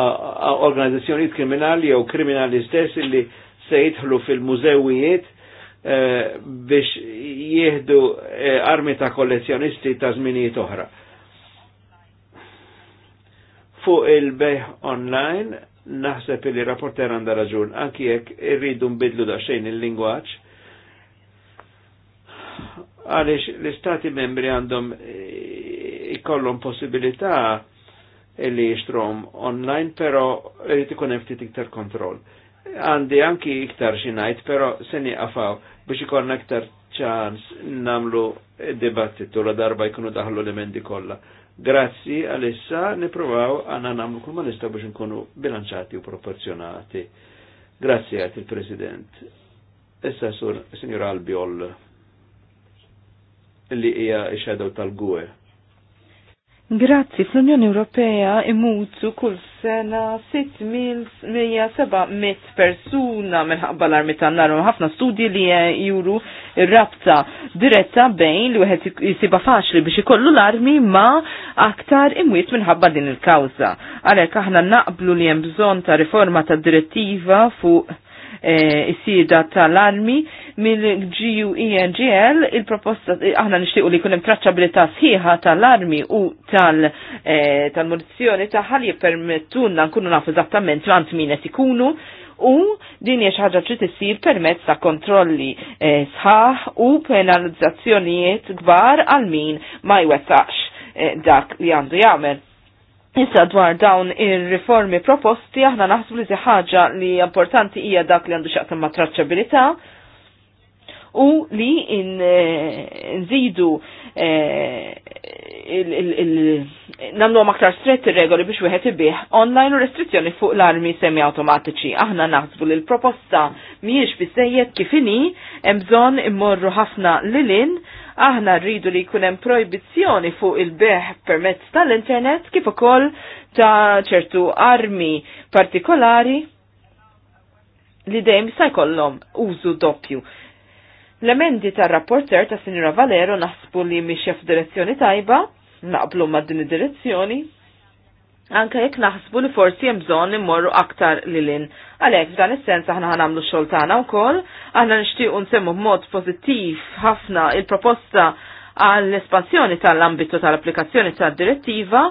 organizzazzjoni kriminali jew kriminali stessi li se jidħlu fil-mużewijiet Eh, biex jieħdu eh, armi ta' kollezzjonisti ta' żminijiet oħra. Fuq il-beħ online naħseb li rapporter għanda raġun, anki jekk irridu nbidlu daqsxejn il-lingwaġġ, għaliex l-istati membri għandhom eh, ikollhom possibilità li jishtrom online, però rrid ikun hemm ftit iktar kontroll għandi anki iktar xinajt, pero seni għafaw biex ikonna iktar ċans namlu dibattitu la darba jkunu daħlu l-emendi kolla. Grazzi għalissa niprovaw għanna namlu kull ma biex nkunu bilanċati u proporzjonati. Grazzi għat il-President. Issa sur Signor Albiol li hija ix-shadow tal-Gwe. Grazzi, fl-Unjoni Ewropea imutu kull sena 600 persuna minħabba l-armi ta' nar ħafna studji li juru rabta diretta bejn li wieħed jisiba faċli biex ikollu l-armi ma aktar imwiet minħabba din il-kawża. Għalhekk aħna naqblu li hemm bżonn ta' riforma ta' direttiva fuq E, is-sida tal-armi mill-GUENGL il-proposta e, aħna nixtiequ li jkun hemm traċċabilità sħiħa tal-armi u e, tal-munizzjoni ta' li jippermettunna nkunu nafu eżattament għand min qed ikunu u din hija xi ħaġa trid issir permezz ta' kontrolli sħaħ u penalizzazzjonijiet kbar għal min ma jwettaqx dak li għandu jagħmel Issa dwar dawn ir-riformi proposti aħna naħsbu li ħaġa li importanti hija dak li għandu xaqta ma' traċċabilità u li eh, nżidu eh, namlu ma' stretti regoli biex wieħed ibih online u restrizzjoni fuq l-armi semi automatiċi. Aħna naħsbu li l-proposta mhijiex biżejjed kif inhi hemm bżonn immorru ħafna lilin aħna rridu li jkun hemm fuq il-beħ permezz tal-internet kif ukoll ta' ċertu armi partikolari li dejjem se jkollhom użu doppju. L-emendi tar-rapporter ta' Sinjora Valero naħsbu li mhix f'direzzjoni tajba, naqblu ma' din id-direzzjoni, anka jekk naħsbu li forsi hemm bżonn immorru aktar lilin. Għalhekk f'dan is-sens aħna ħanamlu xogħol tagħna wkoll, aħna nixtiequ nsemmu b'mod pożittiv ħafna il-proposta għall-espansjoni tal-ambitu tal-applikazzjoni tad-direttiva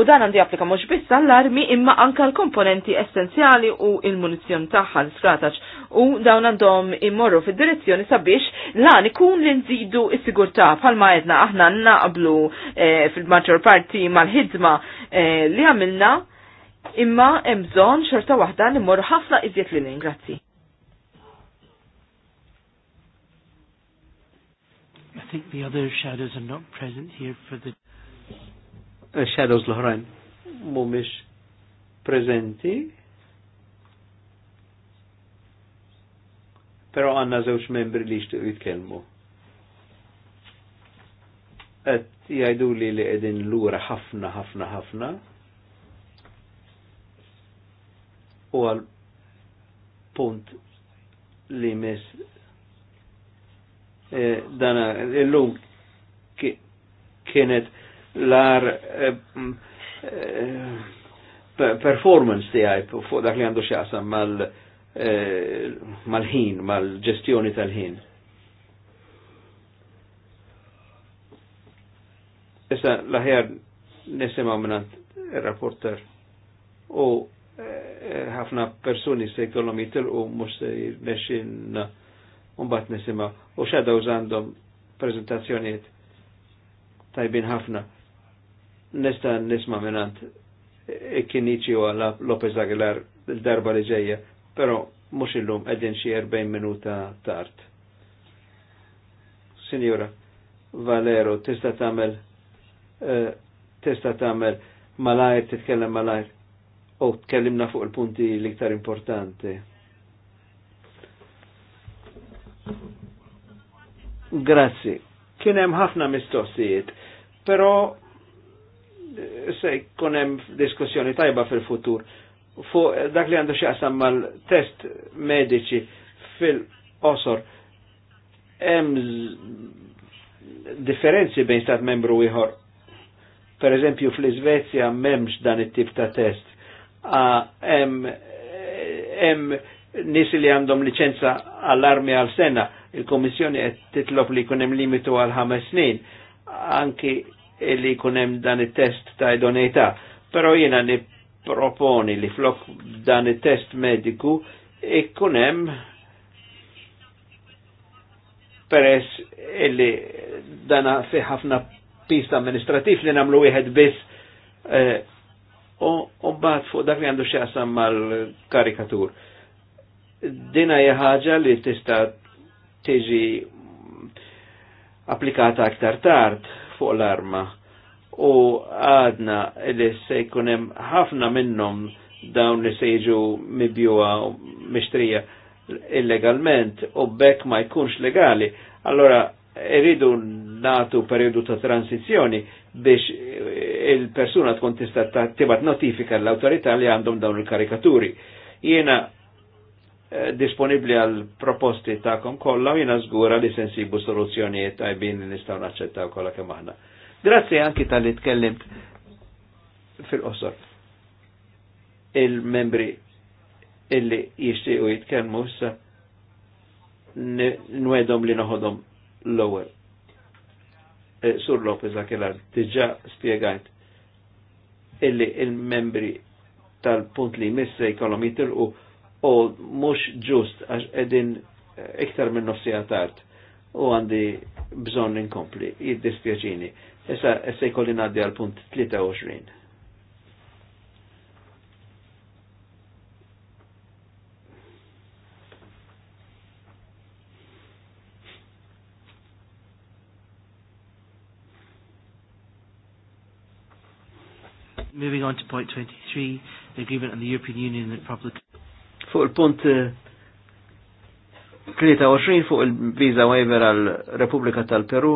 u dan għandi applika mhux biss għall-armi imma anka l-komponenti essenzjali u il-munizzjoni tagħha l-skrataċ u dawn għandhom immorru fid-direzzjoni sabiex lan ikun li nżidu s sigurta bħalma edna aħna naqblu eh, fil-maġġor parti mal-ħidma eh, li għamilna imma hemm bżonn xorta waħda li mmorru ħafna iżjed lil ingrazzi. think the other shadows are not present here for the... uh Shadows l-ħrajn mumiex prezenti. Pero għanna zewċ membri li xtiq jitkelmu. Et jajdu li li edin l-ura ħafna, ħafna, ħafna. U għal punt li mis Eh, dana l-lum kienet l-ar eh, mm, eh, performance ti għaj fuq dak li għandu xaqsa mal-ħin, mal-ġestjoni tal-ħin. Issa l-aħjar nisimaw minnant il-rapporter u ħafna personi se jkollhom jitilqu mux se nexxinna Umbat nisima u xada għandhom prezentazzjoniet tajbin ħafna. Nista nisma minant ikkiniċi u għalla Lopez Aguilar il-darba li ġeja, pero mux illum għedin xie 40 minuta tard. Signora Valero, tista tamel, uh, eh, tista tamel malajr, titkellem malajr, u tkellimna fuq il-punti l-iktar importanti. Grazzi. Kien hemm ħafna mistoqsijiet, però eh, se jkun hemm diskussjoni tajba fil-futur fuq eh, dak li għandu xaqsam mal-test mediċi fil-osor. Hemm differenzi bejn stat membru ieħor. Per eżempju fl-Iżvezja m'hemmx dan it-tip ta' test. Hemm eh, nisi li għandhom licenza għall-armi għal sena il-Komissjoni qed titlob li jkun hemm limitu għal ħames snin, anki li jkun hemm dan it-test ta' idoneità. Però jiena nipproponi li flok dan it-test mediku ikun hemm peress illi dana fi ħafna pista amministrativ li namlu wieħed biss eh, u u mbagħad fuq dak li għandu xi mal-karikatur. Dina hija ħaġa li tista' teġi applikata aktar tard fuq l-arma u għadna li se jkunem ħafna minnhom dawn li se jiġu mibjuwa u mishtrija illegalment u bekk ma jkunx legali, allora iridu natu periodu ta' transizjoni biex il-persuna tkun tista' tibat notifika l-autorità li għandhom dawn il-karikaturi. Jiena Eh, disponibli għal proposti ta'kom kollha u jina żgura li sensibu soluzzjonijiet tajbin li nistgħu naċċettaw kollha kemm aħna. Grazzi anki tal-li tkellimt fil-qosor. Il-membri illi jixtiequ jitkellmu issa nwedhom li noħodhom l-ewwel. Eh, Sur Lopez Akelar diġà spjegajt illi il-membri tal-punt li missa jkollhom jitilqu u mux ġust għax edin eh, iktar minn nofsija tard u għandi bżon inkompli, jiddispjaċini. Issa issa jkolli ngħaddi għal punt 23. Moving on to point 23, the agreement on the European Union and the Republic fuq il-punt 23 eh, fuq il-visa waiver għal Repubblika tal-Peru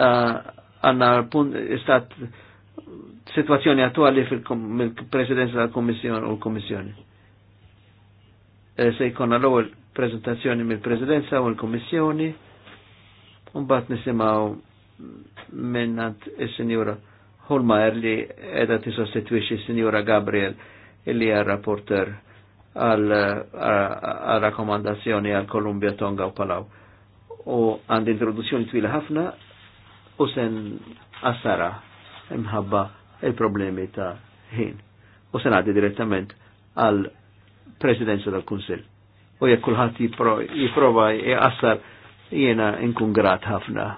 ah, għanna punt istat situazzjoni attuali fil-presidenza tal-Kommissjoni u l-Kommissjoni. Eh, se jkonna l-ewwel prezentazzjoni mill-Presidenza u l-Kommissjoni, un bat nisimaw minnant il-Sinjura Holmaer li edha tisostitwixi il senjura Gabriel illi għal rapporter għal rakomandazzjoni għal Kolumbia, Tonga u Palau. U għand introduzzjoni twila ħafna u sen għassara imħabba il-problemi ta' ħin. U sen għaddi direttament għal presidenza tal-Kunsil. U jek kullħat jiprova jgħassar jiena inkun grat ħafna.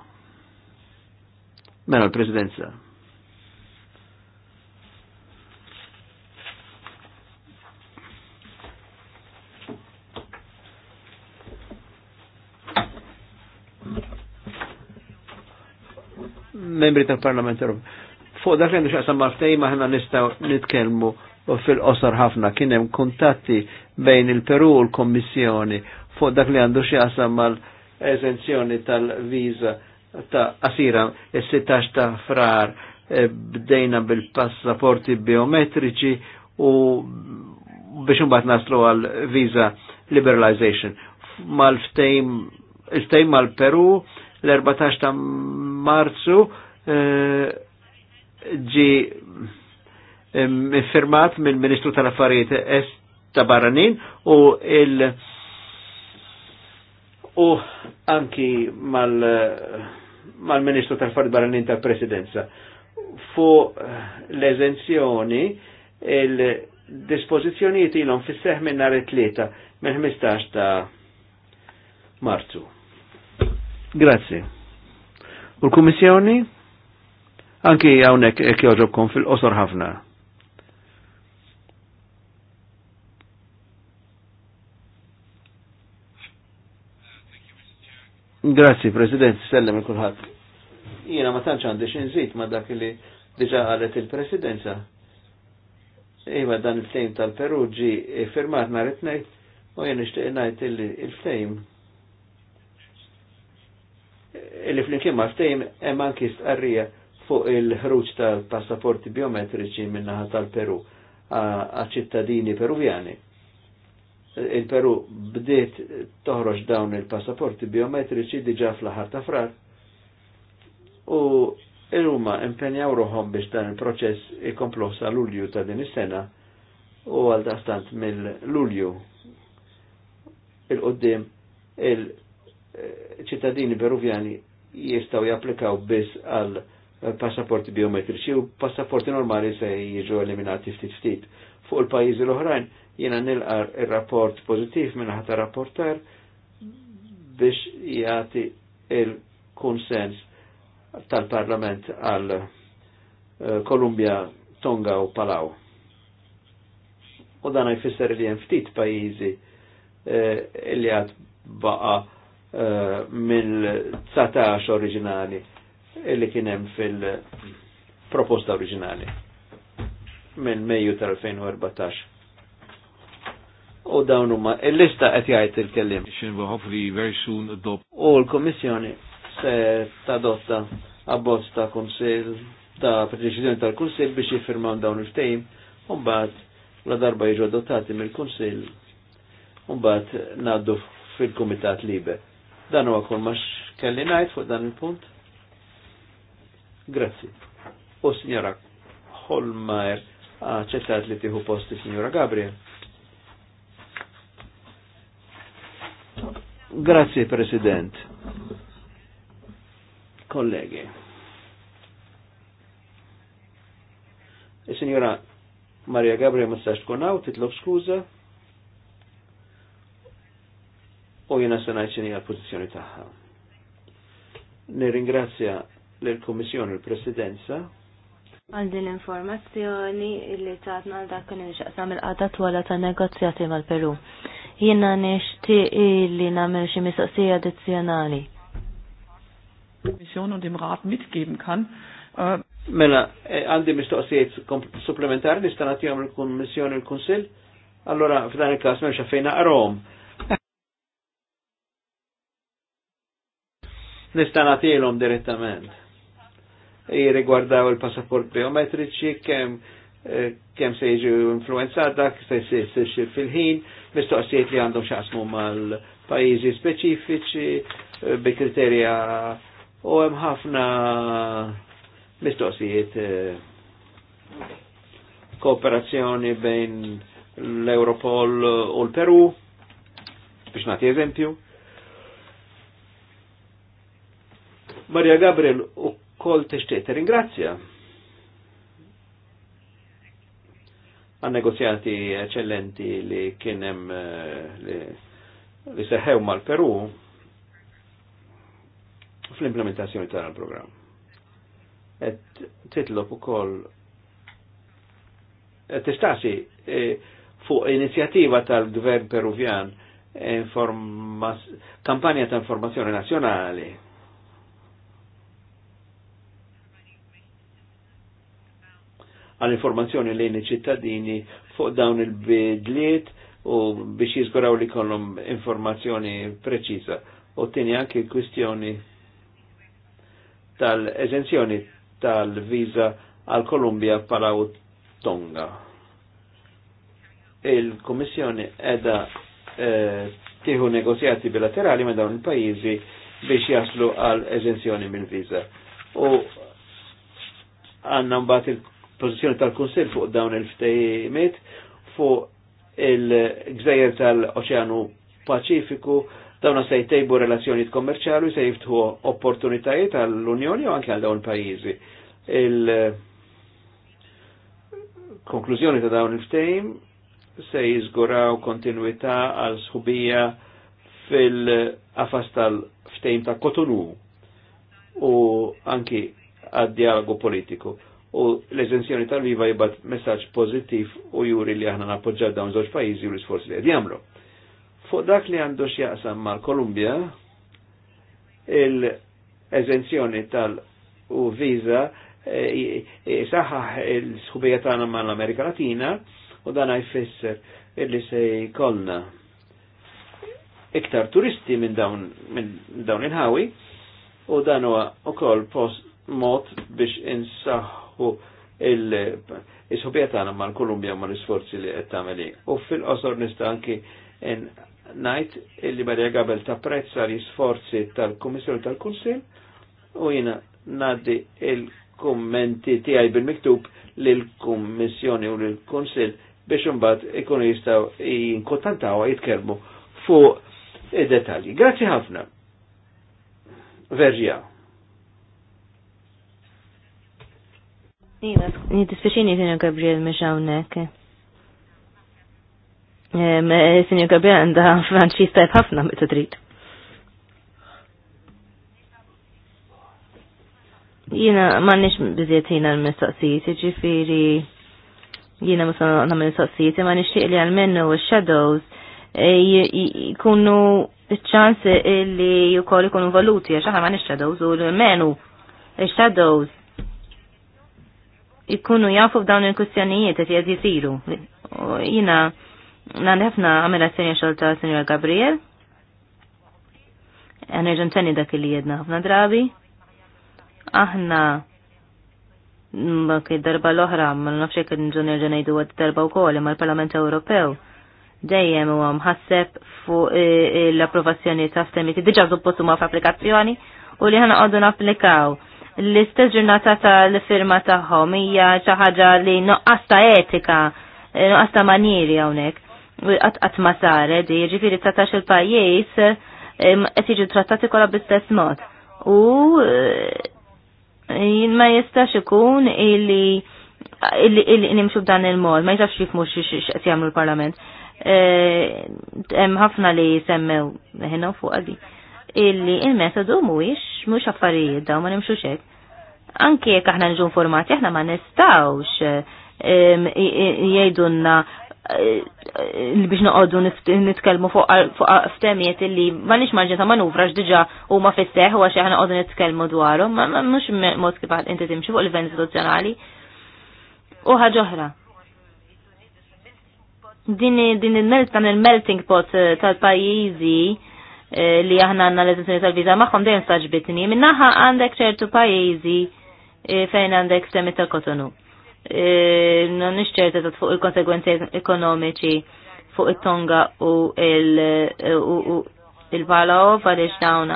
Mena l-presidenza. membri tal-Parlament Ewropew. Fuq dak li għandu xaqsam mal-ftej maħna nistaw nitkelmu fil-qosor ħafna kien hemm kuntatti bejn il-Peru u l-Kommissjoni fuq dak li għandu xaqsam mal-eżenzjoni tal viza ta' asira is-16 ta' frar e, bdejna bil-passaporti biometriċi u biex imbagħad naslu għal visa liberalization. Mal-ftejm il-ftejm mal-Peru l-14 ta' Marzu Eh, ġi firmat mill-Ministru tal-Affarijiet Est Baranin u il- u anki mal-Ministru mal ministru tal affarijiet Barranin tal-Presidenza fu eh, l-eżenzjoni il-dispozizjonijiet ilhom fis-seħ minn nhar it-tlieta 15 ta' Marzu. Grazie. U l-Kummissjoni? Anki hawnhekk hekk joġobkom fil-qosor ħafna. Grazzi, President, sellem il-kulħadd. Jiena ma tantx għandix xinżid ma dak li diġa qalet il-Presidenza. Iva dan il fejm tal perugġi e firmat nhar it-tnejn u jien nixtieq ngħid il fejm il flimkien ma' fejm emman kist arrija fuq il-ħruġ tal-passaporti biometriċi minnaħa tal-Peru għal-ċittadini peruvjani. Il-Peru bdiet toħroġ dawn il-passaporti biometriċi diġa fl-ħar ta' frar u il-huma impenjaw ruħom biex dan il-proċess ikomplos għal lulju ta' din is-sena u għal dastant mill-lulju il-qoddim il-ċittadini peruvjani jistaw japplikaw biss għal passaporti biometriċi u passaporti normali se jiġu eliminati ftit ftit. Fuq il-pajjiżi l-oħrajn jiena nilqar ir-rapport pożittiv minn ħata rapporter biex jagħti il-kunsens tal-Parlament għal eh, Kolumbja, Tonga u Palau. U dan jfisser li hemm ftit pajjiżi eh, li għad baqa eh, mill-19 oriġinali li kienem fil-proposta oriġinali minn Mejju tal-2014. U dawn huma il-lista qed jgħid il-kellim. U l-Kommissjoni se tadotta abbozz ta' Kunsill ta' preċiżjoni tal kunsill biex jiffirmaw dawn il-ftehim u mbagħad la darba jiġu adottati mill kunsill u mbagħad ngħaddu fil-Kumitat Liber. Dan huwa kull ma xkelli ngħid fuq dan il-punt. Grazzi. U signora Holmajer ċettat li tiħu posti signora Gabriel. Grazzi, President. Kollegi. Il-Signora Maria Gabriel ma stax tkun hawn, titlob skuża. U jiena se ngħid x'inhi l-pożizzjoni tagħha. Nirringrazzja l-Komissjoni l-Presidenza għal din l-informazzjoni li tatna għal dak kien inxaqsam il qadat twala ta' negozjati mal-Peru. Jiena nixtieq li nagħmel xi mistoqsija addizzjonali. Kommission und dem Rat kan. Äh, mela, eh, għandi mistoqsijiet supplementari li stanati għam il l il-Konsil, allora f'dan il-kas memxa fejna għarom. Nistanati l-om direttament jirigwardaw il-passaport biometriċi, kem eh, kem se jiġu influenzata, dak se jisir fil-ħin, mistoqsijiet li għandhom xaqsmu mal-pajizi speċifiċi eh, bi kriterja u hemm ħafna mistoqsijiet eh, kooperazzjoni bejn l-Europol u l-Peru, biex nati eżempju. Maria Gabriel u t-ixtiq t ringrazzja għan negozjati eccellenti li kienem eh, li, li seħew mal-Peru fl-implementazzjoni tal-program. Et titlob u kol et istasi e, eh, inizjativa tal-gvern peruvjan eh, kampanja ta' informazzjoni nazjonali għall-informazzjoni lejn iċ-ċittadini fuq dawn il-bidliet u biex jizguraw li kollhom informazzjoni preċisa. U tini anki kwistjoni tal-eżenzjoni tal viza għal kolumbia pala Tonga. Il-Kommissjoni edha eh, negozjati bilaterali ma' dawn il-pajjiżi biex jaslu għal eżenzjoni mill viza U għanna mbagħad pozizjoni tal konsil fuq dawn il-ftehimiet fuq il-gżejjer tal-Oċeanu Paċifiku dawna se jtejbu relazzjonijiet kommerċjali se jiftħu opportunitajiet għall-Unjoni u anke għal dawn pajjiżi. Il-konklużjoni ta' dawn il-ftehim se jizguraw kontinuità għal sħubija fil afas tal-ftejm ta' Kotonu u anki għad-dialogu politiku u l-eżenzjoni tal-viva jibat messaġġ pozittiv u juri li aħna napoġġa dawn żewġ pajjiżi u l-isforzi li qed jagħmlu. Fuq dak li għandu x'jaqsam mal-Kolumbja, l eżenzjoni tal-u viza e, e, saħħaħ il-sħubija tagħna mal-Amerika Latina u dan jfisser illi se jkollna iktar turisti minn dawn, min dawn il-ħawi u dan huwa ukoll post mod biex insaħħu nsaħħu il-sobija tagħna mal-Kolumbja ma l-isforzi li qed tagħmel U fil-qosor nista' anki ngħid li Marja Gabel tapprezza l-isforzi tal-Kummissjoni tal-Kunsill u jiena ngħaddi il-kummenti tiegħi bil-miktub lill-Kummissjoni u lill-Kunsill biex imbagħad ikunu jistgħu jinkontantaw jitkellmu fuq id-detalji. Grazzi ħafna. Verġja. Iva, jittispeċini sinjor Gabriel miex hawnhekk. Eh, sinjor Gabriel għandha Franċis tajb ħafna meta trid. Jiena m'għandniex biżiet ħin għall-mistoqsijiet, jiġifieri jiena ma nagħmel mistoqsijiet, ma nixtieq li għal-mennu u shadows eh, jkunu ċans li jukoll ikunu valuti, għax aħna ma shadows u l-menu shadows ikunu jafu f'dawn il-kustjonijiet qed jgħid jisiru. Jina, nan ħafna għamela s-senja xogħol s Senjor Gabriel. Nerġa' ntenni dak li jedna ħafna drabi. Aħna dak darba l-oħra, ma nafx jekk nġu nerġa' ngħidu għad darba wkoll ma l-Parlament Ewropew dejjem għam ħasseb fuq eh, l-approvazzjoni ta' stemmiti diġà ma' f f'applikazzjoni u li ħana qogħdu napplikaw l-istess ġurnata tal-firma tagħhom hija xi ħaġa li noqqas ta' etika, noqqas ta' manieri hawnhekk. Qatt ma saret, jiġifieri tatax il-pajjiż qed jiġu trattati kollha bl-istess mod. U eh, ma jistax ikun illi illi nimxu b'dan il-mod, ma jistax mhux x'qed jagħmlu l-Parlament. Eh, hemm ħafna li semmew ħinhom fuq għadi illi il-metodu mhuwiex mhux affarijiet daw ma nimxux hekk. Anke jek aħna nġu formati aħna ma nistgħux jgħidulna eh, li biex noqogħdu nitkellmu fuq ftemiet illi m'għandix marġin ta' manuvra x'diġà huma fisseħ u għax aħna qogħdu nitkellmu dwarhom, mhux mod kif inti timxi fuq l-event istituzzjonali. U ħaġa oħra. Din din il-melting pot eh, tal-pajjiżi Eh, li aħna għanna l-eżenzjoni tal-viza maħħom dejjem saġbitni, Minnaħa għandek ċertu pajjiżi eh, fejn għandek semmi ta' kotonu eh, Non nixċerta fuq il-konsegwenzi ekonomiċi fuq il tonga u il palau għaliex dawn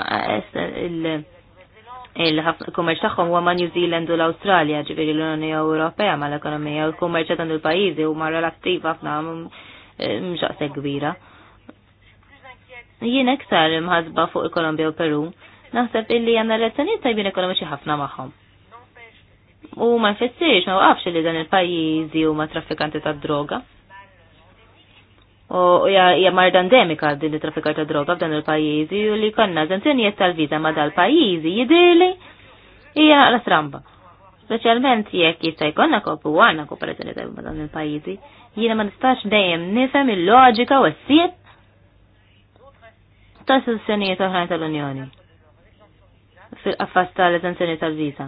il-kummerċ tagħhom huwa ma' New Zealand u l-Awstralja, ġifieri l-Unjoni Ewropea mal-ekonomija u l-kummerċ ta' il pajjiżi huma relattiv ħafna mxaqse mm, kbira. Jien iktar imħazba fuq il-Kolombja u Peru, naħseb illi għanna relazzjonijiet tajbin ekonomiċi ħafna magħhom. U ma nfissirx, ma waqafx li dan il-pajjiżi huma traffikanti ta' droga. U hija marda endemika din li traffikar ta' droga f'dan il-pajjiżi u li konna żentinijiet tal-viża ma dal-pajjiżi jidili hija la tramba. Speċjalment jekk jista' jkollna kopu għandna kooperazzjoni tajba ma' dan il-pajjiżi, jiena ma nistax dejjem nifhem il-loġika u s-siet ta' istituzzjonijiet oħra tal-Unjoni fil-qaffas tal-eżenzjoni tal-viża.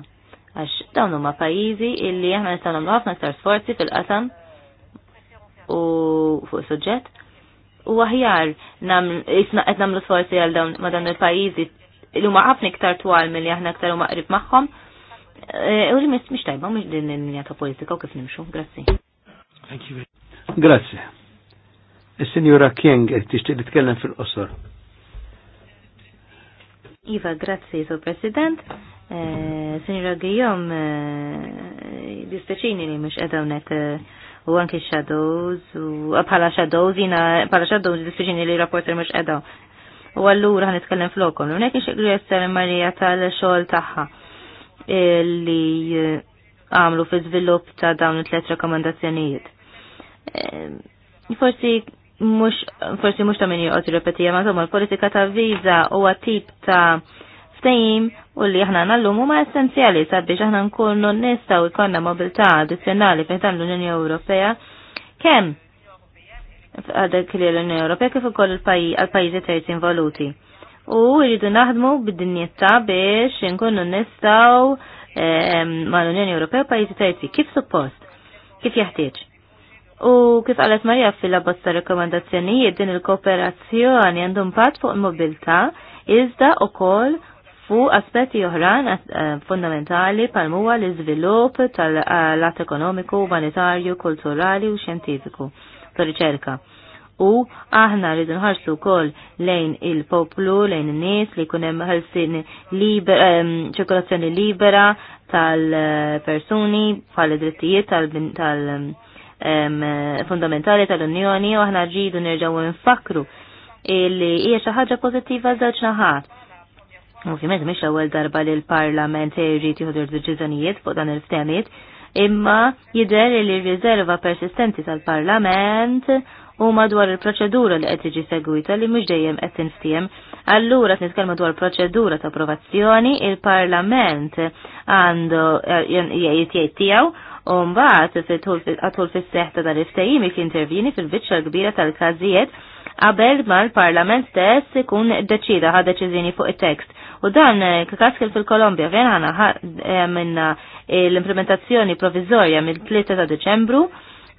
Għax dawn huma pajjiżi illi aħna nistgħu nagħmlu ħafna iktar sforzi fil-qasam u fuq suġġett. U aħjar qed nagħmlu sforzi għal dawn ma' dawn il-pajjiżi li huma ħafna iktar twal milli aħna iktar huma qrib magħhom. E, u li mhix tajba mhux din linja ta' politika u kif nimxu. Grazzi. Grazzi. Is-Sinjura e, qed tixtieq titkellem fil-qosor. Iva, grazzi, so President. Eh, Gijom, eh, dispeċini li mux edawnek eh, u anki shadows, u eh, bħala shadows, jina bħala shadows dispeċini li rapporter mux edaw. U għallura għan itkellem flokom, u nek nxegri Marija tal-xol taħħa li eh, eh, għamlu fi zvilup ta' dawn it-tlet rekomendazzjonijiet. Forsi mux, forsi mux ta' minni għot ripetija ma' tomma l-politika ta' viza u għatib ta' ftejim u li aħna nallum huma essenzjali sabiex aħna nkunu u ikonna mobilità addizzjonali fejn dan l-Unjoni Ewropea kemm għadek li l-Unjoni Ewropea kif ukoll għal-pajjiżi terzi involuti. U jridu naħdmu bid-dinjetta biex nkunu nistaw ehm, mal-Unjoni Ewropea pajjiżi terzi kif suppost, kif jeħtieġ U kif għalet Marja fil-abbozza rekomendazzjonijiet din il-kooperazzjoni għandu impatt fuq il-mobilità iżda ukoll fuq aspetti oħran eh, fundamentali palmuwa l iżvilupp tal-lat ekonomiku, umanitarju, kulturali u xjentifiku ta' riċerka. U aħna rridu nħarsu wkoll lejn il-poplu, lejn in-nies li jkun hemm ħelsin liber, ehm, ċirkolazzjoni libera tal-persuni, bħal drittijiet tal-, -tal, -tal fundamentali tal-Unjoni u aħna ġidu nerġgħu nfakru li hija xi ħaġa pożittiva żewġ naħat. Ovvjament mhix l-ewwel darba li l-Parlament jrid jieħu deċiżjonijiet fuq dan il-ftehmiet, imma jidher li r-riserva persistenti tal-Parlament u madwar il-proċedura li qed tiġi segwita li mhux dejjem qed tinftiem. Allura qed nitkellmu dwar proċedura ta' approvazzjoni, il-Parlament għandu eh, jgħid tiegħu u mbagħad fil-seħta fis-seħħ ta' dal-iftehim fil-biċċa kbira tal-każijiet qabel ma l-Parlament stess ikun deċida ħa deċiżjoni fuq it-tekst. U dan kaskel fil-Kolombja fejn għana eh, minna l-implementazzjoni provizorja mill-3 ta' Deċembru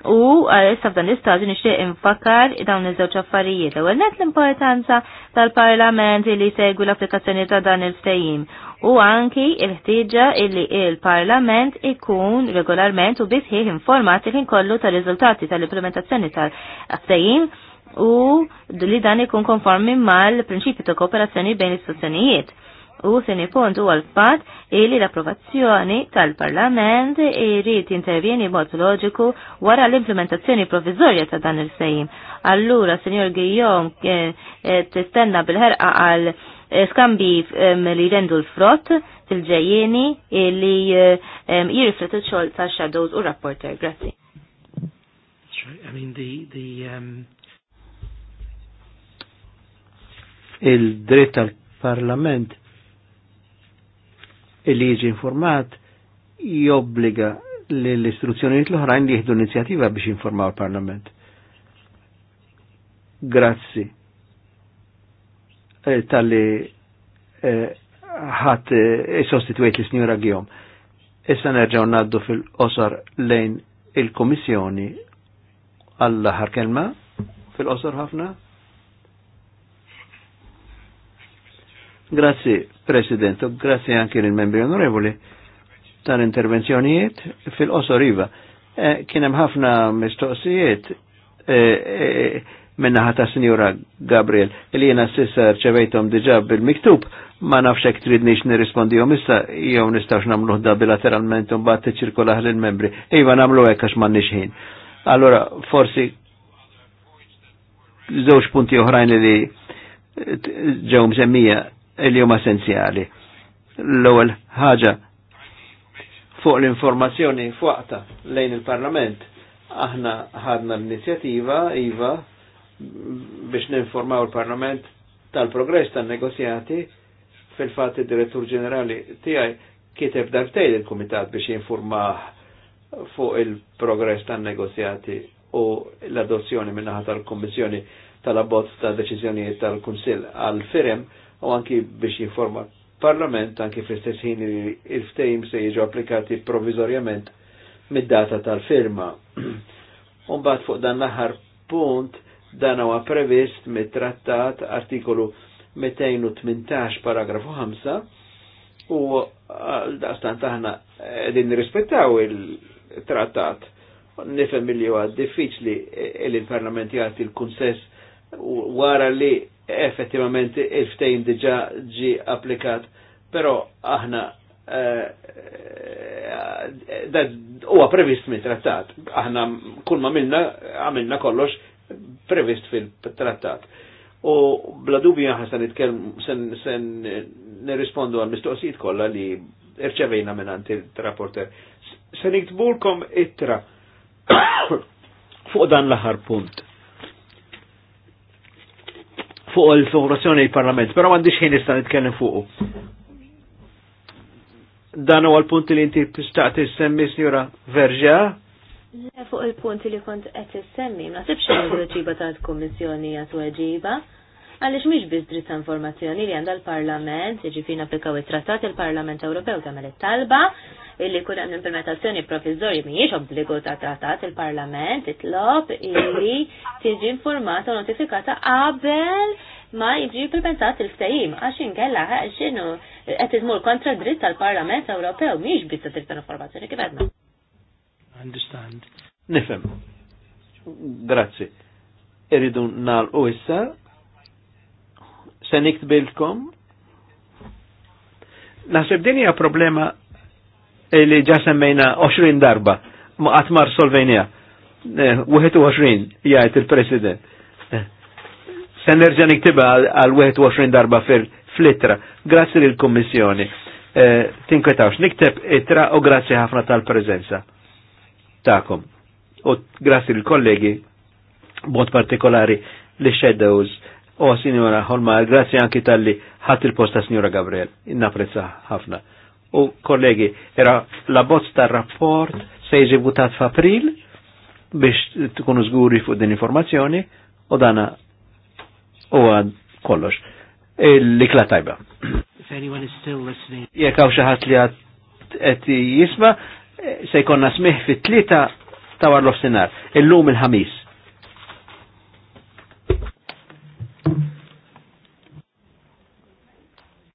U issa f'dan l-istadju nixtieq infakkar dawn iż-żewġ affarijiet. Ewwel net l-importanza tal-Parlament li segwi l-applikazzjoni ta' dan il-ftehim u anki il-ħtieġa illi il-Parlament ikun regolarment u bisħieħ informat il kollu tal-riżultati tal-implementazzjoni tal-ftehim u li dan ikun konformi mal-prinċipju ta' kooperazzjoni bejn istituzzjonijiet U t-tieni punt huwa l-fatt li l-approvazzjoni tal-Parlament irid intervjeni b'mod loġiku wara l-implementazzjoni provizorja ta' dan il-sejm. Allura, senjor Gijom, eh, eh, tistenna bil-ħerqa għal eh, skambi li rendu l-frott fil-ġejjeni jirriflet il xogħol ta' shadows u rapporter. Grazzi. Il-dritt tal-parlament li jiġi informat jobbliga li l-istruzzjonijiet l-oħrajn li jihdu inizjativa biex informaw il-Parlament. Grazzi e, tal-li eh, ħat e, eh, e, sostituiet li snjura Issa nerġaw naddu fil osar lejn il-Komissjoni għall-ħar kelma fil qosar ħafna. Grazzi, President, grazie anche anki il-membri onorevoli tal-intervenzjonijiet fil-qosor iva. Eh, Kienem ħafna mistoqsijiet e, eh, e, eh, minnaħat ta' Signora Gabriel, li jena sissa rċevejtom diġa bil-miktub, ma nafxek tridnix jom issa, jew nistax namluħ da bilateralment un bat ċirkolaħ l-membri. Iva namlu ekkax ma nixħin. Allora, forsi zewġ punti oħrajn li ġew mżemmija li huma essenzjali. L-ewwel ħaġa fuq l-informazzjoni fuqta lejn il-Parlament aħna ħadna l-inizjattiva iva biex ninformaw il-Parlament tal-progress tan-negozjati fil-fatt id-Direttur Ġenerali tiegħi kiteb darbtejn il-Kumitat biex jinformah fuq il-progress tan-negozjati u l-adozzjoni minnaħa tal-Kommissjoni tal-abbozz ta' deċiżjonijiet tal-Kunsill għal firem u anki biex jinforma parlament anki fl-istess ħin il-ftejm se jiġu applikati provizorjament mid-data tal-firma. Umbat fuq dan l-aħħar punt dan huwa previst mit-trattat artikolu 218 paragrafu 5 u għal-dastan taħna din nirrispettaw il-trattat. Nifem li huwa diffiċli li l-Parlament jagħti l-kunsess wara li effettivament il-ftejn diġa ġi applikat, pero aħna eh, eh, huwa previst mit trattat Aħna kull ma minna għamilna kollox previst fil-trattat. U bla dubju aħna se nirrispondu għal mistoqsijiet kollha li irċevejna minn il-rapporter. Se niktbulkom ittra fuq dan l-aħħar punt fuq il sovrazzjoni il-Parlament, pero għandix ħin nista' nitkellem fuq. Dan huwa l-punt li inti tistaqt issemmi Sinjura Verġa. Fuq il-punt li kont qed issemmi, ma sibx il ġiba tal kummissjoni għat weġiba għaliex mhix biss dritt ta' informazzjoni li għandha l-Parlament, jiġifieri applikaw it-Trattat il-Parlament Ewropew tagħmel it-talba illi kun hemm implementazzjoni provviżorji mhijiex obbligu ta' trattat il-Parlament it itlob illi tiġi informata u notifikata qabel ma jiġi implementat il-ftajim għax inkella għaxinu qed iżmur kontra dritt tal-Parlament Ewropew miex biss dritt ta' informazzjoni kibedna. Understand. Nifhem. Grazzi. Eridu nal issa se niktbilkom. Naħseb din hija problema li ġa semmejna 20 darba ma għatmar mar solvenija. 21 jgħid il-President. Se nerġa' niktiba għal 21 darba fil-flittra. Grazzi lill-Kummissjoni. Eh, tinkwetawx, nikteb itra u grazzi ħafna tal prezenza ta'kom. U grazzi lill-kollegi, bot partikolari li shadows O, Signora Holma, grazie anki tal-li ħat il-posta Signora Gabriel, innaprezza ħafna. U kollegi, era la bozz tal-rapport se jiġi f'April biex tkunu zguri fuq din informazzjoni u dana u kollox. l likla tajba. If anyone is still listening. Jek għaw xaħat li għat jisma, se jkonna smih fit-tlita tawar l-ofsinar, il-lum il-ħamis.